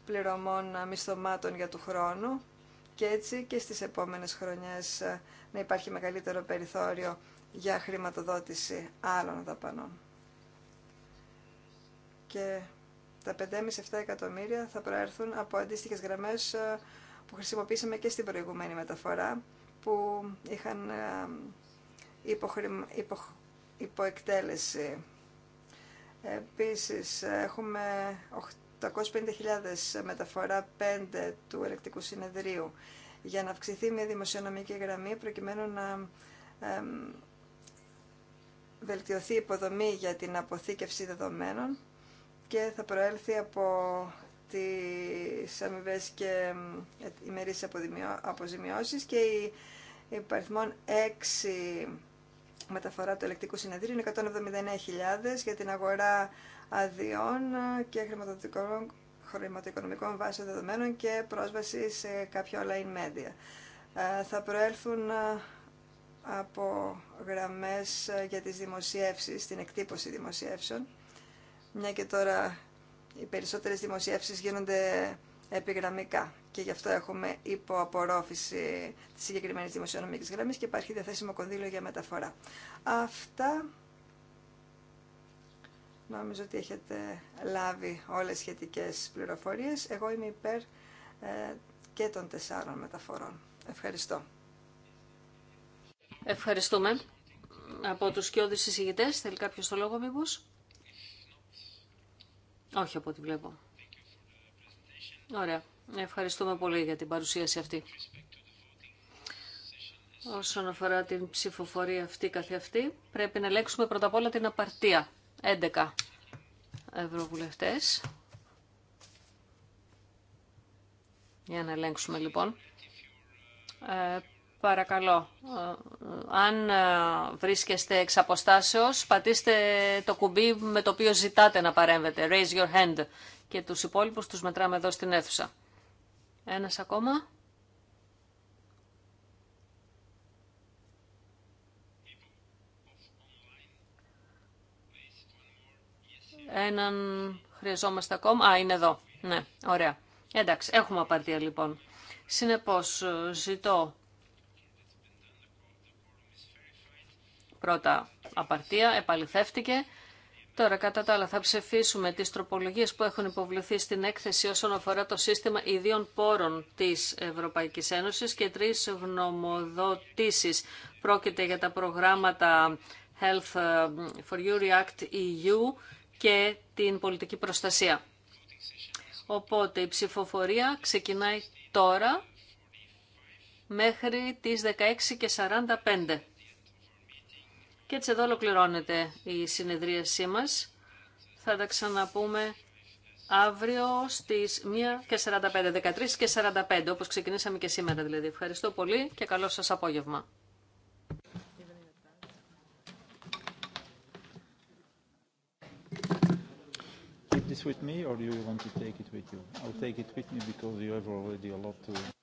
[SPEAKER 1] πληρωμών μισθωμάτων για του χρόνου και έτσι και στις επόμενες χρονιές ε, να υπάρχει μεγαλύτερο περιθώριο για χρηματοδότηση άλλων δαπανών και τα 5,5-7 εκατομμύρια θα προέρθουν από αντίστοιχες γραμμές ε, που χρησιμοποίησαμε και στην προηγουμένη μεταφορά που είχαν ε, υποεκτέλεση. Επίσης έχουμε 850.000 μεταφορά 5 του ελεκτικού συνεδρίου για να αυξηθεί μια δημοσιονομική γραμμή προκειμένου να βελτιωθεί η υποδομή για την αποθήκευση δεδομένων και θα προέλθει από τις αμοιβέ και ε, ημερήσεις αποζημιώσεις και η υπαριθμόν 6 μεταφορά του ελεκτικού συνεδρίου είναι 179.000 για την αγορά αδειών και χρηματοδοτικών χρηματοοικονομικών βάσεων δεδομένων και πρόσβαση σε κάποια online media. Ε, θα προέλθουν ε, από γραμμές για τις δημοσιεύσεις, την εκτύπωση δημοσιεύσεων μια και τώρα οι περισσότερες δημοσιεύσεις γίνονται επιγραμμικά και γι' αυτό έχουμε υποαπορρόφηση της συγκεκριμένης δημοσιονομικής γραμμής και υπάρχει διαθέσιμο κονδύλιο για μεταφορά. Αυτά νομίζω ότι έχετε λάβει όλες σχετικές πληροφορίες. Εγώ είμαι υπέρ ε, και
[SPEAKER 2] των τεσσάρων μεταφορών. Ευχαριστώ. Ευχαριστούμε. Από τους κοιόδους συζητητές, θέλει κάποιος το λόγο μήπως. Όχι από ό,τι βλέπω. Ωραία. Ευχαριστούμε πολύ για την παρουσίαση αυτή. Όσον αφορά την ψηφοφορία αυτή αυτή, πρέπει να ελέγξουμε πρώτα απ' όλα την απαρτία. 11 ευρωβουλευτές. Για να ελέγξουμε λοιπόν. Ε, Παρακαλώ, αν ε, βρίσκεστε εξ αποστάσεως, πατήστε το κουμπί με το οποίο ζητάτε να παρέμβετε. Raise your hand. Και τους υπόλοιπους τους μετράμε εδώ στην αίθουσα. Ένας ακόμα. Έναν χρειαζόμαστε ακόμα. Α, είναι εδώ. Ναι, ωραία. Εντάξει, έχουμε απαρτία λοιπόν. Συνεπώς, ε, ζητώ Πρώτα απαρτία, επαληθεύτηκε. Τώρα, κατά τα άλλα, θα ψηφίσουμε τις τροπολογίες που έχουν υποβληθεί στην έκθεση όσον αφορά το σύστημα ιδίων πόρων της Ευρωπαϊκής Ένωσης και τρεις γνωμοδοτήσεις. Πρόκειται για τα προγράμματα Health for You, React EU και την πολιτική προστασία. Οπότε η ψηφοφορία ξεκινάει τώρα μέχρι τις 16.45. Και έτσι εδώ ολοκληρώνεται η συνεδρίασή μας. Θα τα ξαναπούμε αύριο στις 1.45, 13 και 45, όπως ξεκινήσαμε και σήμερα δηλαδή. Ευχαριστώ πολύ και καλό σας απόγευμα.
[SPEAKER 3] this with me or do you want to take it with you? I'll take it with me because you have already a lot to...